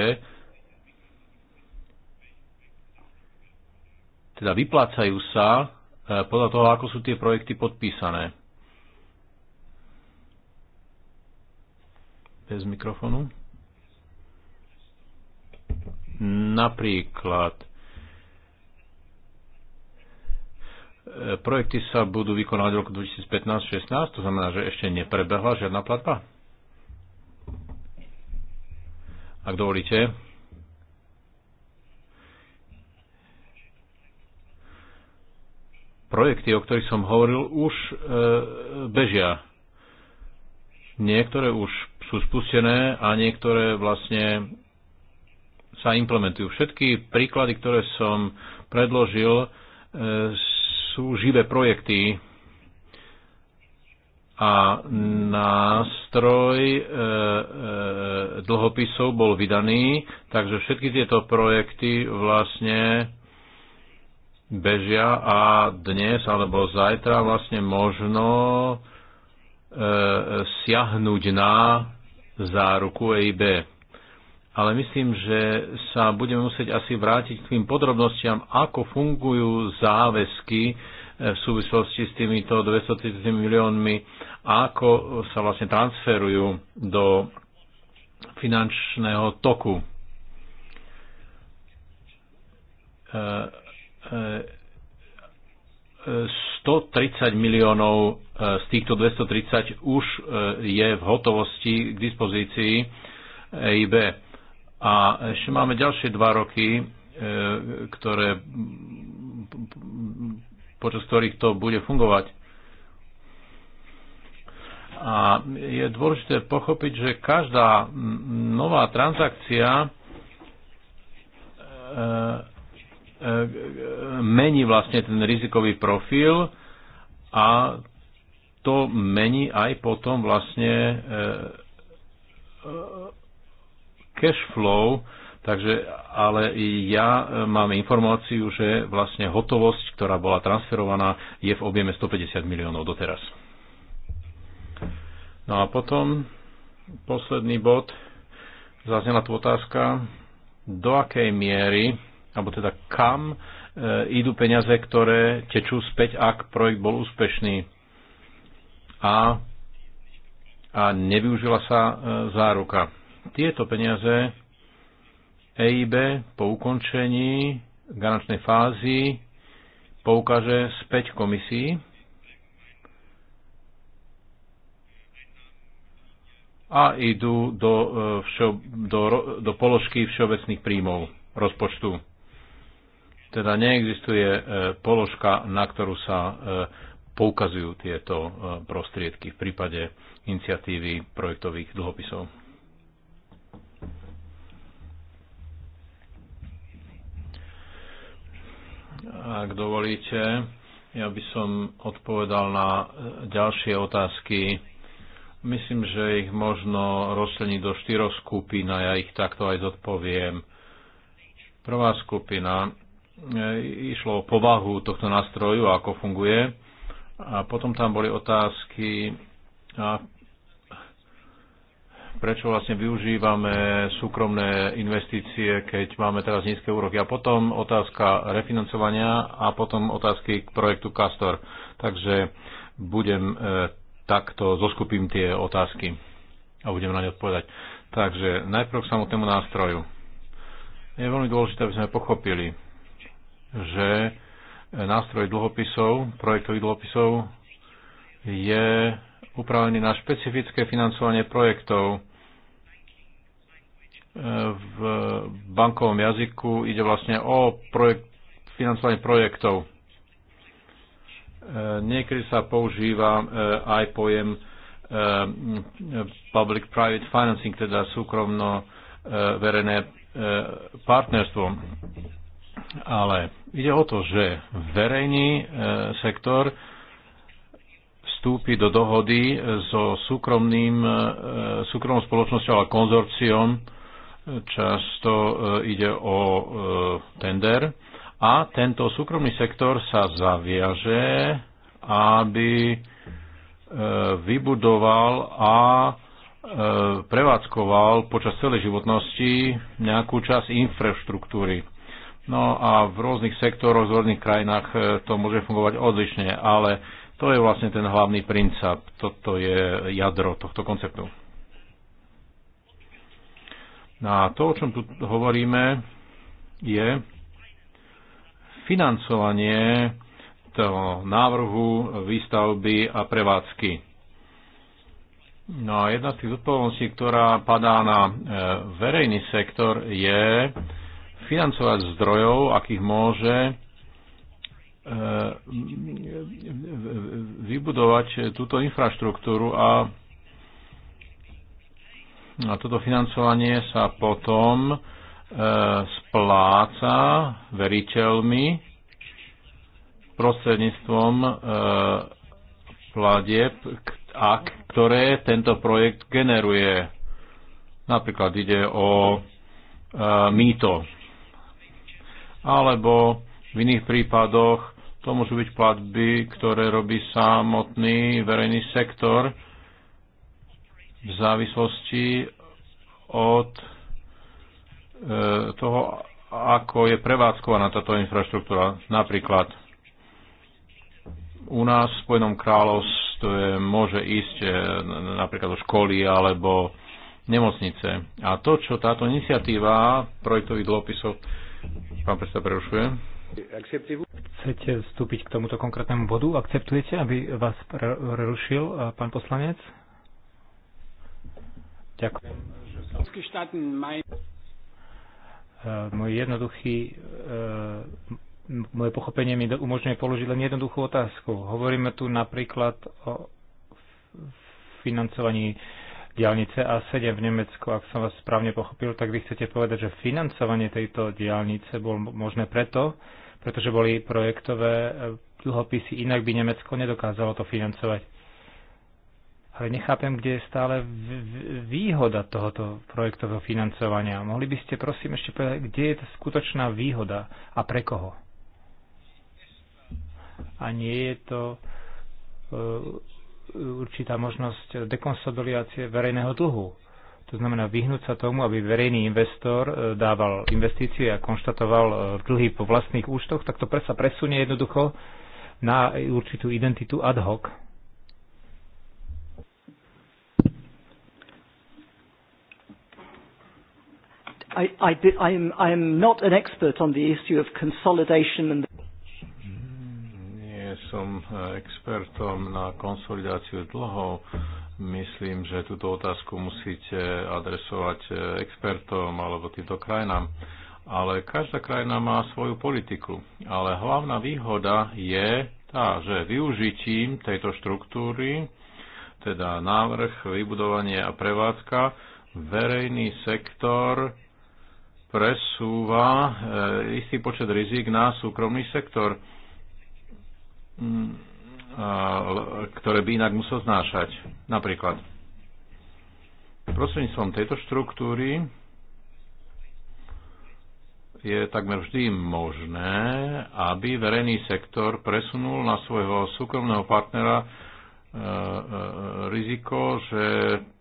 teda vyplácajú sa eh, podľa toho, ako sú tie projekty podpísané. bez mikrofonu. Napríklad e, projekty sa budú vykonávať v roku 2015-16, to znamená, že ešte neprebehla žiadna platba. Ak dovolíte, projekty, o ktorých som hovoril, už e, bežia. Niektoré už sú spustené a niektoré vlastne sa implementujú. Všetky príklady, ktoré som predložil, e, sú živé projekty a nástroj e, e, dlhopisov bol vydaný, takže všetky tieto projekty vlastne bežia a dnes alebo zajtra vlastne možno e, siahnuť na záruku EIB. Ale myslím, že sa budeme musieť asi vrátiť k tým podrobnostiam, ako fungujú záväzky e, v súvislosti s týmito 230 miliónmi, ako sa vlastne transferujú do finančného toku. E, e, 130 miliónov e, z týchto 230 už e, je v hotovosti k dispozícii EIB. A ešte máme ďalšie dva roky, e, ktoré, počas ktorých to bude fungovať. A je dôležité pochopiť, že každá nová transakcia E, e, mení vlastne ten rizikový profil a to mení aj potom vlastne e, cash flow, takže ale ja mám informáciu, že vlastne hotovosť, ktorá bola transferovaná, je v objeme 150 miliónov doteraz. No a potom posledný bod, zaznela tu otázka, do akej miery alebo teda kam e, idú peniaze, ktoré tečú späť, ak projekt bol úspešný a, a nevyužila sa e, záruka. Tieto peniaze EIB po ukončení garančnej fázy poukáže späť komisii a idú do, e, do, do, do položky všeobecných príjmov rozpočtu. Teda neexistuje e, položka, na ktorú sa e, poukazujú tieto e, prostriedky v prípade iniciatívy projektových dlhopisov. Ak dovolíte, ja by som odpovedal na ďalšie otázky. Myslím, že ich možno rozšleniť do štyroch skupín a ja ich takto aj zodpoviem. Prvá skupina E, išlo o povahu tohto nástroju a ako funguje. A potom tam boli otázky, a prečo vlastne využívame súkromné investície, keď máme teraz nízke úroky. A potom otázka refinancovania a potom otázky k projektu Castor. Takže budem e, takto, zoskupím tie otázky a budem na ne odpovedať. Takže najprv k samotnému nástroju. Je veľmi dôležité, aby sme pochopili, že e, nástroj dlhopisov, projektových dlhopisov je upravený na špecifické financovanie projektov. E, v bankovom jazyku ide vlastne o projekt, financovanie projektov. E, niekedy sa používa aj pojem public-private financing, teda súkromno-verejné partnerstvo ale ide o to, že verejný e, sektor vstúpi do dohody so súkromným, e, súkromnou spoločnosťou a konzorciom. Často e, ide o tender. A tento súkromný sektor sa zaviaže, aby vybudoval a prevádzkoval počas celej životnosti nejakú časť infraštruktúry No a v rôznych sektoroch, v rôznych krajinách e, to môže fungovať odlišne, ale to je vlastne ten hlavný princíp, toto je jadro tohto konceptu. No a to, o čom tu hovoríme, je financovanie toho návrhu výstavby a prevádzky. No a jedna z tých zodpovedností, ktorá padá na e, verejný sektor, je financovať zdrojov, akých môže e, vybudovať túto infraštruktúru a a toto financovanie sa potom e, spláca veriteľmi prostredníctvom e, pladeb, ktoré tento projekt generuje. Napríklad ide o e, mýto alebo v iných prípadoch to môžu byť platby, ktoré robí samotný verejný sektor v závislosti od e, toho, ako je prevádzkovaná táto infraštruktúra. Napríklad u nás v Spojenom kráľovstve môže ísť e, napríklad do školy alebo nemocnice. A to, čo táto iniciatíva projektových dlhopisov Pán predseda prerušujem. Chcete vstúpiť k tomuto konkrétnemu bodu? Akceptujete, aby vás prerušil eh, pán poslanec? Ďakujem. Eh, môj jednoduchý, eh, moje pochopenie mi umožňuje položiť len jednoduchú otázku. Hovoríme tu napríklad o financovaní diálnice A7 v Nemecku, ak som vás správne pochopil, tak vy chcete povedať, že financovanie tejto diálnice bolo možné preto, pretože boli projektové e, dlhopisy, inak by Nemecko nedokázalo to financovať. Ale nechápem, kde je stále výhoda tohoto projektového financovania. Mohli by ste prosím ešte povedať, kde je tá skutočná výhoda a pre koho? A nie je to e, určitá možnosť dekonsolidácie verejného dlhu. To znamená vyhnúť sa tomu, aby verejný investor e, dával investície a konštatoval e, dlhy po vlastných účtoch, tak to sa presunie jednoducho na určitú identitu ad hoc. I, I, I'm, I'm not an expert on the issue of consolidation and the som e, expertom na konsolidáciu dlhov. Myslím, že túto otázku musíte adresovať e, expertom alebo týmto krajinám. Ale každá krajina má svoju politiku. Ale hlavná výhoda je tá, že využitím tejto štruktúry, teda návrh, vybudovanie a prevádzka, verejný sektor presúva e, istý počet rizik na súkromný sektor Mm, ktoré by inak musel znášať. Napríklad, prostredníctvom tejto štruktúry je takmer vždy možné, aby verejný sektor presunul na svojho súkromného partnera e, e, riziko, že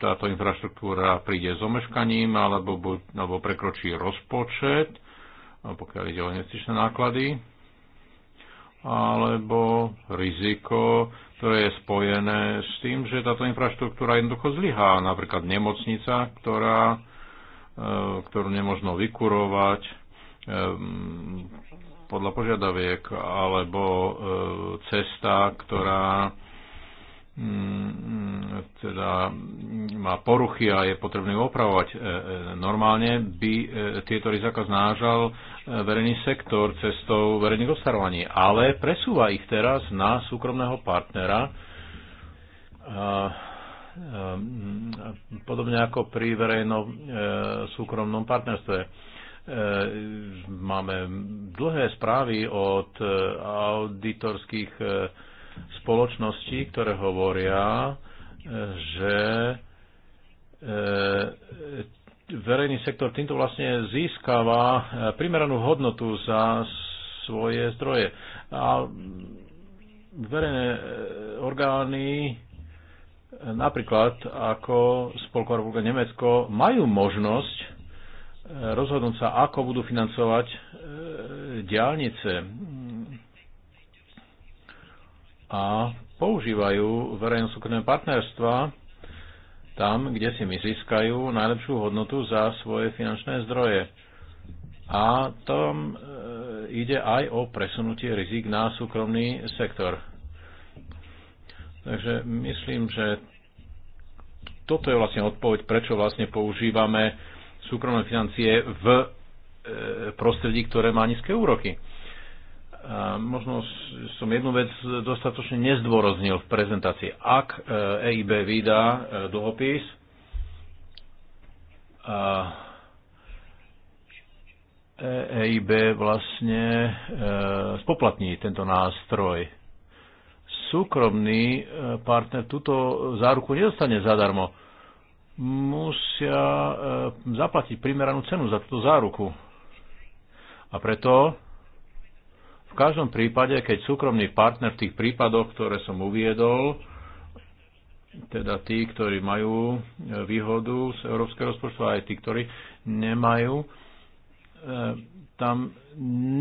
táto infraštruktúra príde s omeškaním alebo, alebo prekročí rozpočet, pokiaľ ide o investičné náklady alebo riziko, ktoré je spojené s tým, že táto infraštruktúra jednoducho zlyhá. Napríklad nemocnica, ktorá, e, ktorú nemožno vykurovať e, podľa požiadaviek, alebo e, cesta, ktorá Mm, mm, teda má poruchy a je potrebné ju opravovať. E, e, normálne by e, tieto rizika znážal verejný sektor cestou verejných ostarovaní, ale presúva ich teraz na súkromného partnera, podobne ako pri verejnom súkromnom partnerstve máme dlhé správy od auditorských spoločnosti, ktoré hovoria, e, že e, verejný sektor týmto vlastne získava e, primeranú hodnotu za svoje zdroje. A verejné orgány, napríklad ako Spolková republika Nemecko, majú možnosť rozhodnúť sa, ako budú financovať diálnice a používajú verejno-súkromné partnerstva tam, kde si my získajú najlepšiu hodnotu za svoje finančné zdroje. A tam e, ide aj o presunutie rizik na súkromný sektor. Takže myslím, že toto je vlastne odpoveď, prečo vlastne používame súkromné financie v e, prostredí, ktoré má nízke úroky. Možno som jednu vec dostatočne nezdôraznil v prezentácii. Ak EIB e vydá e, dlhopis, EIB e vlastne spoplatní tento nástroj. Súkromný partner túto záruku nedostane zadarmo. Musia zaplatiť primeranú cenu za túto záruku. A preto v každom prípade, keď súkromný partner v tých prípadoch, ktoré som uviedol, teda tí, ktorí majú e, výhodu z európskeho rozpočtu, aj tí, ktorí nemajú, e, tam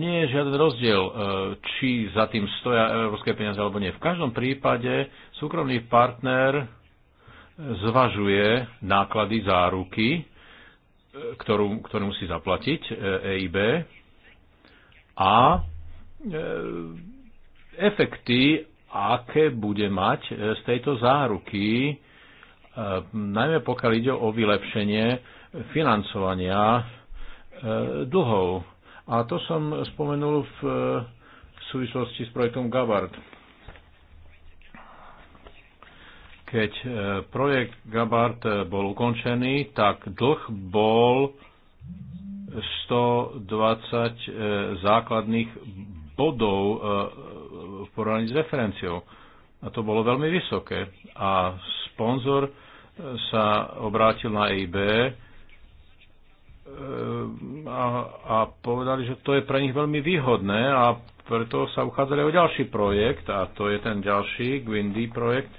nie je žiaden rozdiel, e, či za tým stoja európske peniaze alebo nie. V každom prípade súkromný partner zvažuje náklady záruky, ktorú, ktorú musí zaplatiť EIB a E, efekty, aké bude mať e, z tejto záruky, e, najmä pokiaľ ide o vylepšenie financovania dlhov. A to som spomenul v súvislosti s projektom Gabard. Keď projekt Gabard bol ukončený, tak dlh bol 120 základných bodov e, v porovnaní s referenciou. A to bolo veľmi vysoké. A sponzor e, sa obrátil na EIB e, a, a povedali, že to je pre nich veľmi výhodné a preto sa uchádzali o ďalší projekt a to je ten ďalší Gwindy projekt.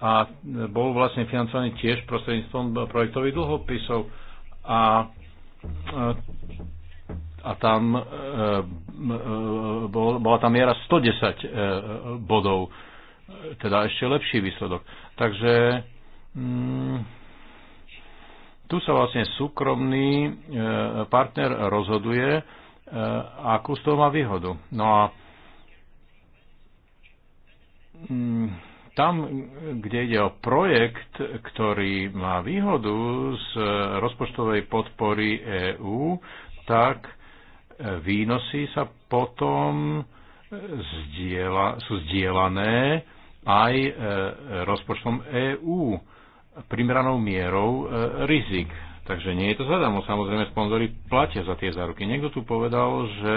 A bol vlastne financovaný tiež prostredníctvom projektových dlhopisov. A a tam e, e, bola tam miera 110 e, bodov, teda ešte lepší výsledok. Takže mm, tu sa vlastne súkromný partner rozhoduje, akú z toho má výhodu. No a mm, tam, kde ide o projekt, ktorý má výhodu z rozpočtovej podpory EÚ, tak Výnosy sa potom zdieľa, sú zdieľané aj e, rozpočtom EÚ primeranou mierou e, rizik. Takže nie je to zadarmo. Samozrejme, sponzory platia za tie záruky. Niekto tu povedal, že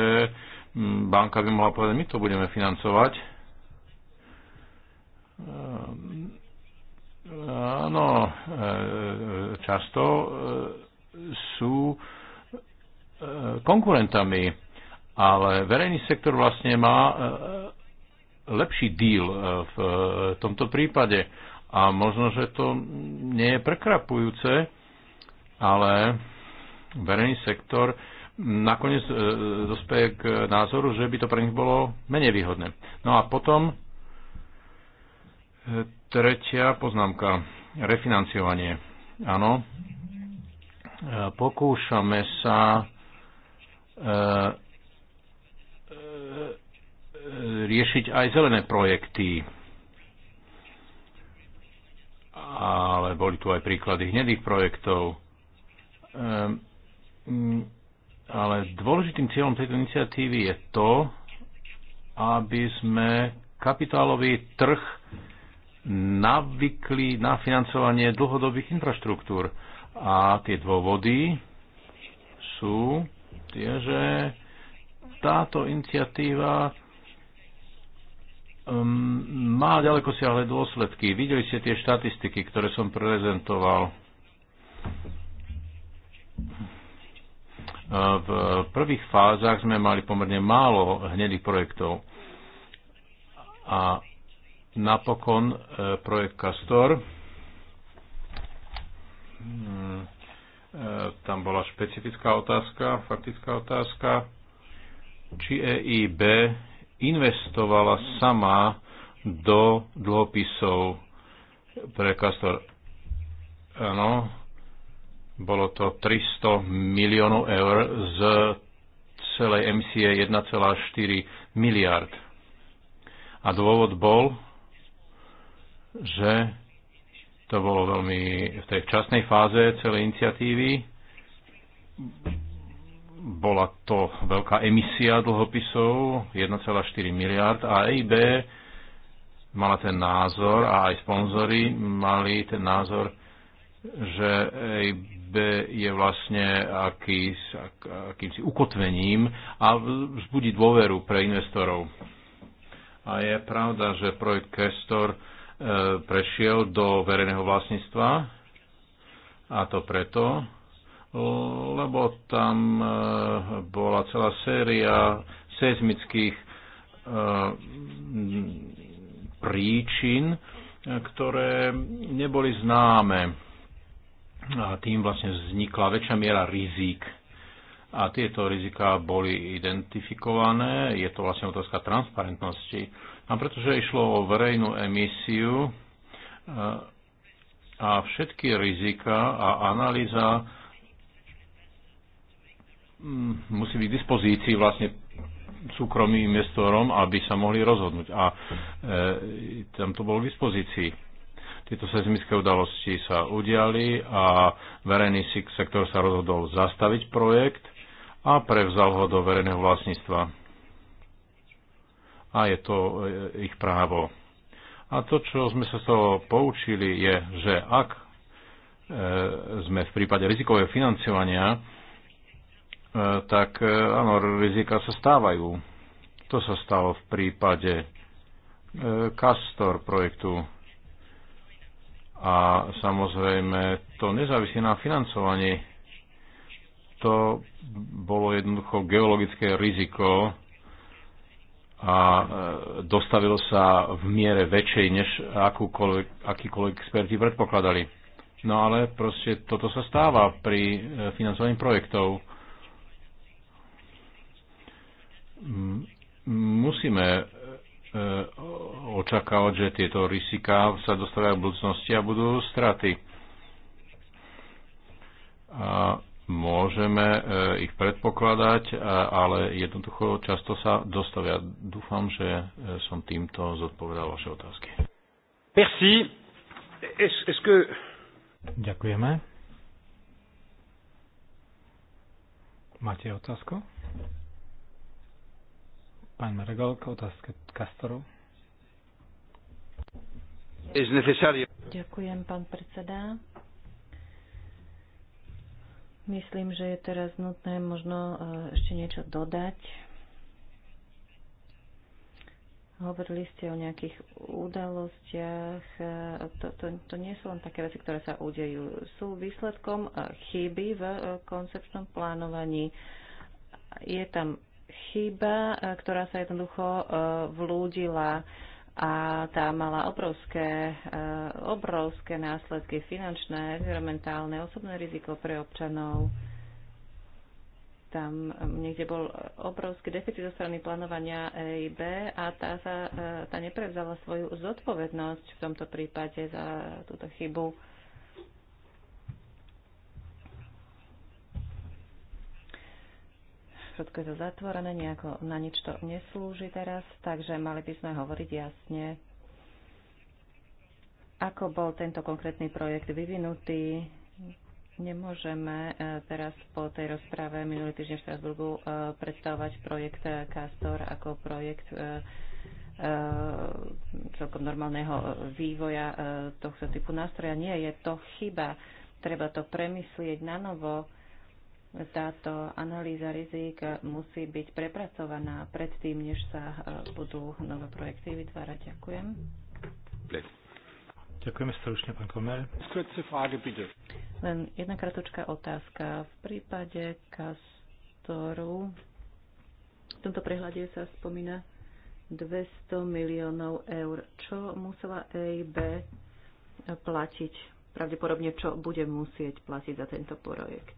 mm, banka by mohla povedať, my to budeme financovať. Ehm, áno, e, často sú E, konkurentami, ale verejný sektor vlastne má e, lepší díl e, v tomto prípade. A možno, že to nie je prekrapujúce, ale verejný sektor nakoniec dospeje k názoru, že by to pre nich bolo menej výhodné. No a potom tretia poznámka. Refinanciovanie. Áno. Pokúšame sa E, e, riešiť aj zelené projekty. Ale boli tu aj príklady hnedých projektov. E, ale dôležitým cieľom tejto iniciatívy je to, aby sme kapitálový trh navykli na financovanie dlhodobých infraštruktúr. A tie dôvody sú je, že táto iniciatíva um, má ďaleko siahle dôsledky. Videli ste tie štatistiky, ktoré som prezentoval. V prvých fázach sme mali pomerne málo hnedých projektov. A napokon e, projekt Castor hmm. E, tam bola špecifická otázka, faktická otázka, či EIB investovala sama do dlhopisov pre Castor. Áno, bolo to 300 miliónov eur z celej emisie 1,4 miliard. A dôvod bol, že to bolo veľmi v tej včasnej fáze celej iniciatívy. Bola to veľká emisia dlhopisov, 1,4 miliard a EIB mala ten názor a aj sponzory mali ten názor, že EIB je vlastne aký, akýmsi ukotvením a vzbudí dôveru pre investorov. A je pravda, že projekt Kestor prešiel do verejného vlastníctva a to preto, lebo tam eh, bola celá séria seismických eh, príčin, ktoré neboli známe. A tým vlastne vznikla väčšia miera rizík. A tieto rizika boli identifikované. Je to vlastne otázka transparentnosti a pretože išlo o verejnú emisiu e, a všetky rizika a analýza mm, musí byť k dispozícii vlastne súkromným investorom, aby sa mohli rozhodnúť. A e, tam to bolo k dispozícii. Tieto seismické udalosti sa udiali a verejný sektor sa rozhodol zastaviť projekt a prevzal ho do verejného vlastníctva a je to e, ich právo. A to, čo sme sa z toho poučili, je, že ak e, sme v prípade rizikového financovania, e, tak áno, rizika sa stávajú. To sa stalo v prípade Castor projektu. A samozrejme, to nezávisí na financovaní. To bolo jednoducho geologické riziko, a e, dostavilo sa v miere väčšej, než akúkoľvek, akýkoľvek experti predpokladali. No ale proste toto sa stáva pri e, financovaní projektov. Musíme e, očakávať, že tieto risika sa dostavia v budúcnosti a budú straty. A môžeme e, ich predpokladať, e, ale jednoducho často sa dostavia. Dúfam, že e, som týmto zodpovedal vaše otázky. Merci. Es, es que... Ďakujeme. Máte otázku? Pán Margal, otázka Kastorov. Ďakujem, pán predseda Myslím, že je teraz nutné možno e, ešte niečo dodať. Hovorili ste o nejakých udalostiach. E, to, to, to nie sú len také veci, ktoré sa udejú. Sú výsledkom e, chyby v koncepčnom plánovaní. Je tam chyba, ktorá sa jednoducho vlúdila a tá mala obrovské, eh, obrovské následky finančné, environmentálne, osobné riziko pre občanov. Tam eh, niekde bol obrovský deficit zo strany plánovania EIB a tá, sa, eh, tá neprevzala svoju zodpovednosť v tomto prípade za túto chybu všetko je to zatvorené, nejako na nič to neslúži teraz, takže mali by sme hovoriť jasne, ako bol tento konkrétny projekt vyvinutý. Nemôžeme e, teraz po tej rozprave minulý týždeň v Strasburgu e, predstavovať projekt e, Castor ako projekt celkom normálneho vývoja tohto typu nástroja. Nie, je to chyba. Treba to premyslieť na novo táto analýza rizík musí byť prepracovaná predtým, než sa e, budú nové projekty vytvárať. Ďakujem. Ďakujeme stručne, pán komer. Len jedna kratočká otázka. V prípade kastoru, v tomto prehľade sa spomína 200 miliónov eur. Čo musela EIB platiť? Pravdepodobne, čo bude musieť platiť za tento projekt?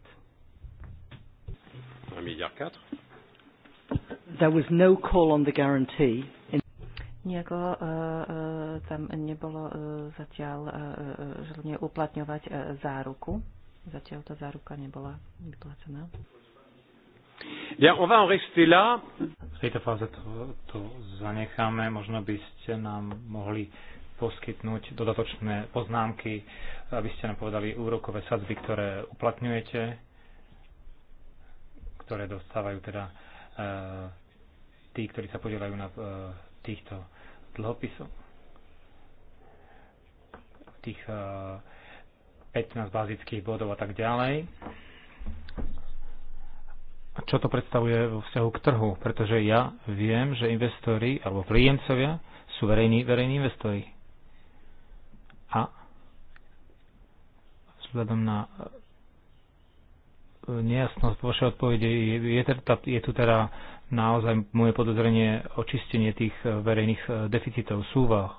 1,4 milliard. There was no call on the guarantee. In nejako uh, eh, eh, tam nebolo uh, zatiaľ uh, želenie uplatňovať uh, záruku. Zatiaľ tá záruka nebola vyplacená. Bien, on va en rester là. V tejto fáze to, to zanecháme. Možno by ste nám mohli poskytnúť dodatočné poznámky, aby ste nám povedali úrokové sadzby, ktoré uplatňujete ktoré dostávajú teda e, tí, ktorí sa podielajú na e, týchto dlhopisoch. Tých 15 e, bazických bodov a tak ďalej. Čo to predstavuje vo vzťahu k trhu? Pretože ja viem, že investori alebo príjemcovia sú verejní, verejní investori. A vzhľadom na nejasnosť vašej odpovede. Je, je, teda je tu teda naozaj moje podozrenie očistenie tých eh, verejných eh, deficitov, súvah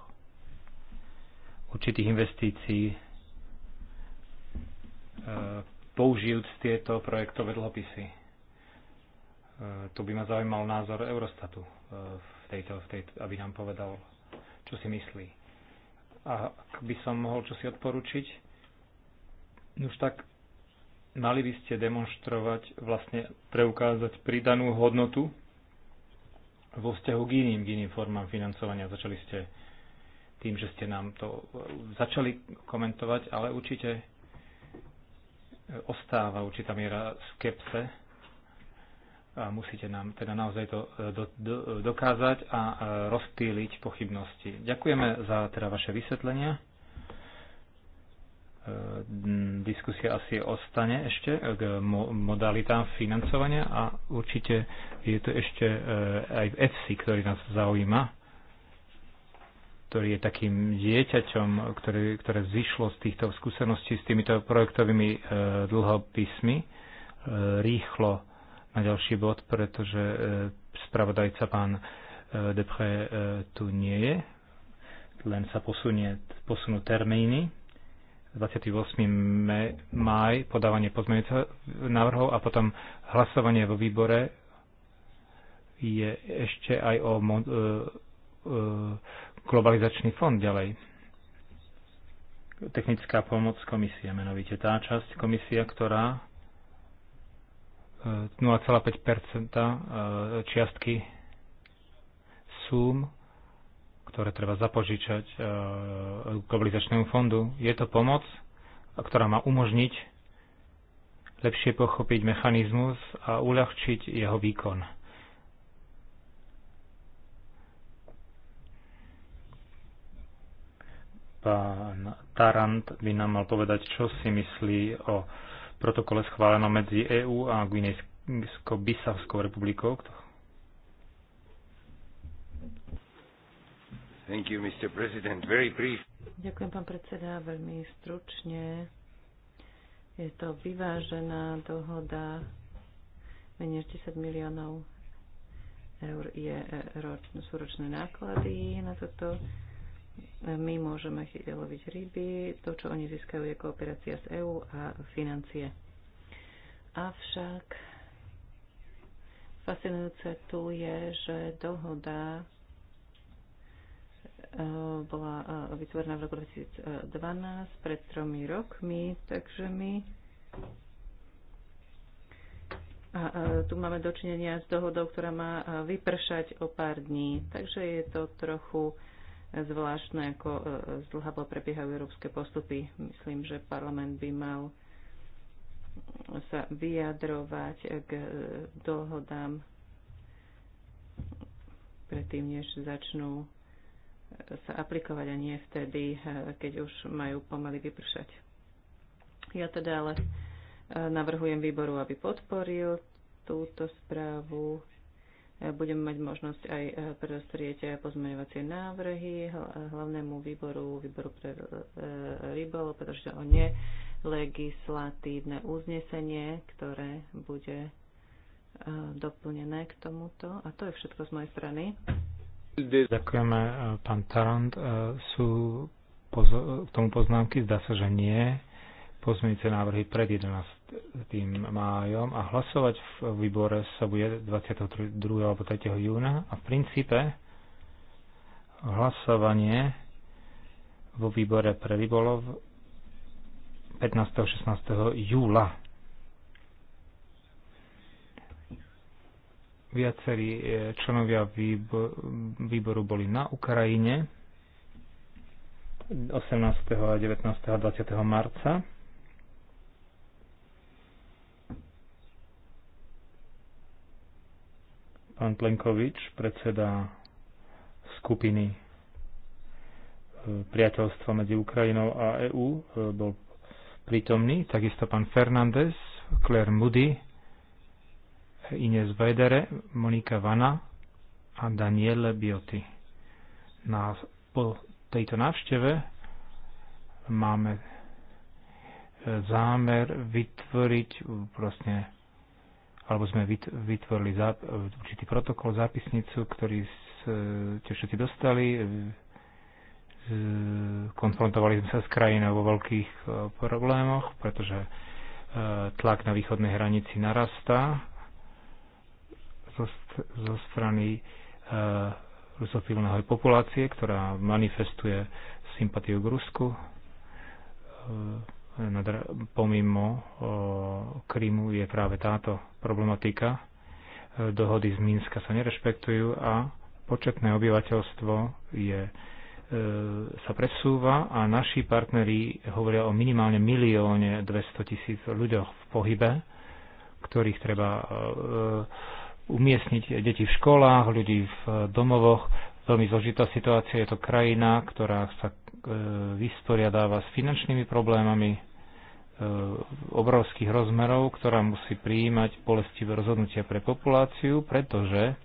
určitých investícií, eh, použijúc tieto projektové dlhopisy. Tu by ma zaujímal názor Eurostatu, v tejto, v tejto, aby nám povedal, čo si myslí. A ak by som mohol čo si odporučiť, už tak mali by ste demonstrovať, vlastne preukázať pridanú hodnotu vo vzťahu k iným, k iným formám financovania. Začali ste tým, že ste nám to začali komentovať, ale určite ostáva určitá miera skepse a musíte nám teda naozaj to do, do, dokázať a e, rozptýliť pochybnosti. Ďakujeme za teda vaše vysvetlenia. Ehm, diskusia asi ostane ešte k modalitám financovania a určite je tu ešte eh, aj EFSI, ktorý nás zaujíma, ktorý je takým dieťaťom, ktoré, ktoré zišlo z týchto skúseností s týmito projektovými eh, dlhopismi. Eh, rýchlo na ďalší bod, pretože spravodajca pán e, Depre tu nie je, len sa posunie, posunú termíny 28. máj podávanie pozmeňujúceho návrhov a potom hlasovanie vo výbore je ešte aj o e, e, globalizačný fond ďalej. Technická pomoc komisie, menovite tá časť komisia, ktorá 0,5 e, čiastky súm ktoré treba zapožičať globalizačnému e, fondu. Je to pomoc, ktorá má umožniť lepšie pochopiť mechanizmus a uľahčiť jeho výkon. Pán Tarant by nám mal povedať, čo si myslí o protokole schválenom medzi EÚ a guinejsko Bisavskou republikou, Thank you, Mr. President. Very brief. Ďakujem, pán predseda, veľmi stručne. Je to vyvážená dohoda. Menej 10 miliónov eur je, e, roč, sú ročné náklady na toto. My môžeme loviť ryby, to, čo oni získajú, je kooperácia z EÚ a financie. Avšak fascinujúce tu je, že dohoda Eh, bola eh, vytvorená v roku 2012, pred tromi rokmi, takže my a, a, tu máme dočinenia s dohodou, ktorá má eh, vypršať o pár dní, takže je to trochu zvláštne, ako zdlhavo prebiehajú európske postupy. Myslím, že parlament by mal sa vyjadrovať k dohodám predtým, než začnú sa aplikovať a nie vtedy, eh, keď už majú pomaly vypršať. Ja teda ale eh, navrhujem výboru, aby podporil túto správu. Eh, budeme mať možnosť aj predostrieť pozmeňovacie návrhy hlavnému výboru, výboru pre rybolov, pretože o ne legislatívne uznesenie, ktoré bude doplnené k tomuto. A to je všetko z mojej strany. Ďakujeme, e, pán Tarant. E, sú k tomu poznámky? Zdá sa, že nie. Pozmeňujúce návrhy pred 11. májom a hlasovať v výbore sa bude 22. alebo 3. júna a v princípe hlasovanie vo výbore pre rybolov 15. a 16. júla Viacerí e, členovia výboru boli na Ukrajine 18. a 19. a 20. marca. Pán Plenkovič, predseda skupiny e, priateľstva medzi Ukrajinou a EÚ, e, bol prítomný, takisto pán Fernández, Claire Moody, Ines Vedere, Monika Vana a Daniele Bioty. Na, po tejto návšteve máme e, zámer vytvoriť e, proste, alebo sme vytvorili záp- e, určitý protokol, zápisnicu, ktorý ste všetci dostali. Konfrontovali sme sa s krajinou vo veľkých problémoch, pretože tlak na východnej hranici narastá zo, zo strany e, rusofilnej populácie, ktorá manifestuje sympatiu k Rusku. E, pomimo e, Krymu je práve táto problematika. E, dohody z Minska sa nerešpektujú a početné obyvateľstvo je, e, sa presúva a naši partneri hovoria o minimálne milióne 200 tisíc ľuďoch v pohybe, ktorých treba e, umiestniť deti v školách, ľudí v eh, domovoch. Veľmi zložitá situácia. Je to krajina, ktorá sa eh, vysporiadáva s finančnými problémami eh, obrovských rozmerov, ktorá musí prijímať bolestivé rozhodnutia pre populáciu, pretože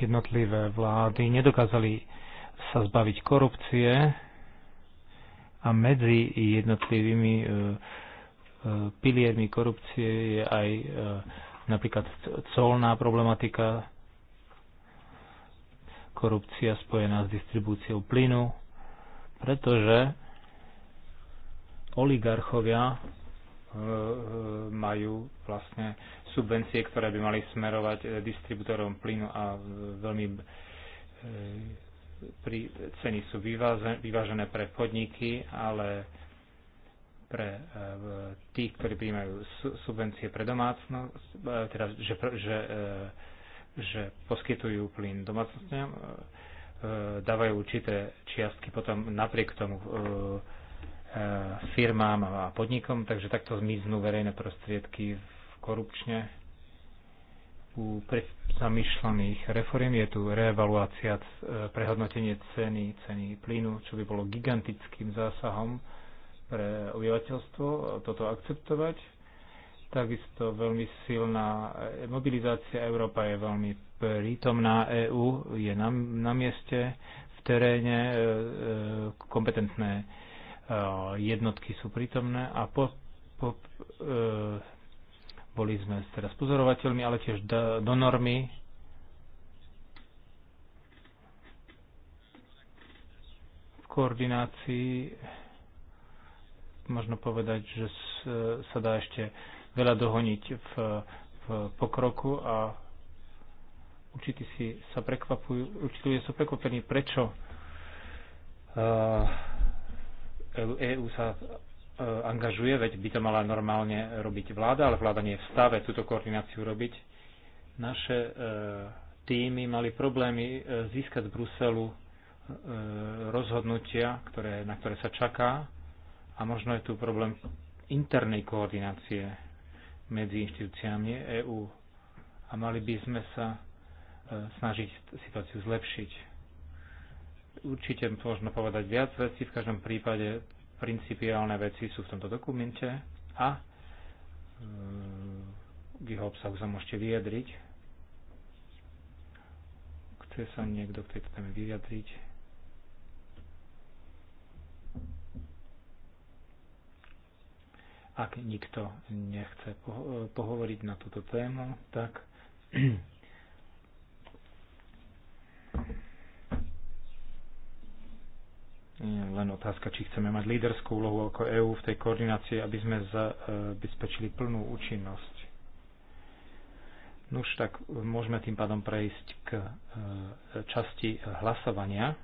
jednotlivé vlády nedokázali sa zbaviť korupcie a medzi jednotlivými e, piliermi korupcie je aj e, napríklad colná problematika, korupcia spojená s distribúciou plynu, pretože oligarchovia e, e, majú vlastne subvencie, ktoré by mali smerovať distribútorom plynu a veľmi pri, ceny sú vyvážené pre podniky, ale pre e, tých, ktorí príjmajú subvencie pre domácnosť, e, teda, že, že, e, že poskytujú plyn domácnostiam, dávajú určité čiastky potom napriek tomu firmám a podnikom, takže takto zmiznú verejné prostriedky korupčne. U zamýšľaných reform je tu reevaluácia, prehodnotenie ceny, ceny plynu, čo by bolo gigantickým zásahom pre obyvateľstvo toto akceptovať. Takisto veľmi silná mobilizácia Európa je veľmi prítomná. EÚ je na, na mieste, v teréne, e, e, kompetentné e, jednotky sú prítomné a po, po, e, boli sme teraz pozorovateľmi, ale tiež do, do normy v koordinácii možno povedať, že e, sa dá ešte veľa dohoniť v, v pokroku a určite si sa prekvapujú, určite sú prekvapení, prečo uh, e, EU e sa angažuje, veď by to mala normálne robiť vláda, ale vláda nie je v stave túto koordináciu robiť. Naše uh, týmy mali problémy získať z Bruselu uh, rozhodnutia, ktoré, na ktoré sa čaká. A možno je tu problém internej koordinácie medzi inštitúciami EÚ a mali by sme sa e, snažiť situáciu zlepšiť. Určite možno povedať viac vecí, v každom prípade principiálne veci sú v tomto dokumente a e, k jeho obsahu sa môžete vyjadriť. Chce sa niekto k tejto téme vyjadriť? Ak nikto nechce pohovoriť na túto tému, tak len otázka, či chceme mať líderskú úlohu ako EÚ v tej koordinácii, aby sme zabezpečili plnú účinnosť. Nuž, tak môžeme tým pádom prejsť k e, časti hlasovania.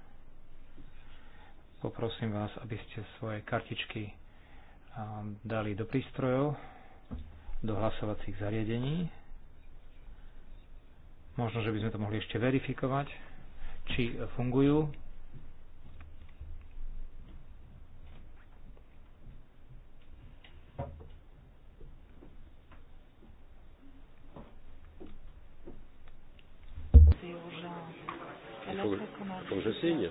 Poprosím vás, aby ste svoje kartičky dali do prístrojov, do hlasovacích zariadení. Možno, že by sme to mohli ešte verifikovať, či fungujú. Faut que je signe.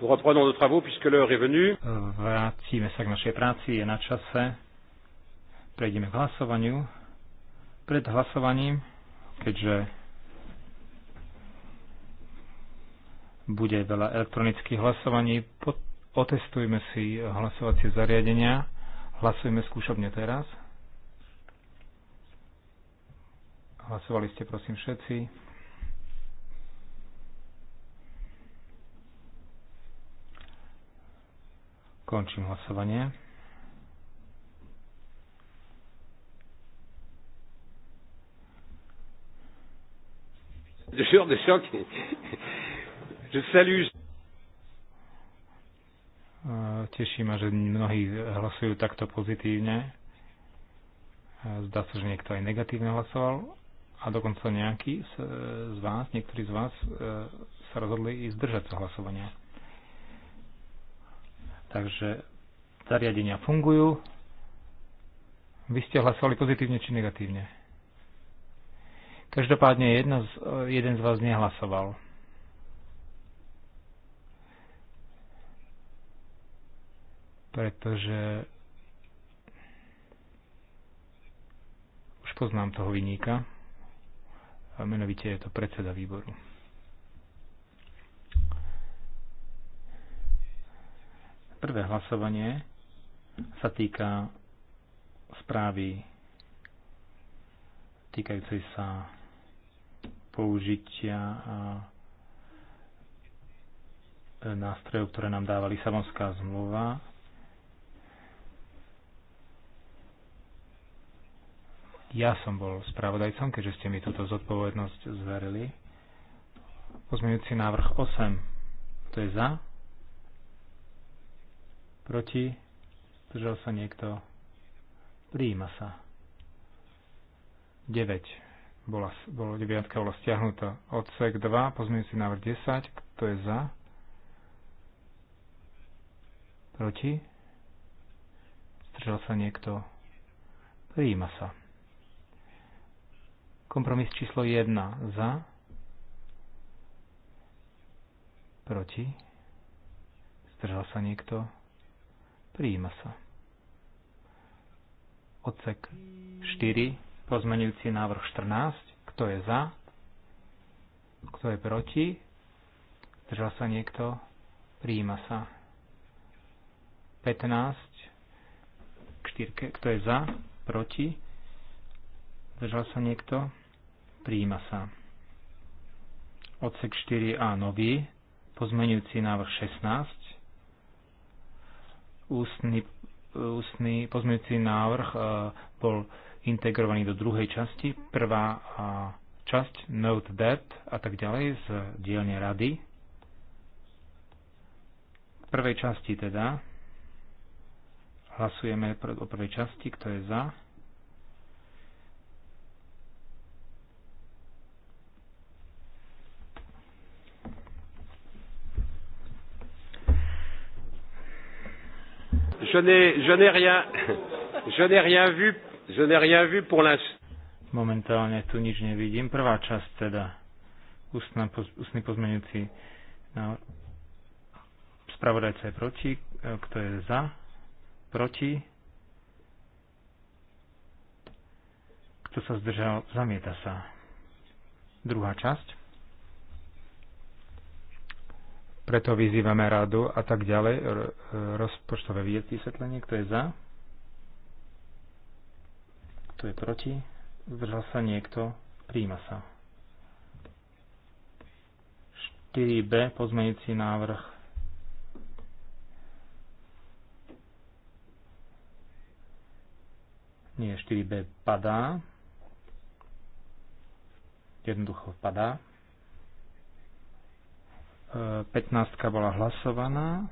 Nous reprenons nos travaux puisque l'heure est venue. Vrátime sa k našej práci, je na čase. Prejdeme k hlasovaniu. Pred hlasovaním, keďže bude veľa elektronických hlasovaní, otestujme si hlasovacie zariadenia. Hlasujme skúšobne teraz. Hlasovali ste prosím všetci. Končím hlasovanie. Teším e, Teší ma, že mnohí hlasujú takto pozitívne. E, zdá sa, že niekto aj negatívne hlasoval a dokonca nejaký z, z vás, niektorí z vás e, sa rozhodli i zdržať sa hlasovania. Takže zariadenia fungujú. Vy ste hlasovali pozitívne či negatívne? Každopádne jedno z, jeden z vás nehlasoval. Pretože už poznám toho vyníka. A menovite je to predseda výboru. Prvé hlasovanie sa týka správy týkajúcej sa použitia e, nástrojov, ktoré nám dáva Lisabonská zmluva. Ja som bol spravodajcom, keďže ste mi túto zodpovednosť zverili. Pozmeňujúci návrh 8. To je za? Proti? Zdržal sa niekto? Prijíma sa. 9. Bola, bolo 9. bola stiahnutá. Odsek 2, si návrh 10. Kto je za? Proti? Zdržal sa niekto? Prijíma sa. Kompromis číslo 1. Za? Proti? Zdržal sa niekto? Prijíma sa. Odsek 4, pozmenujúci návrh 14. Kto je za? Kto je proti? Zdržal sa niekto? Prijíma sa. 15 k štyrke. Kto je za? Proti? Zdržal sa niekto? Prijíma sa. Odsek 4a nový, pozmenujúci návrh 16. Ústny, ústny pozmeňujúci návrh e, bol integrovaný do druhej časti. Prvá e, časť, note that a tak ďalej z dielne rady. V prvej časti teda hlasujeme o prvej časti, kto je za. je n'ai, je n'ai rien, je n'ai rien vu, je n'ai rien vu pour l'instant. Momentálne tu nič nevidím. Prvá časť teda. Ústna, ústny pozmenujúci. No, spravodajca je proti. E, kto je za? Proti? Kto sa zdržal? Zamieta sa. Druhá časť. Preto vyzývame radu a tak ďalej. E, rozpočtové vysvetlenie, kto je za? Kto je proti? Zdržal sa niekto? príjma sa. 4b pozmeňujúci návrh. Nie, 4b padá. Jednoducho padá. 15 bola hlasovaná,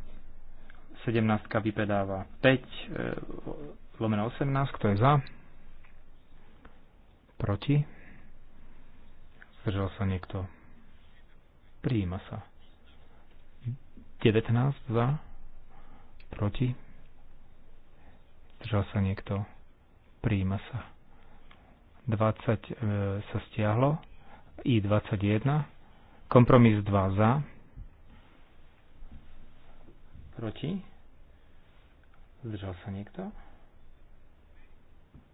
17 vypedáva 5, e, lomeno 18, kto je za? Proti? Zdržal sa niekto. Prijíma sa. 19 za? Proti? Zdržal sa niekto. Prijíma sa. 20 e, sa stiahlo. I 21. Kompromis 2 za Proti? Zdržal sa niekto?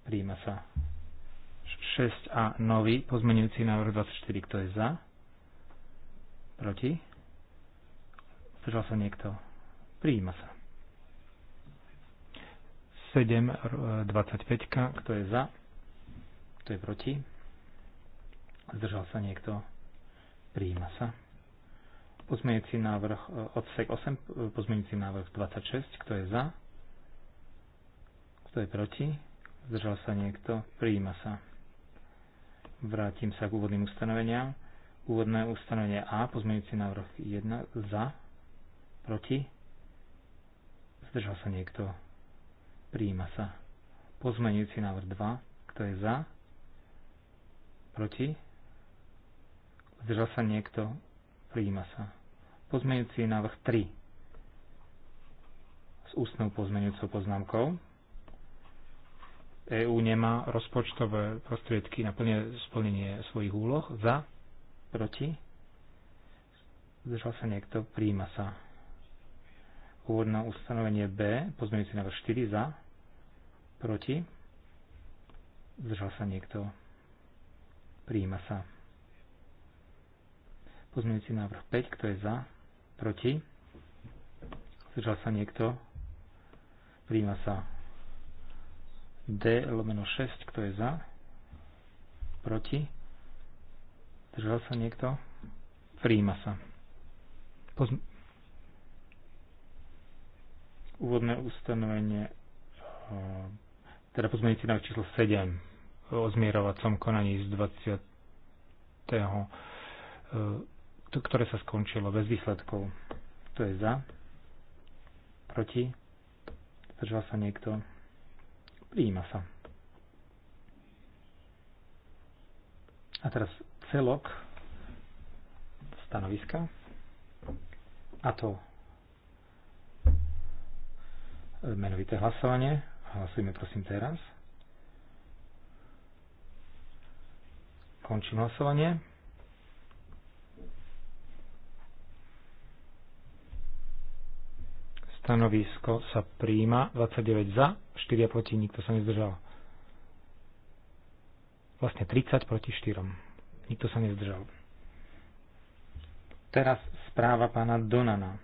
Príjma sa 6a nový pozmenujúci návrh 24. Kto je za? Proti? Zdržal sa niekto? príjma sa. 7, 25. Kto je za? Kto je proti? Zdržal sa niekto? Príjma sa. Pozmeňujúci návrh e, odsek 8, e, pozmeňujúci návrh 26, kto je za? Kto je proti? Zdržal sa niekto? Prijíma sa. Vrátim sa k úvodným ustanoveniam. Úvodné ustanovenie A, pozmeňujúci návrh 1, za? Proti? Zdržal sa niekto? Prijíma sa. Pozmeňujúci návrh 2, kto je za? Proti? Zdržal sa niekto? Prijíma sa. Pozmeňujúci návrh 3 s ústnou pozmeňujúcou poznámkou. EÚ nemá rozpočtové prostriedky na plne splnenie svojich úloh. Za? Proti? Zdržal sa niekto? Príjima sa. Úvodné ustanovenie B, pozmeňujúci návrh 4 za, proti, zdržal sa niekto, príjima sa. Pozmeňujúci návrh 5, kto je za, Proti? Zdržal sa niekto? Príjma sa. D lomeno 6, kto je za? Proti? Zdržal sa niekto? Príjma sa. Pozm- Úvodné ustanovenie, e, teda pozmeníci na číslo 7 o zmierovacom konaní z 20 ktoré sa skončilo bez výsledkov. To je za, proti, zdržal sa niekto, prijíma sa. A teraz celok stanoviska a to menovité hlasovanie. Hlasujme prosím teraz. Končím hlasovanie. Stanovisko sa príjma 29 za, 4 proti, nikto sa nezdržal. Vlastne 30 proti 4. Nikto sa nezdržal. Teraz správa pána Donana.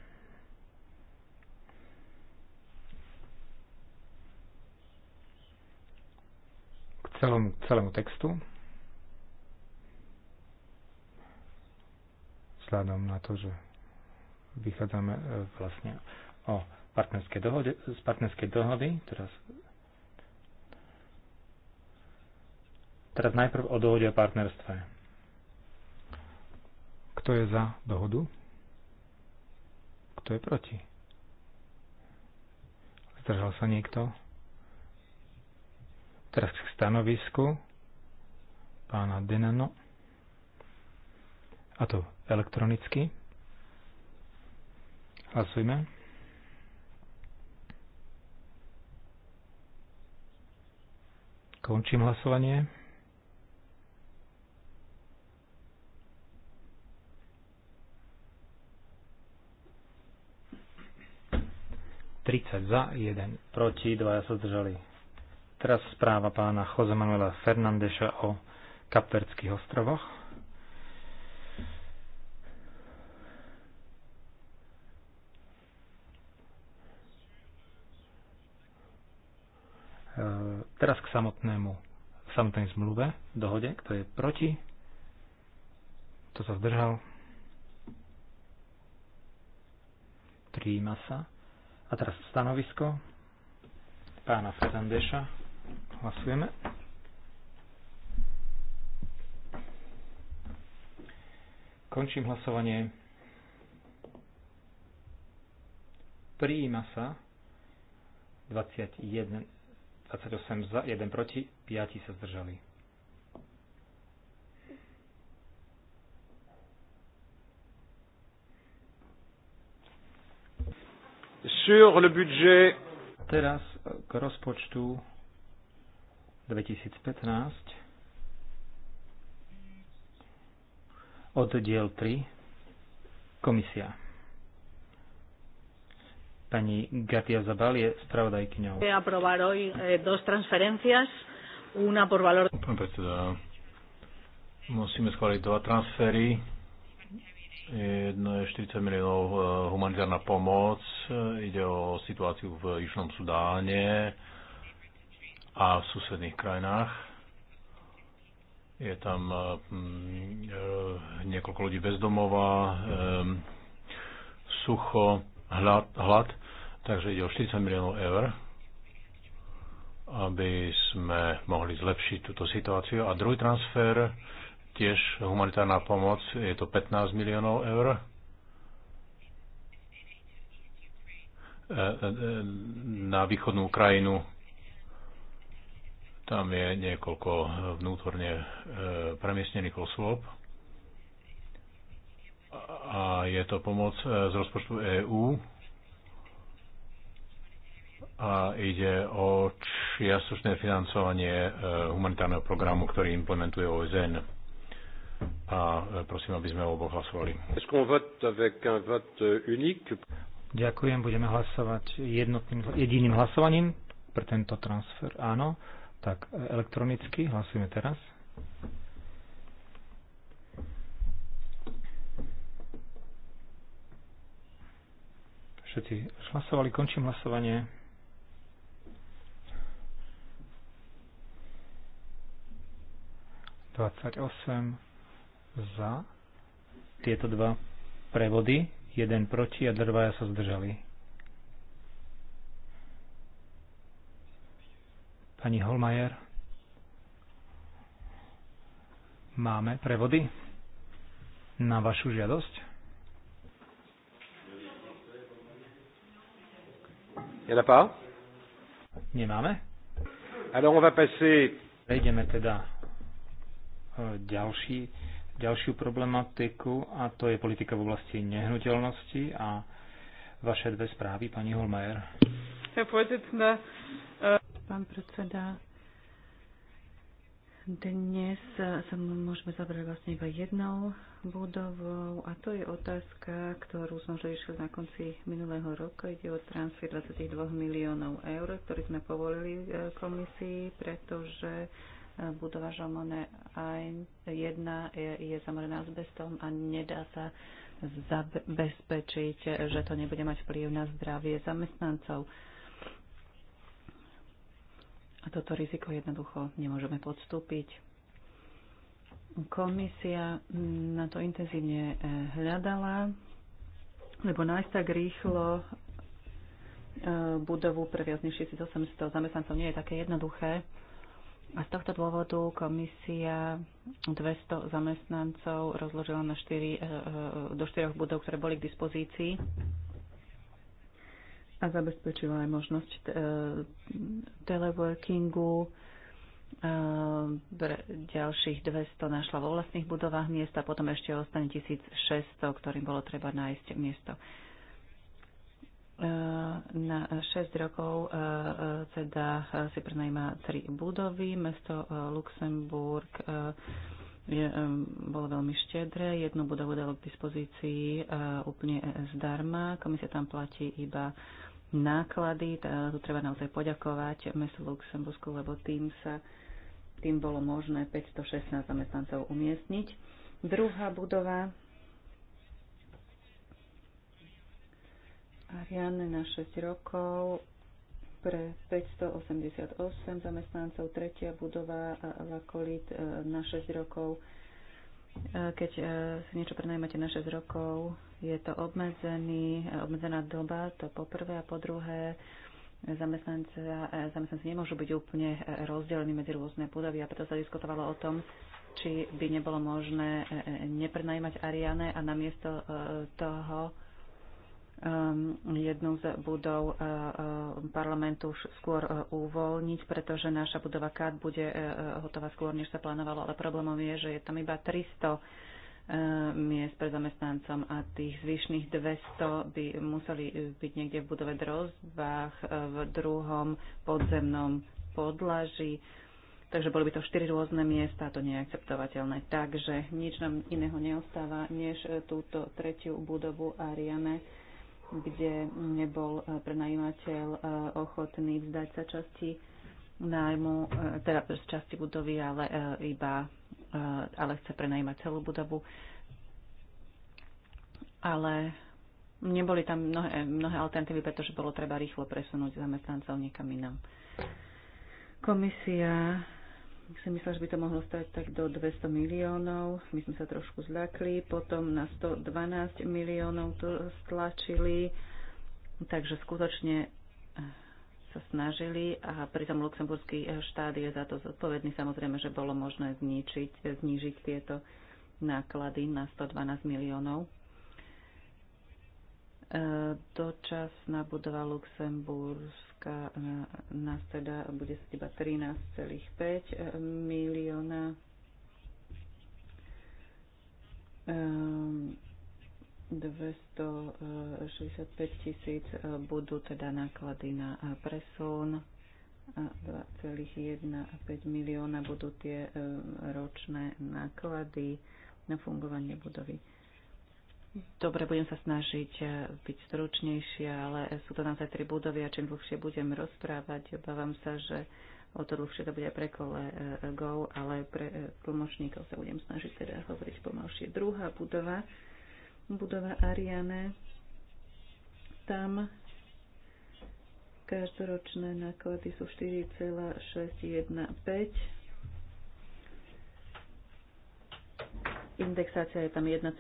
K celému, celému textu. Vzhľadom na to, že vychádzame e, vlastne o partnerskej dohode, z partnerskej dohody. Teraz, teraz najprv o dohode o partnerstve. Kto je za dohodu? Kto je proti? Zdržal sa niekto? Teraz k stanovisku pána Denano. A to elektronicky. Hlasujme. Končím hlasovanie. Tridsať za, jeden proti, 2 sa zdržali. Teraz správa pána Jose Manuela Fernandeša o Kapverdských ostrovoch. Teraz k samotnému, k samotnej zmluve, dohode, kto je proti, kto sa zdržal, príjima sa. A teraz stanovisko pána Fernandeša. Hlasujeme. Končím hlasovanie. Príjima sa 21 28 za, 1 proti, 5 sa zdržali. Sur le budget. Teraz eh, k rozpočtu 2015 oddiel 3 komisia. Pani Gatia Zabal je spravodajkyňou. Aprobar hoy eh, dos transferencias, una por valor... Pán predseda, musíme schváliť dva transfery. Jedno je 40 miliónov eh, humanitárna pomoc, eh, ide o situáciu v Južnom Sudáne a v susedných krajinách. Je tam hm, niekoľko ľudí bezdomová, sucho hlad, hlad takže ide o 40 miliónov eur, aby sme mohli zlepšiť túto situáciu. A druhý transfer, tiež humanitárna pomoc, je to 15 miliónov eur. E, e, na východnú Ukrajinu. Tam je niekoľko vnútorne e, premiestnených osôb a je to pomoc e, z rozpočtu EÚ a ide o čiastočné financovanie e, humanitárneho programu, ktorý implementuje OSN. A e, prosím, aby sme oboch hlasovali. Ďakujem, budeme hlasovať jednotným, jediným hlasovaním pre tento transfer. Áno, tak elektronicky hlasujeme teraz. Všetci hlasovali, končím hlasovanie. za tieto dva prevody, jeden proti a dvaja sa zdržali. Pani Holmajer, máme prevody na vašu žiadosť? Il n'y en a pas Nemáme. Alors on va passer... Prejdeme teda e, ďalší, ďalšiu problematiku a to je politika v oblasti nehnuteľnosti a vaše dve správy, pani Holmajer. E, Pán predseda, dnes sa môžeme zabrať vlastne iba jednou budovou a to je otázka, ktorú som riešil na konci minulého roka. Ide o transfer 22 miliónov eur, ktorý sme povolili e, komisii, pretože e, budova Žalmone 1 je zamorená asbestom a nedá sa zabezpečiť, že to nebude mať vplyv na zdravie zamestnancov. A toto riziko jednoducho nemôžeme podstúpiť. Komisia na to intenzívne eh, hľadala, lebo nájsť tak rýchlo eh, budovu pre viac než 6800 zamestnancov nie je také jednoduché. A z tohto dôvodu komisia 200 zamestnancov rozložila na 4, eh, do 4 budov, ktoré boli k dispozícii a zabezpečila aj možnosť teleworkingu Ehm, ďalších 200 našla vo vlastných budovách miesta, potom ešte ostane 1600, ktorým bolo treba nájsť miesto. Ehm, na 6 rokov teda si prenajíma 3 budovy. Mesto Luxemburg je, bolo veľmi štedré. Jednu budovu dalo k dispozícii úplne e, zdarma. Komisia tam platí iba náklady. Tu treba naozaj poďakovať mestu Luxembursku, lebo tým sa tým bolo možné 516 zamestnancov umiestniť. Druhá budova Ariane na 6 rokov pre 588 zamestnancov, tretia budova Lakolit e, na 6 rokov. E, keď e, si niečo prenajmete na 6 rokov, je to obmedzený, obmedzená doba, to po prvé a po druhé zamestnanci nemôžu byť úplne rozdelení medzi rôzne budovy a preto sa diskutovalo o tom, či by nebolo možné e, e, neprenajímať Ariane a namiesto e, toho ehm, jednu z budov parlamentu skôr uvoľniť, pretože naša budova KAD bude hotová skôr, než sa plánovalo, ale problémom je, že je tam iba 300 miest pre zamestnancom a tých zvyšných 200 by museli byť niekde v budove drozbách, v druhom podzemnom podlaží. Takže boli by to štyri rôzne miesta, to nie je akceptovateľné. Takže nič nám iného neostáva, než túto tretiu budovu Ariane, kde nebol prenajímateľ eh, ochotný vzdať sa časti nájmu, e, teda z časti budovy, ale e, iba e, ale chce prenajímať celú budovu. Ale neboli tam mnohé, mnohé alternatívy, pretože bolo treba rýchlo presunúť zamestnancov niekam inam. Komisia si myslela, že by to mohlo stať tak do 200 miliónov. My sme sa trošku zľakli. Potom na 112 miliónov to stlačili. Takže skutočne sa snažili a pritom luxemburský eh, štát je za to zodpovedný. Samozrejme, že bolo možné zničiť, eh, znížiť tieto náklady na 112 miliónov. Eh, dočasná budova Luxemburska nás teda bude sa iba 13,5 milióna. Ehm, 265 tisíc e, budú teda náklady na e, presun, 2,15 milióna budú tie e, ročné náklady na fungovanie budovy. Dobre, budem sa snažiť byť stručnejšia, ale sú to naozaj tri budovy a čím dlhšie budem rozprávať, obávam sa, že o to dlhšie to bude pre kolegov, ale pre tlmočníkov sa budem snažiť teda hovoriť pomalšie. Druhá budova budova Ariane. Tam každoročné náklady sú 4,615. Indexácia je tam 1,9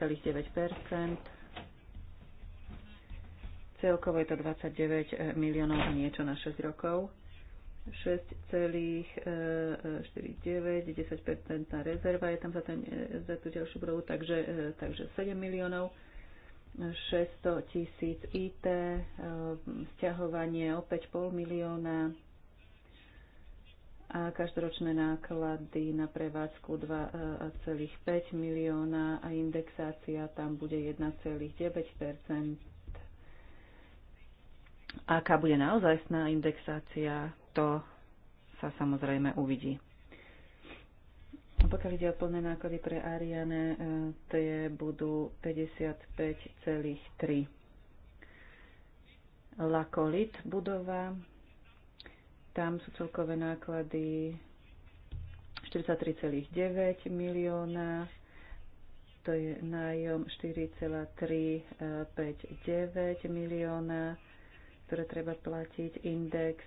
Celkovo je to 29 miliónov a niečo na 6 rokov. 6,49, 10% e, e, rezerva je tam za, ten, e, za tú ďalšiu budovu, takže, takže 7 miliónov. 600 tisíc IT, stiahovanie opäť pol milióna a každoročné náklady na prevádzku 2,5 milióna a indexácia tam bude 1,9 Aká bude naozajstná indexácia, to sa samozrejme uvidí. Pokiaľ ide o plné náklady pre Ariane, e, tie budú 55,3. Lakolit budova, tam sú celkové náklady 43,9 milióna, to je nájom 4,359 e, milióna, ktoré treba platiť, index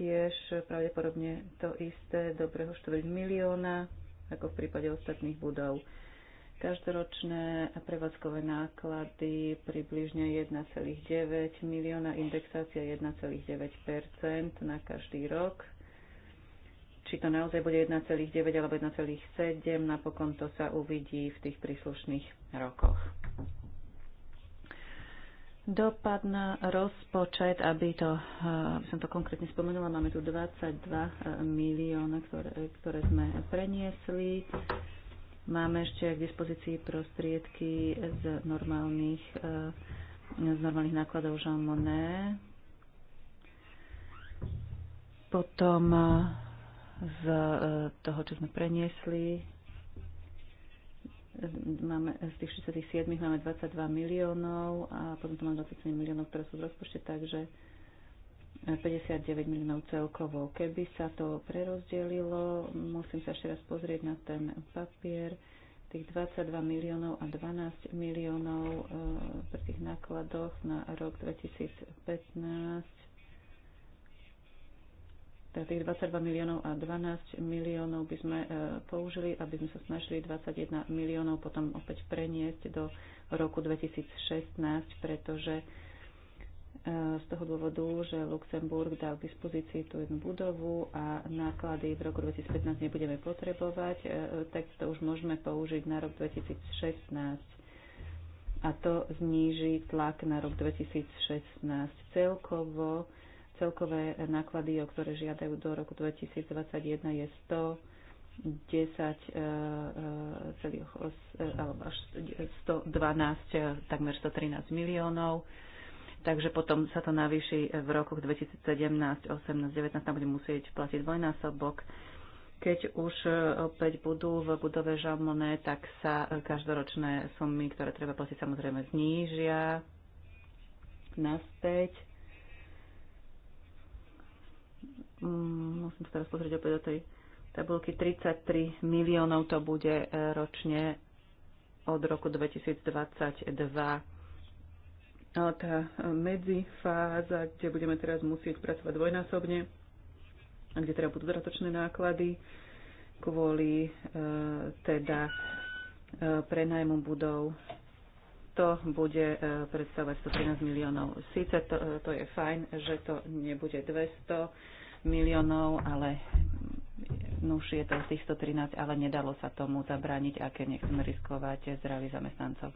tiež pravdepodobne to isté dobrého štvrť milióna, ako v prípade ostatných budov. Každoročné prevádzkové náklady približne 1,9 milióna, indexácia 1,9 na každý rok. Či to naozaj bude 1,9 alebo 1,7, napokon to sa uvidí v tých príslušných rokoch. Dopad na rozpočet, aby, to, aby som to konkrétne spomenula, máme tu 22 milióna, ktoré, ktoré sme preniesli. Máme ešte k dispozícii prostriedky z normálnych, z normálnych nákladov Jean Monnet. Potom z toho, čo sme preniesli, máme, z tých 67 máme 22 miliónov a potom tu máme 27 miliónov, ktoré sú v rozpočte, takže 59 e, miliónov celkovo. Keby sa to prerozdelilo, musím sa ešte raz pozrieť na ten papier, tých 22 miliónov a 12 miliónov e, pri tých nákladoch na rok 2015 teda tých 22 miliónov a 12 miliónov by sme e, použili, aby sme sa snažili 21 miliónov potom opäť preniesť do roku 2016, pretože e, z toho dôvodu, že Luxemburg dal k dispozícii tú jednu budovu a náklady v roku 2015 nebudeme potrebovať, e, tak to už môžeme použiť na rok 2016 a to zníži tlak na rok 2016. Celkovo Celkové náklady, o ktoré žiadajú do roku 2021, je 110, e, e, e, alebo až 112, takmer 113 miliónov. Takže potom sa to navýši v rokoch 2017, 18, 19, tam bude musieť platiť dvojnásobok keď už opäť budú v budove Žalmoné, tak sa každoročné sumy, ktoré treba platiť, samozrejme znížia naspäť. Mm, musím sa teraz pozrieť opäť do tej tabulky, 33 miliónov to bude e, ročne od roku 2022 tá e, medzifáza, kde budeme teraz musieť pracovať dvojnásobne, a kde teda budú dodatočné náklady kvôli e, teda e, prenajmu budov, to bude e, predstavovať 113 miliónov. Sice to, e, to je fajn, že to nebude 200, miliónov, ale mm, nuž je to z tých 113, ale nedalo sa tomu zabrániť, aké nechceme riskovať zdraví zamestnancov.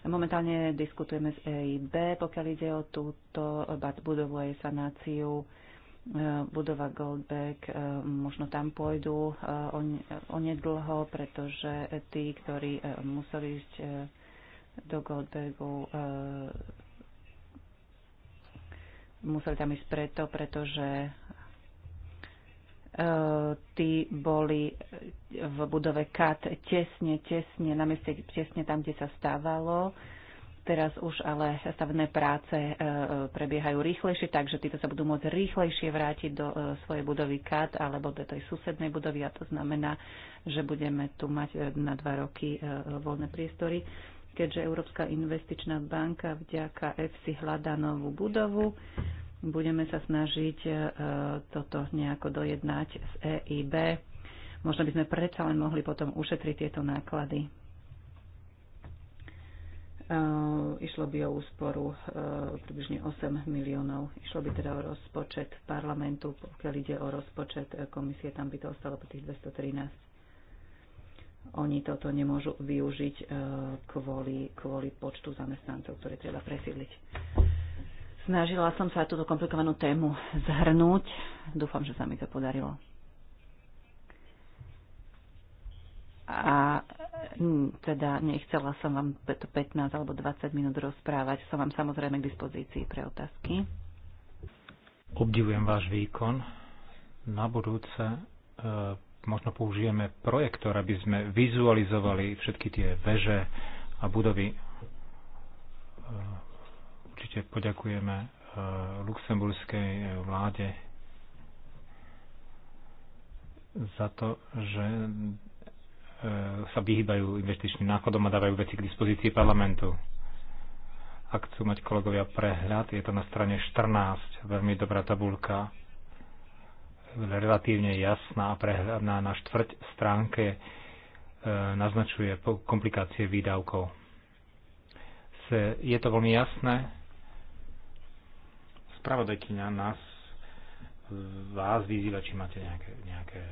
Momentálne diskutujeme s EIB, pokiaľ ide o túto e, budovu aj sanáciu. E, budova Goldbeck, e, možno tam pôjdu onedlho, pretože tí, ktorí museli ísť do Goldbergu, museli tam ísť preto, pretože e, tí boli v budove KAT tesne, tesne, na mieste tesne tam, kde sa stávalo. Teraz už ale stavné práce e, e, prebiehajú rýchlejšie, takže títo sa budú môcť rýchlejšie vrátiť do svojej budovy KAT alebo do tej susednej budovy a to znamená, že budeme tu mať na dva roky voľné priestory keďže Európska investičná banka vďaka EFSI hľadá novú budovu. Budeme sa snažiť e, toto nejako dojednať s EIB. Možno by sme predsa len mohli potom ušetriť tieto náklady. E, išlo by o úsporu e, približne 8 miliónov. Išlo by teda o rozpočet parlamentu, pokiaľ ide o rozpočet komisie, tam by to ostalo po tých 213 oni toto nemôžu využiť e, kvôli, kvôli počtu zamestnancov, ktoré treba presídliť. Snažila som sa túto komplikovanú tému zhrnúť. Dúfam, že sa mi to podarilo. A teda nechcela som vám 15 alebo 20 minút rozprávať. Som vám samozrejme k dispozícii pre otázky. Obdivujem váš výkon. Na budúce e možno použijeme projektor, aby sme vizualizovali všetky tie veže a budovy. E, určite poďakujeme e, luxemburskej e, vláde za to, že sa vyhýbajú investičným nákladom a dávajú veci k dispozícii parlamentu. Ak chcú mať kolegovia prehľad, je to na strane 14, veľmi dobrá tabulka relatívne jasná a prehľadná na štvrť stránke e, naznačuje komplikácie výdavkov. Je to veľmi jasné. Spravodajkyňa nás vás vyzýva, či máte nejaké, nejaké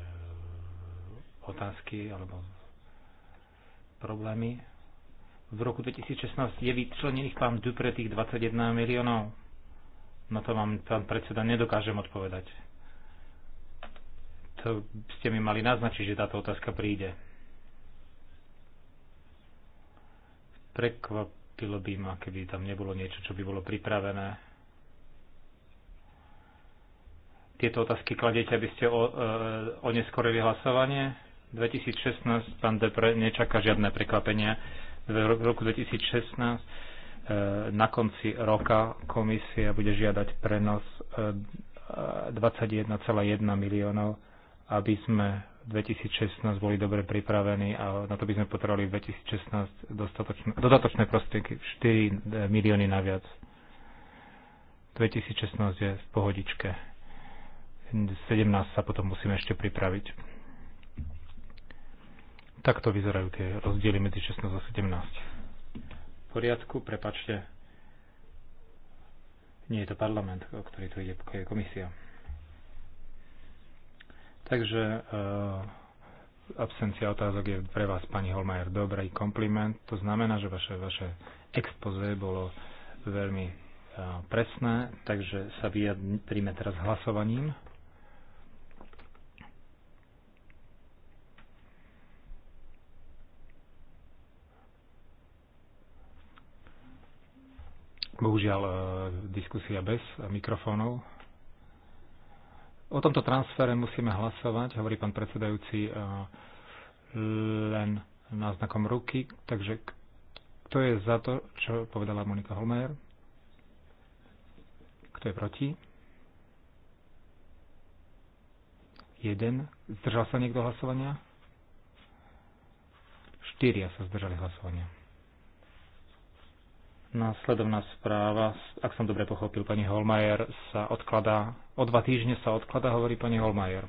otázky alebo problémy. V roku 2016 je vyčlenených pán Dupre tých 21 miliónov. Na to vám pán predseda nedokážem odpovedať to ste mi mali naznačiť, že táto otázka príde. Prekvapilo by ma, keby tam nebolo niečo, čo by bolo pripravené. Tieto otázky kladete, aby ste o, e, oneskorili hlasovanie? 2016, pán Depre nečaká žiadne prekvapenia. V roku 2016 e, na konci roka komisia bude žiadať prenos e, 21,1 e, miliónov aby sme v 2016 boli dobre pripravení a na to by sme potrebovali v 2016 dodatočné prostriedky 4 e, milióny naviac. 2016 je v pohodičke. 17 sa potom musíme ešte pripraviť. Takto vyzerajú tie rozdiely medzi 16 a 17. V poriadku, prepačte. Nie je to parlament, o ktorý tu ide, je komisia. Takže eh, absencia otázok je pre vás, pani Holmajer, dobrý kompliment. To znamená, že vaše, vaše expoze bolo veľmi eh, presné, takže sa vyjadríme teraz hlasovaním. Bohužiaľ, eh, diskusia bez mikrofónov. O tomto transfere musíme hlasovať, hovorí pán predsedajúci e, len náznakom ruky. Takže kto je za to, čo povedala Monika Holmer? Kto je proti? Jeden. Zdržal sa niekto hlasovania? Štyria sa zdržali hlasovania. Následovná správa, ak som dobre pochopil, pani Holmajer sa odkladá, o dva týždne sa odkladá, hovorí pani Holmajer.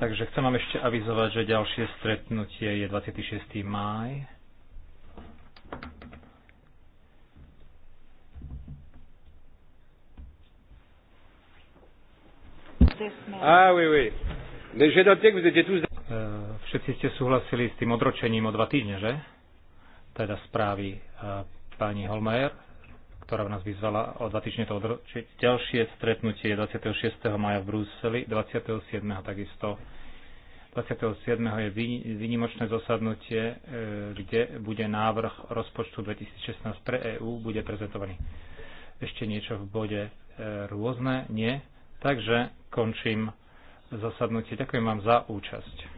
Takže chcem vám ešte avizovať, že ďalšie stretnutie je 26. máj. Ah, oui, oui. Mais que vous étiez tous... Eh, všetci ste súhlasili s tým odročením o dva týždne, že? teda správy e, pani Holmajer, ktorá nás vyzvala o dva týždne to odročiť. Ďalšie stretnutie je 26. maja v Bruseli, 27. takisto. 27. je výnimočné zasadnutie, e, kde bude návrh rozpočtu 2016 pre EÚ, bude prezentovaný. Ešte niečo v bode e, rôzne? Nie. Takže končím zasadnutie. Ďakujem vám za účasť.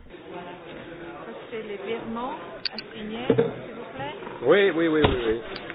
Oui, oui, oui, oui. oui.